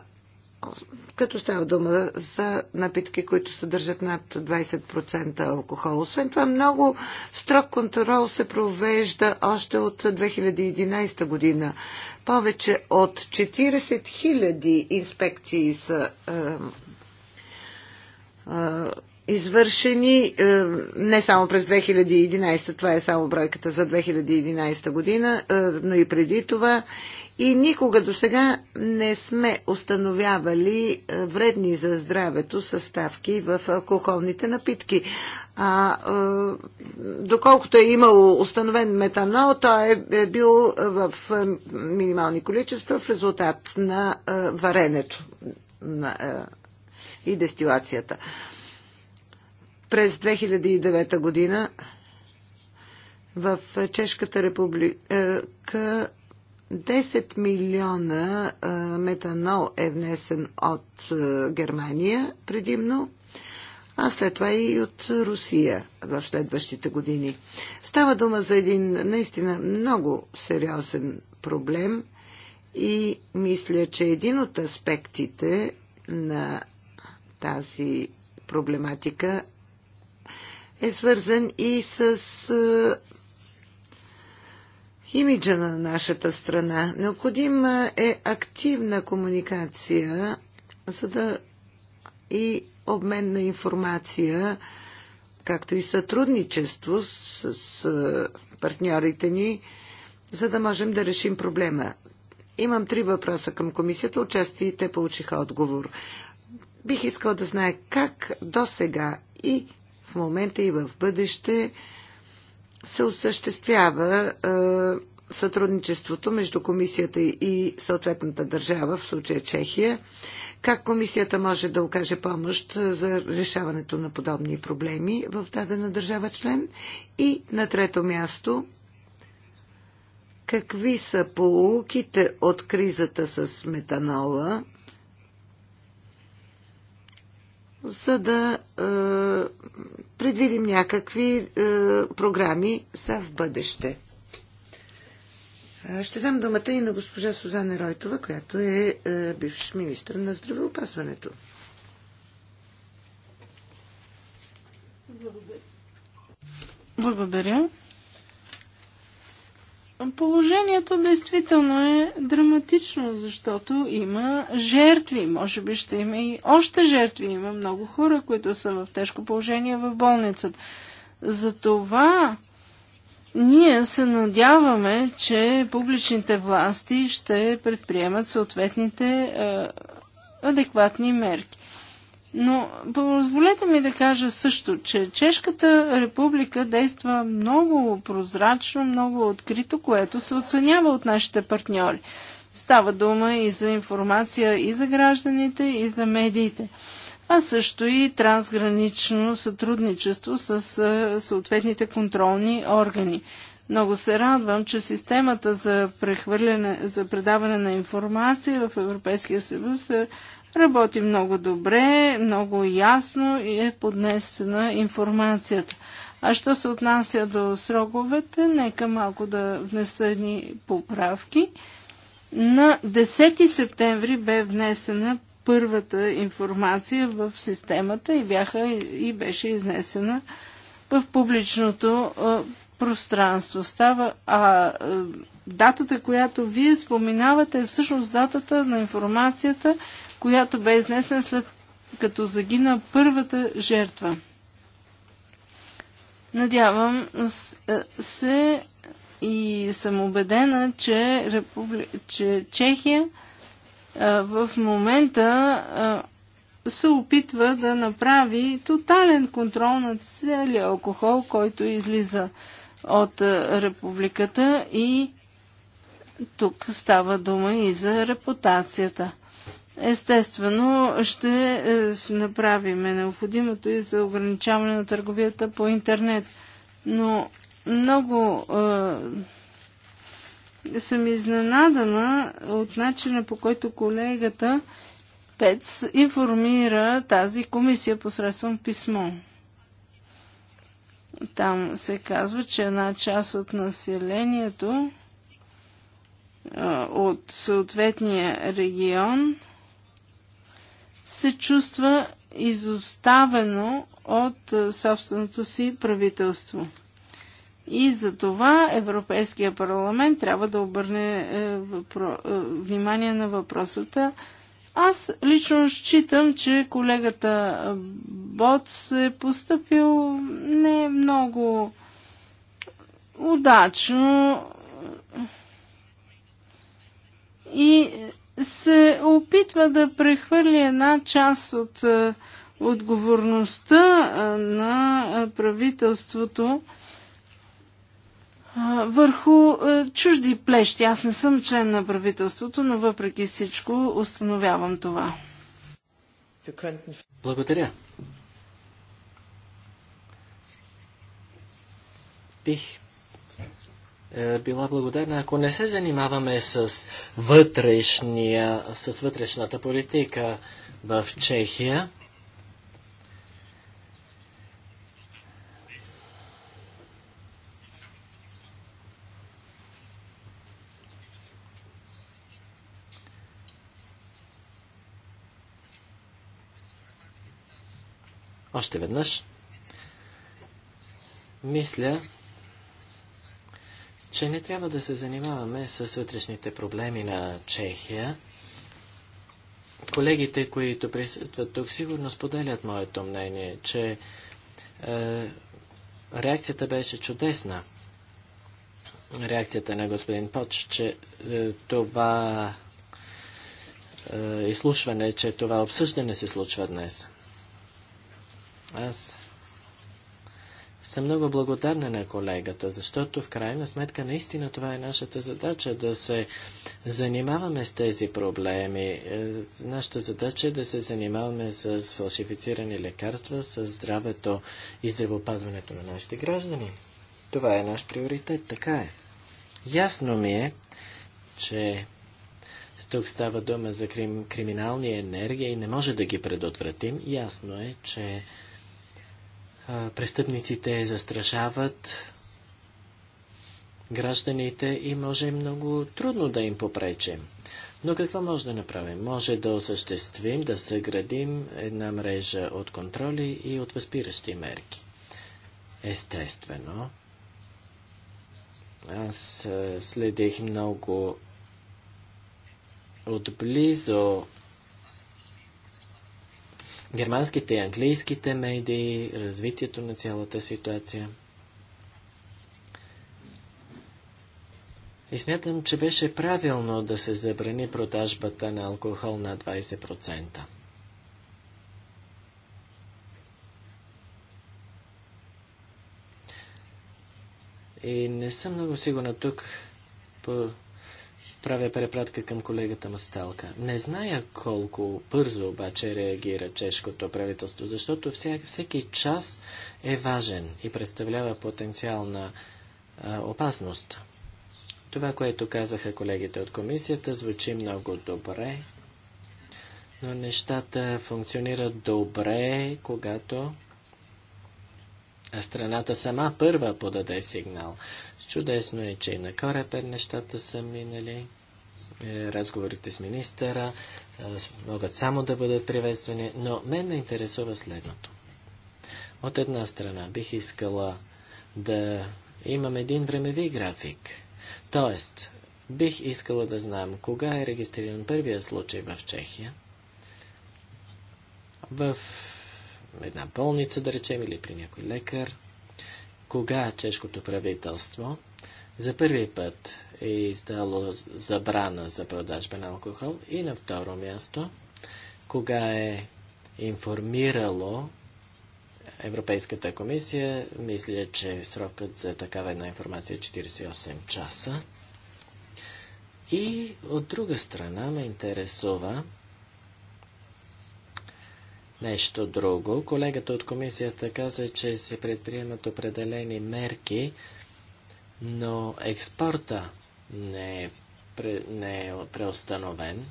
като става дума за напитки, които съдържат над 20% алкохол. Освен това, много строг контрол се провежда още от 2011 година. Повече от 40 000 инспекции са е, е, извършени е, не само през 2011, това е само бройката за 2011 година, но и преди това и никога до сега не сме установявали е, вредни за здравето съставки в алкохолните напитки. А, е, доколкото е имало установен метанол, той е, е бил в е, минимални количества в резултат на е, варенето на, е, и дестилацията. През 2009 година в Чешката република 10 милиона метанол е внесен от Германия предимно, а след това и от Русия в следващите години. Става дума за един наистина много сериозен проблем и мисля, че един от аспектите на тази проблематика е свързан и с имиджа на нашата страна. Необходима е активна комуникация, за да и обмен на информация, както и сътрудничество с, с партньорите ни, за да можем да решим проблема. Имам три въпроса към комисията, отчасти и те получиха отговор. Бих искал да знае как до сега и в момента и в бъдеще се осъществява е, сътрудничеството между комисията и съответната държава, в случая Чехия. Как комисията може да окаже помощ за решаването на подобни проблеми в дадена държава член? И на трето място, какви са полуките от кризата с метанола за да е, предвидим някакви е, програми за в бъдеще. Ще дам думата и на госпожа Сузана Ройтова, която е, е бивш министр на здравеопазването. Благодаря. Благодаря. Положението действително е драматично, защото има жертви. Може би ще има и още жертви. Има много хора, които са в тежко положение в болницата. Затова ние се надяваме, че публичните власти ще предприемат съответните е, адекватни мерки. Но позволете ми да кажа също, че Чешката република действа много прозрачно, много открито, което се оценява от нашите партньори. Става дума и за информация и за гражданите, и за медиите, а също и трансгранично сътрудничество с съответните контролни органи. Много се радвам, че системата за, прехвърляне, за предаване на информация в Европейския съюз е Работи много добре, много ясно и е поднесена информацията. А що се отнася до сроковете, нека малко да внеса едни поправки. На 10 септември бе внесена първата информация в системата и, бяха, и беше изнесена в публичното а, пространство. Става, а, а датата, която вие споменавате, е всъщност датата на информацията, която бе изнесена след като загина първата жертва. Надявам е, се и съм убедена, че, Републи... че Чехия е, в момента е, се опитва да направи тотален контрол на целия алкохол, който излиза от републиката и тук става дума и за репутацията. Естествено, ще е, си направим необходимото и за ограничаване на търговията по интернет. Но много е, съм изненадана от начина по който колегата ПЕЦ информира тази комисия посредством писмо. Там се казва, че една част от населението е, от съответния регион – се чувства изоставено от е, собственото си правителство. И за това Европейския парламент трябва да обърне е, е, внимание на въпросата. Аз лично считам, че колегата Боц е поступил не много удачно и се опитва да прехвърли една част от е, отговорността е, на е, правителството върху чужди плещи. Аз не съм член на правителството, но въпреки всичко установявам това. Благодаря. Бих е, била благодарна, ако не се занимаваме с, вътрешния, с вътрешната политика в Чехия. Още веднъж. Мисля, че не трябва да се занимаваме с вътрешните проблеми на Чехия. Колегите, които присъстват тук, сигурно споделят моето мнение, че е, реакцията беше чудесна. Реакцията на господин Поч, че е, това е, изслушване, че това обсъждане се случва днес. Аз съм много благодарна на колегата, защото в крайна сметка наистина това е нашата задача да се занимаваме с тези проблеми. Е, нашата задача е да се занимаваме с фалшифицирани лекарства, с здравето и здравеопазването на нашите граждани. Това е наш приоритет, така е. Ясно ми е, че тук става дума за крим, криминални енергии и не може да ги предотвратим. Ясно е, че престъпниците застрашават гражданите и може много трудно да им попречим. Но какво може да направим? Може да осъществим, да съградим една мрежа от контроли и от възпиращи мерки. Естествено, аз следих много отблизо германските и английските медии, развитието на цялата ситуация. И смятам, че беше правилно да се забрани продажбата на алкохол на 20%. И не съм много сигурна тук по Правя препратка към колегата Масталка. Не зная колко бързо обаче реагира чешкото правителство, защото вся, всеки час е важен и представлява потенциална а, опасност. Това, което казаха колегите от комисията, звучи много добре, но нещата функционират добре, когато страната сама първа подаде сигнал. Чудесно е, че и на Корепер нещата са минали. Е, разговорите с министъра е, могат само да бъдат приветствани, но мен ме интересува следното. От една страна бих искала да имам един времеви график. Тоест, бих искала да знам кога е регистриран първия случай в Чехия, в една болница, да речем, или при някой лекар – кога чешкото правителство за първи път е издало забрана за продажба на алкохол и на второ място, кога е информирало Европейската комисия, мисля, че срокът за такава една информация е 48 часа. И от друга страна ме интересува нещо друго. Колегата от комисията каза, че се предприемат определени мерки, но експорта не е, пре, не е преустановен.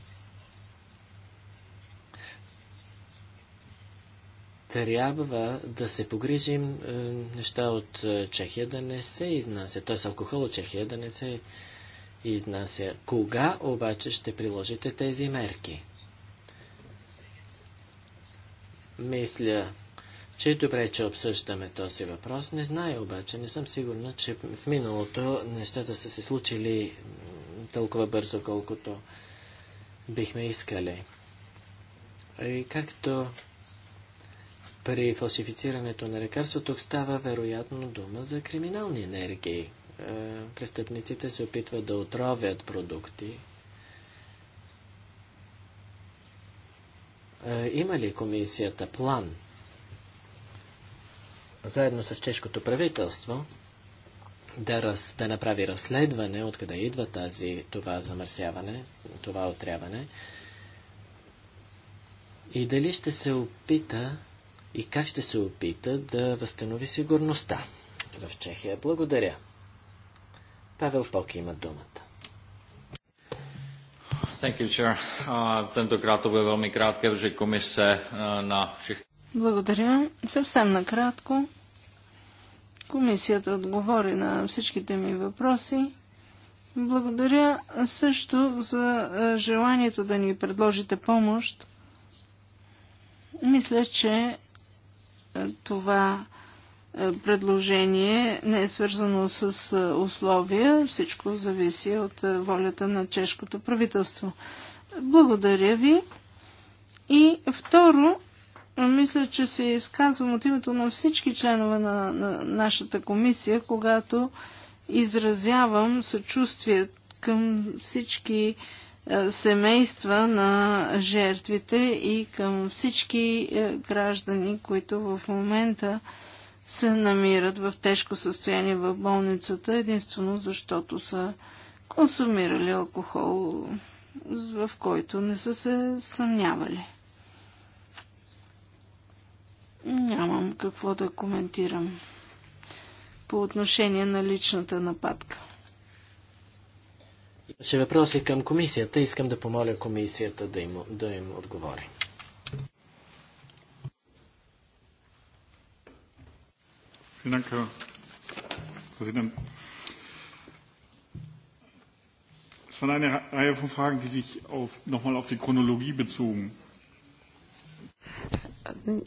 Трябва да се погрижим е, неща от е, Чехия да не се изнася, т.е. алкохол от Чехия да не се изнася. Кога обаче ще приложите тези мерки? Мисля, че е добре, че обсъждаме този въпрос. Не зная обаче, не съм сигурна, че в миналото нещата са се случили толкова бързо, колкото бихме искали. И както при фалшифицирането на лекарство, тук става вероятно дума за криминални енергии. Е, престъпниците се опитват да отровят продукти, Е, има ли комисията план заедно с чешкото правителство да, раз, да направи разследване откъде идва тази, това замърсяване, това отряване и дали ще се опита и как ще се опита да възстанови сигурността в Чехия. Благодаря. Павел Пок има думата. Тентократ на uh, uh, Благодаря. Съвсем накратко. Комисията отговори на всичките ми въпроси. Благодаря също за е, желанието да ни предложите помощ. Мисля, че е, това предложение не е свързано с условия. Всичко зависи от волята на чешкото правителство. Благодаря ви. И второ, мисля, че се изказвам от името на всички членове на, на нашата комисия, когато изразявам съчувствие към всички семейства на жертвите и към всички граждани, които в момента се намират в тежко състояние в болницата, единствено защото са консумирали алкохол, в който не са се съмнявали. Нямам какво да коментирам по отношение на личната нападка. Имаше въпроси към комисията. Искам да помоля комисията да им, да им отговори. Vielen Dank, Herr Präsident. Es waren eine Reihe von Fragen, die sich auf, nochmal auf die Chronologie bezogen.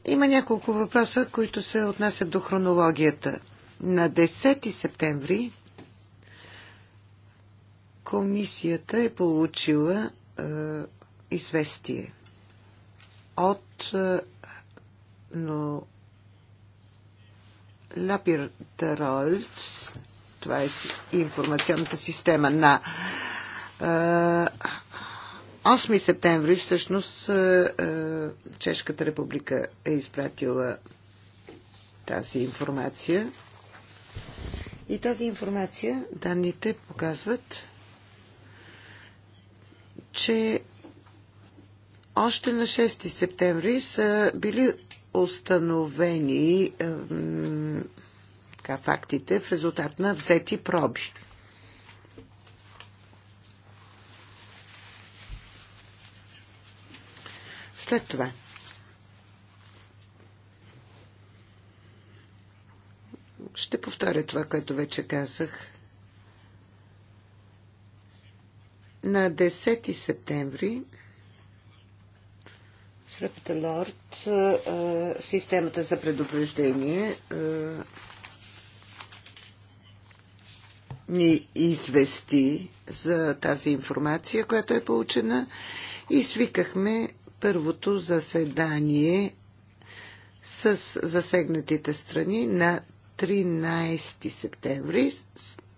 Има няколко въпроса, които се отнасят до хронологията. На 10 септември комисията е получила е, известие от е, но Лапиртеролц, това е информационната система на 8 септември всъщност Чешката република е изпратила тази информация. И тази информация, данните показват, че още на 6 септември са били установени така, фактите в резултат на взети проби. След това. Ще повторя това, което вече казах. На 10 септември Сръпата Лорд, системата за предупреждение ни извести за тази информация, която е получена и свикахме първото заседание с засегнатите страни на 13 септември.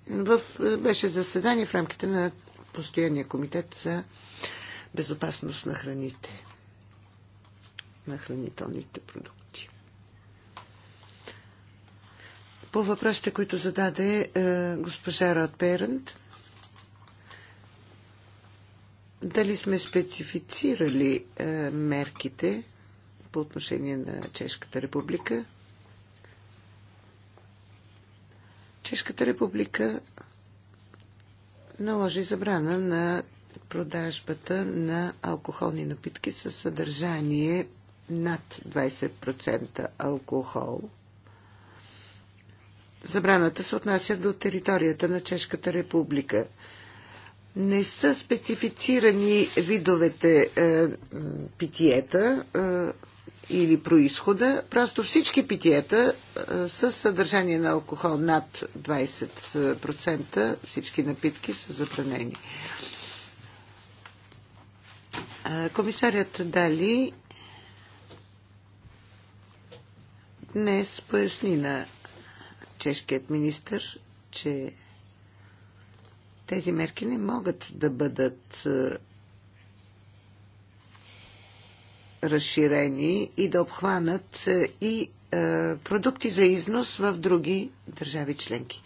В, беше заседание в рамките на постоянния комитет за безопасност на храните на хранителните продукти. По въпросите, които зададе е, госпожа Род Перент, дали сме специфицирали е, мерките по отношение на Чешката република? Чешката република наложи забрана на продажбата на алкохолни напитки със съдържание над 20% алкохол. Забраната се отнася до територията на Чешката република. Не са специфицирани видовете е, питиета е, или происхода, просто всички питиета е, с съдържание на алкохол над 20%, всички напитки са забранени. Е, комисарят Дали днес поясни на чешкият министр, че тези мерки не могат да бъдат е, разширени и да обхванат е, и е, продукти за износ в други държави членки.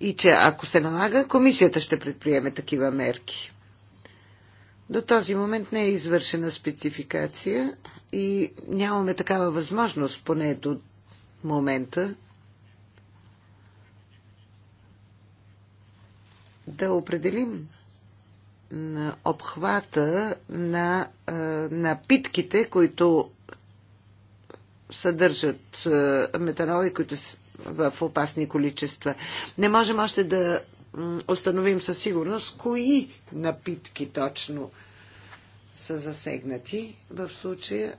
И че ако се налага, комисията ще предприеме такива мерки. До този момент не е извършена спецификация и нямаме такава възможност, поне до момента, да определим обхвата на напитките, които съдържат метанол и които са в опасни количества. Не можем още да установим със сигурност кои напитки точно са засегнати в случая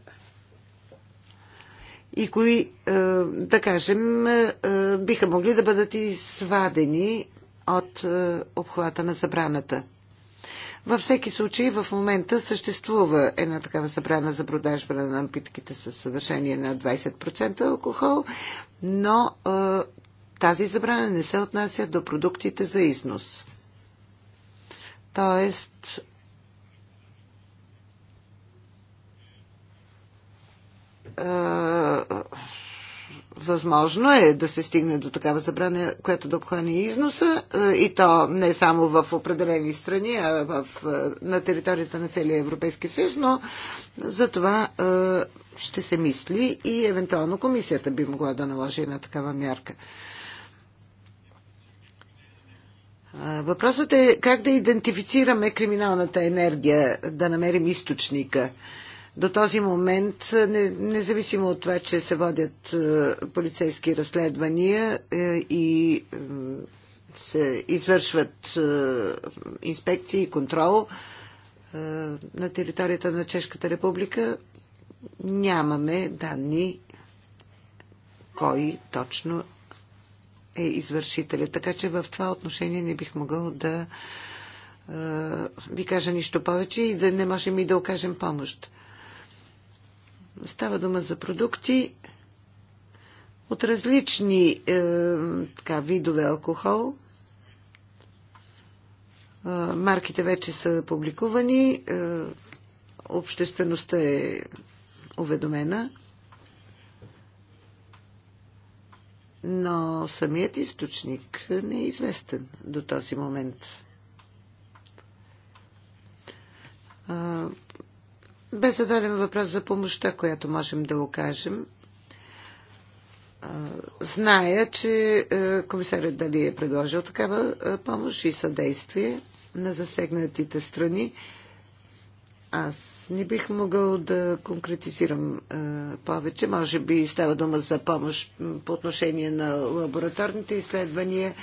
и кои, е, да кажем, е, е, биха могли да бъдат и свадени от обхвата на забраната. Във всеки случай в момента съществува една такава забрана за продажба на напитките с съвършение на 20% алкохол, но тази забрана не се отнася до продуктите за износ. Тоест, Възможно е да се стигне до такава забрана, която да обхване износа и то не само в определени страни, а в, на територията на целия Европейски съюз, но за това ще се мисли и евентуално комисията би могла да наложи една такава мярка. Въпросът е как да идентифицираме криминалната енергия, да намерим източника – до този момент, независимо от това, че се водят е, полицейски разследвания е, и е, се извършват инспекции и контрол на територията на Чешката република, нямаме данни кой точно е извършителя. Така че в това отношение не бих могъл да ви кажа нищо повече и да не можем и да окажем помощ. Става дума за продукти от различни е, така, видове алкохол. Е, марките вече са публикувани. Е, обществеността е уведомена. Но самият източник не е известен до този момент. Е, бе зададен въпрос за помощта, която можем да окажем. Зная, че комисарят дали е предложил такава помощ и съдействие на засегнатите страни. Аз не бих могъл да конкретизирам а, е, повече. Може би става дума за помощ по отношение на лабораторните изследвания,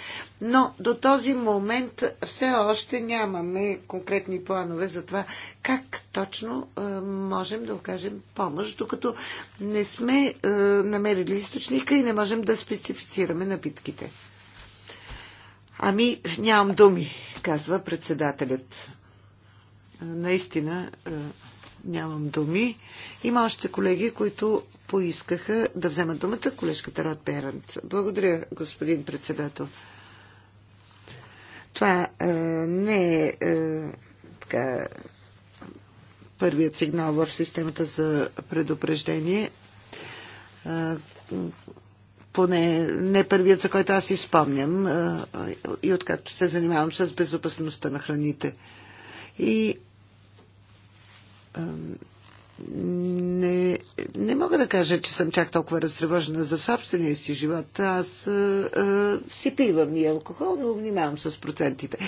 но до този момент все още нямаме конкретни планове за това как точно а, е, можем да окажем помощ, докато не сме а, е, намерили източника и не можем да специфицираме напитките. Ами, нямам думи, казва председателят наистина е, нямам думи. Има още колеги, които поискаха да вземат думата колежката Род Берант. Благодаря, господин председател. Това е, не е, е така, първият сигнал в системата за предупреждение. Е, поне не първият, за който аз изпомням е, и откакто се занимавам с безопасността на храните. И не, не мога да кажа, че съм чак толкова разтревожена за собствения си живот. Аз а, а, си пивам и алкохол, но внимавам с процентите.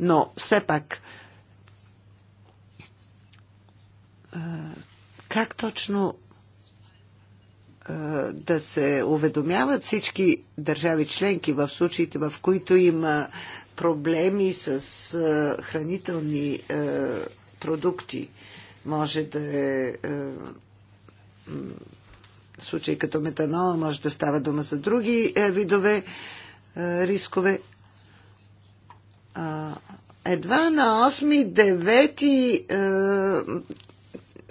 Но все пак, а, как точно да се уведомяват всички държави членки в случаите, в които има проблеми с хранителни продукти. Може да е случай като метанола, може да става дума за други е, видове рискове. Едва на 8-9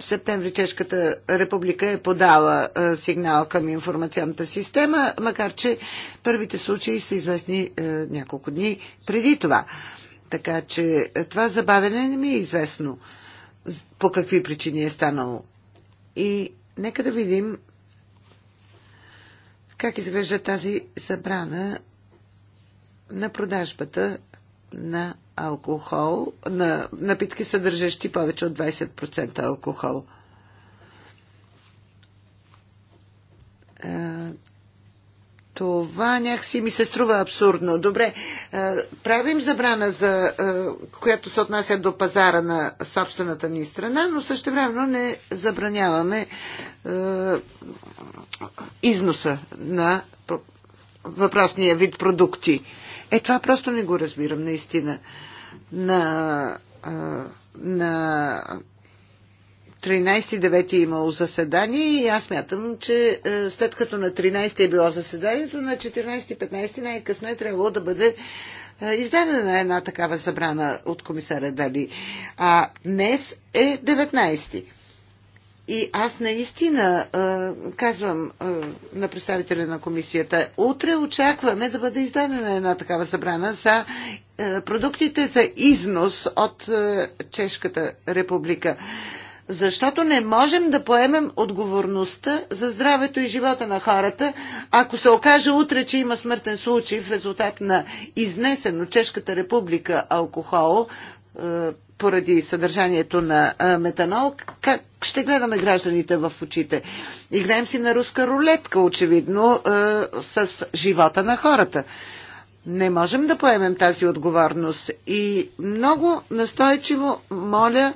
септември Чешката република е подала сигнал към информационната система, макар че първите случаи са известни няколко дни преди това. Така че това забавене не ми е известно по какви причини е станало. И нека да видим как изглежда тази забрана на продажбата на алкохол, на напитки съдържащи повече от 20% алкохол. Е, това някакси ми се струва абсурдно. Добре, е, правим забрана, за, е, която се отнася до пазара на собствената ни страна, но също времено не забраняваме износа на въпросния вид продукти. Е, това просто не го разбирам, наистина. На, на 13.9 е имало заседание и аз мятам, че след като на 13 е било заседанието, на 14.15 най-късно е трябвало да бъде издадена една такава забрана от комисаря Дали. А днес е 19. И аз наистина казвам на представителя на комисията, утре очакваме да бъде издадена една такава забрана за продуктите за износ от Чешката република. Защото не можем да поемем отговорността за здравето и живота на хората, ако се окаже утре, че има смъртен случай в резултат на изнесено Чешката република алкохол поради съдържанието на метанол, как ще гледаме гражданите в очите? Играем си на руска рулетка, очевидно, с живота на хората. Не можем да поемем тази отговорност и много настойчиво моля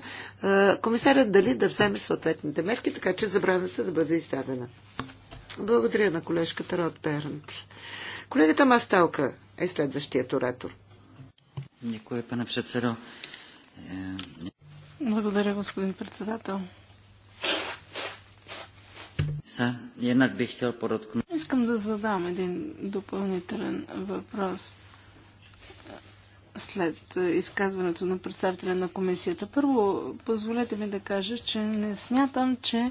комисарят дали да вземе съответните мерки, така че забраната да бъде издадена. Благодаря на колежката Род Бернт. Колегата Масталка е следващият оратор. е, пане předsedo. Благодаря, господин председател. Искам да задам един допълнителен въпрос след изказването на представителя на комисията. Първо, позволете ми да кажа, че не смятам, че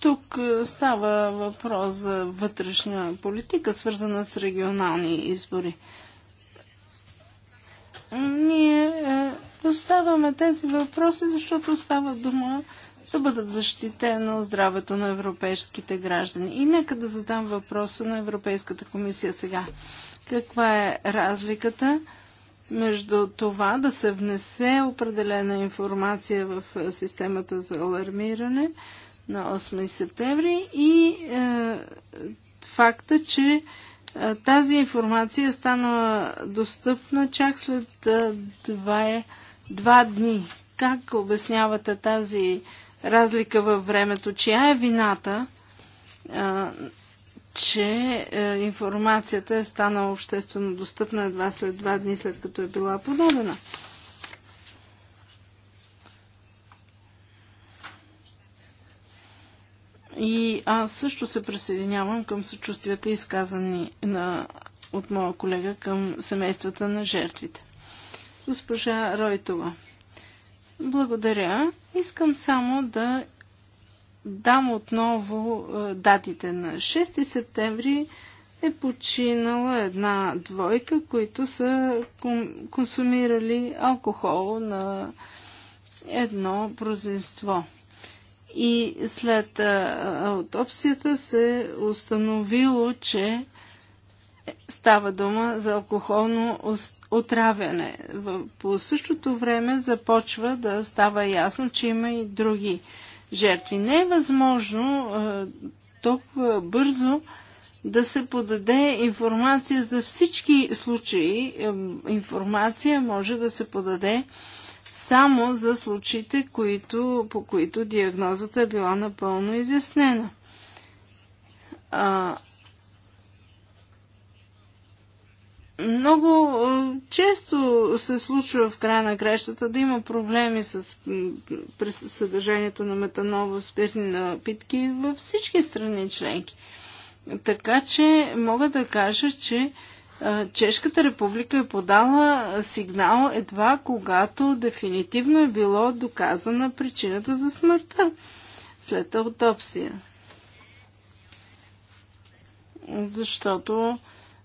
Тук е, става въпрос за вътрешна политика, свързана с регионални избори. Ние е, поставяме тези въпроси, защото става дума да бъдат защитено здравето на европейските граждани. И нека да задам въпроса на Европейската комисия сега. Каква е разликата между това да се внесе определена информация в системата за алармиране – на 8 септември и е, факта, че е, тази информация станала достъпна чак след е, два, е, два дни. Как обяснявате тази разлика във времето? Чия е вината, е, че е, информацията е станала обществено достъпна едва след два дни, след като е била подадена? И аз също се присъединявам към съчувствията, изказани на, от моя колега към семействата на жертвите. Госпожа Ройтова. Благодаря. Искам само да дам отново е, датите на 6 септември е починала една двойка, които са консумирали алкохол на едно празненство и след аутопсията се установило, че става дума за алкохолно отравяне. По същото време започва да става ясно, че има и други жертви. Не е възможно толкова бързо да се подаде информация за всички случаи. Информация може да се подаде само за случаите, които, по които диагнозата е била напълно изяснена. А, много често се случва в края на кращата да има проблеми с съдържанието на метанол в спиртни напитки във всички страни членки. Така че мога да кажа, че Чешката република е подала сигнал едва когато дефинитивно е било доказана причината за смъртта след аутопсия. Защото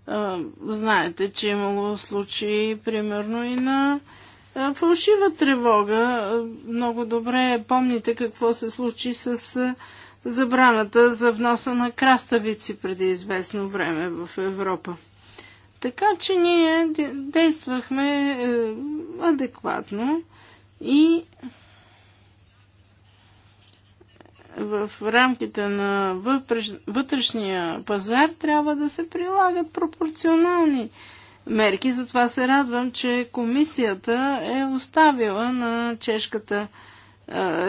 а, знаете, че е имало случаи, примерно, и на а, фалшива тревога. Много добре помните какво се случи с а, забраната за вноса на краставици преди известно време в Европа. Така че ние действахме е, адекватно и в рамките на вътрешния пазар трябва да се прилагат пропорционални мерки. Затова се радвам, че комисията е оставила на Чешката е,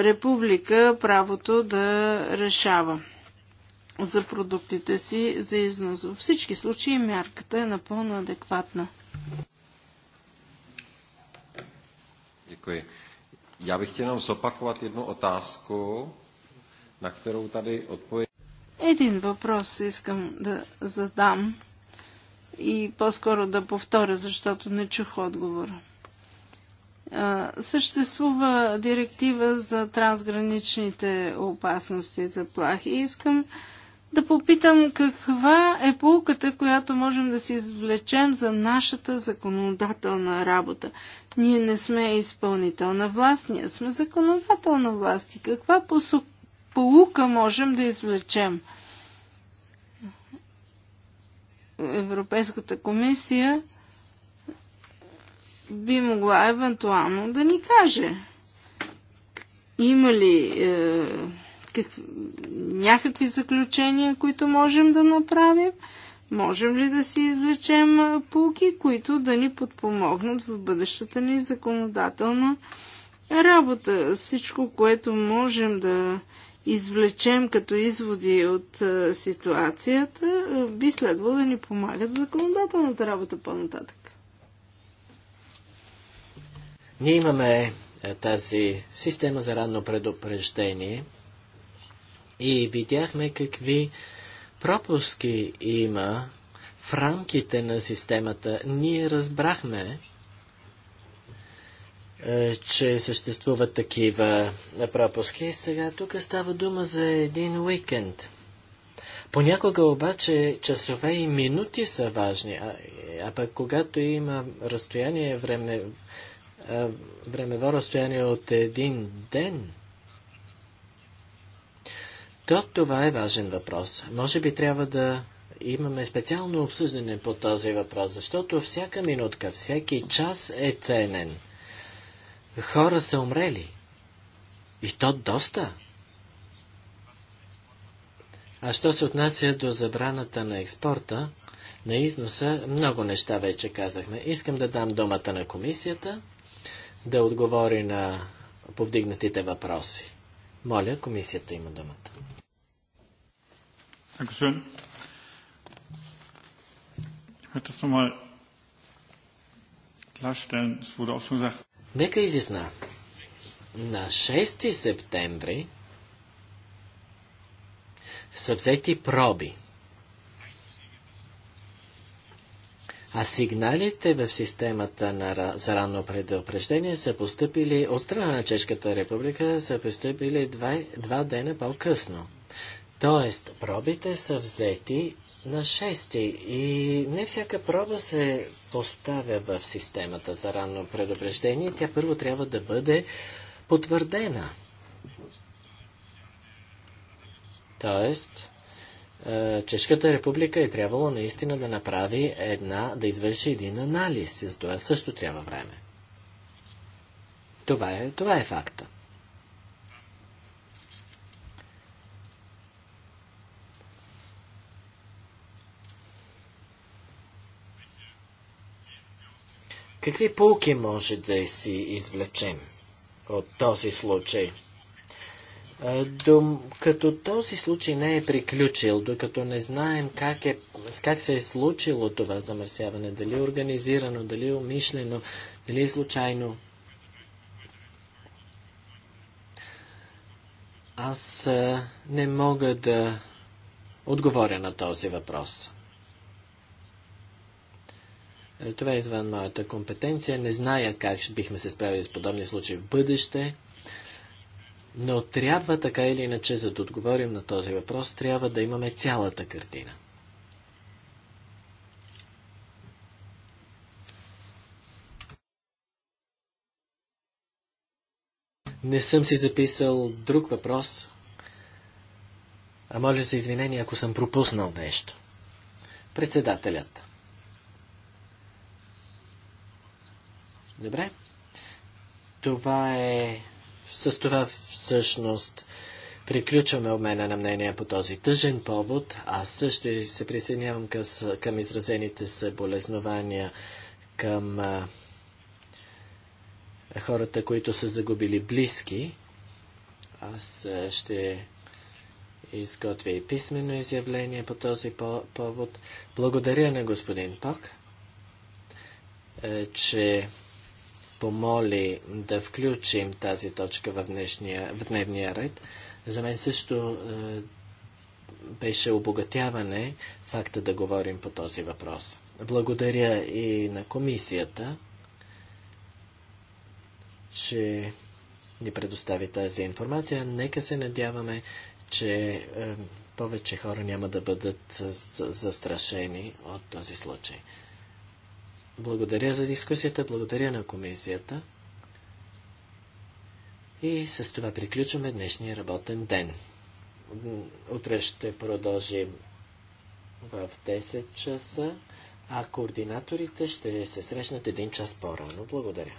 република правото да решава за продуктите си за износ. Във всички случаи мярката е напълно адекватна. Děkuji. Já bych chtěl jenom zopakovat jednu otázku, na kterou tady odpověď. Един въпрос искам да задам и по-скоро да повторя, защото не чух отговора. Съществува директива за трансграничните опасности и заплахи. Искам да попитам каква е полката, която можем да си извлечем за нашата законодателна работа. Ние не сме изпълнителна власт, ние сме законодателна власт и каква полука можем да извлечем. Европейската комисия би могла евентуално да ни каже има ли е, как, някакви заключения, които можем да направим? Можем ли да си извлечем пулки, които да ни подпомогнат в бъдещата ни законодателна работа? Всичко, което можем да извлечем като изводи от ситуацията, би следвало да ни помагат в законодателната работа по-нататък. Ние имаме тази система за ранно предупреждение – и видяхме какви пропуски има в рамките на системата. Ние разбрахме, е, че съществуват такива пропуски. Сега тук става дума за един уикенд. Понякога обаче часове и минути са важни, а, а пък когато има разстояние, време, а, е, времево разстояние от един ден, то това е важен въпрос. Може би трябва да имаме специално обсъждане по този въпрос, защото всяка минутка, всеки час е ценен. Хора са умрели. И то доста. А що се отнася до забраната на експорта, на износа, много неща вече казахме. Искам да дам думата на комисията да отговори на повдигнатите въпроси. Моля, комисията има думата. Dankeschön. Ich möchte das nochmal klarstellen. Es wurde auch schon gesagt. Нека изясна. На 6 септември са взети проби. А сигналите в системата на, за ранно предупреждение са поступили от страна на Чешката република, са поступили два, два дена по-късно. Тоест, пробите са взети на 6 и не всяка проба се поставя в системата за ранно предупреждение. Тя първо трябва да бъде потвърдена. Тоест, е, Чешката република е трябвало наистина да направи една, да извърши един анализ. За това също трябва време. Това е, това е факта. Какви полки може да си извлечем от този случай? Докато този случай не е приключил, докато не знаем как, е, как се е случило това замърсяване, дали е организирано, дали е умишлено, дали е случайно, аз не мога да отговоря на този въпрос. Е, това е извън моята компетенция. Не зная как бихме се справили с подобни случаи в бъдеще, но трябва така или иначе, за да отговорим на този въпрос, трябва да имаме цялата картина. Не съм си записал друг въпрос, а моля за извинение, ако съм пропуснал нещо. Председателят. Добре. Това е... С това всъщност приключваме обмена на мнения по този тъжен повод. Аз също се присъединявам към, към изразените съболезнования към а, хората, които са загубили близки. Аз а, ще изготвя и писмено изявление по този по повод. Благодаря на господин Пак, че помоли да включим тази точка в, днешния, в дневния ред. За мен също е, беше обогатяване факта да говорим по този въпрос. Благодаря и на комисията, че ни предостави тази информация. Нека се надяваме, че е, повече хора няма да бъдат е, застрашени от този случай. Благодаря за дискусията, благодаря на комисията. И с това приключваме днешния работен ден. Утре ще продължим в 10 часа, а координаторите ще се срещнат един час по-рано. Благодаря.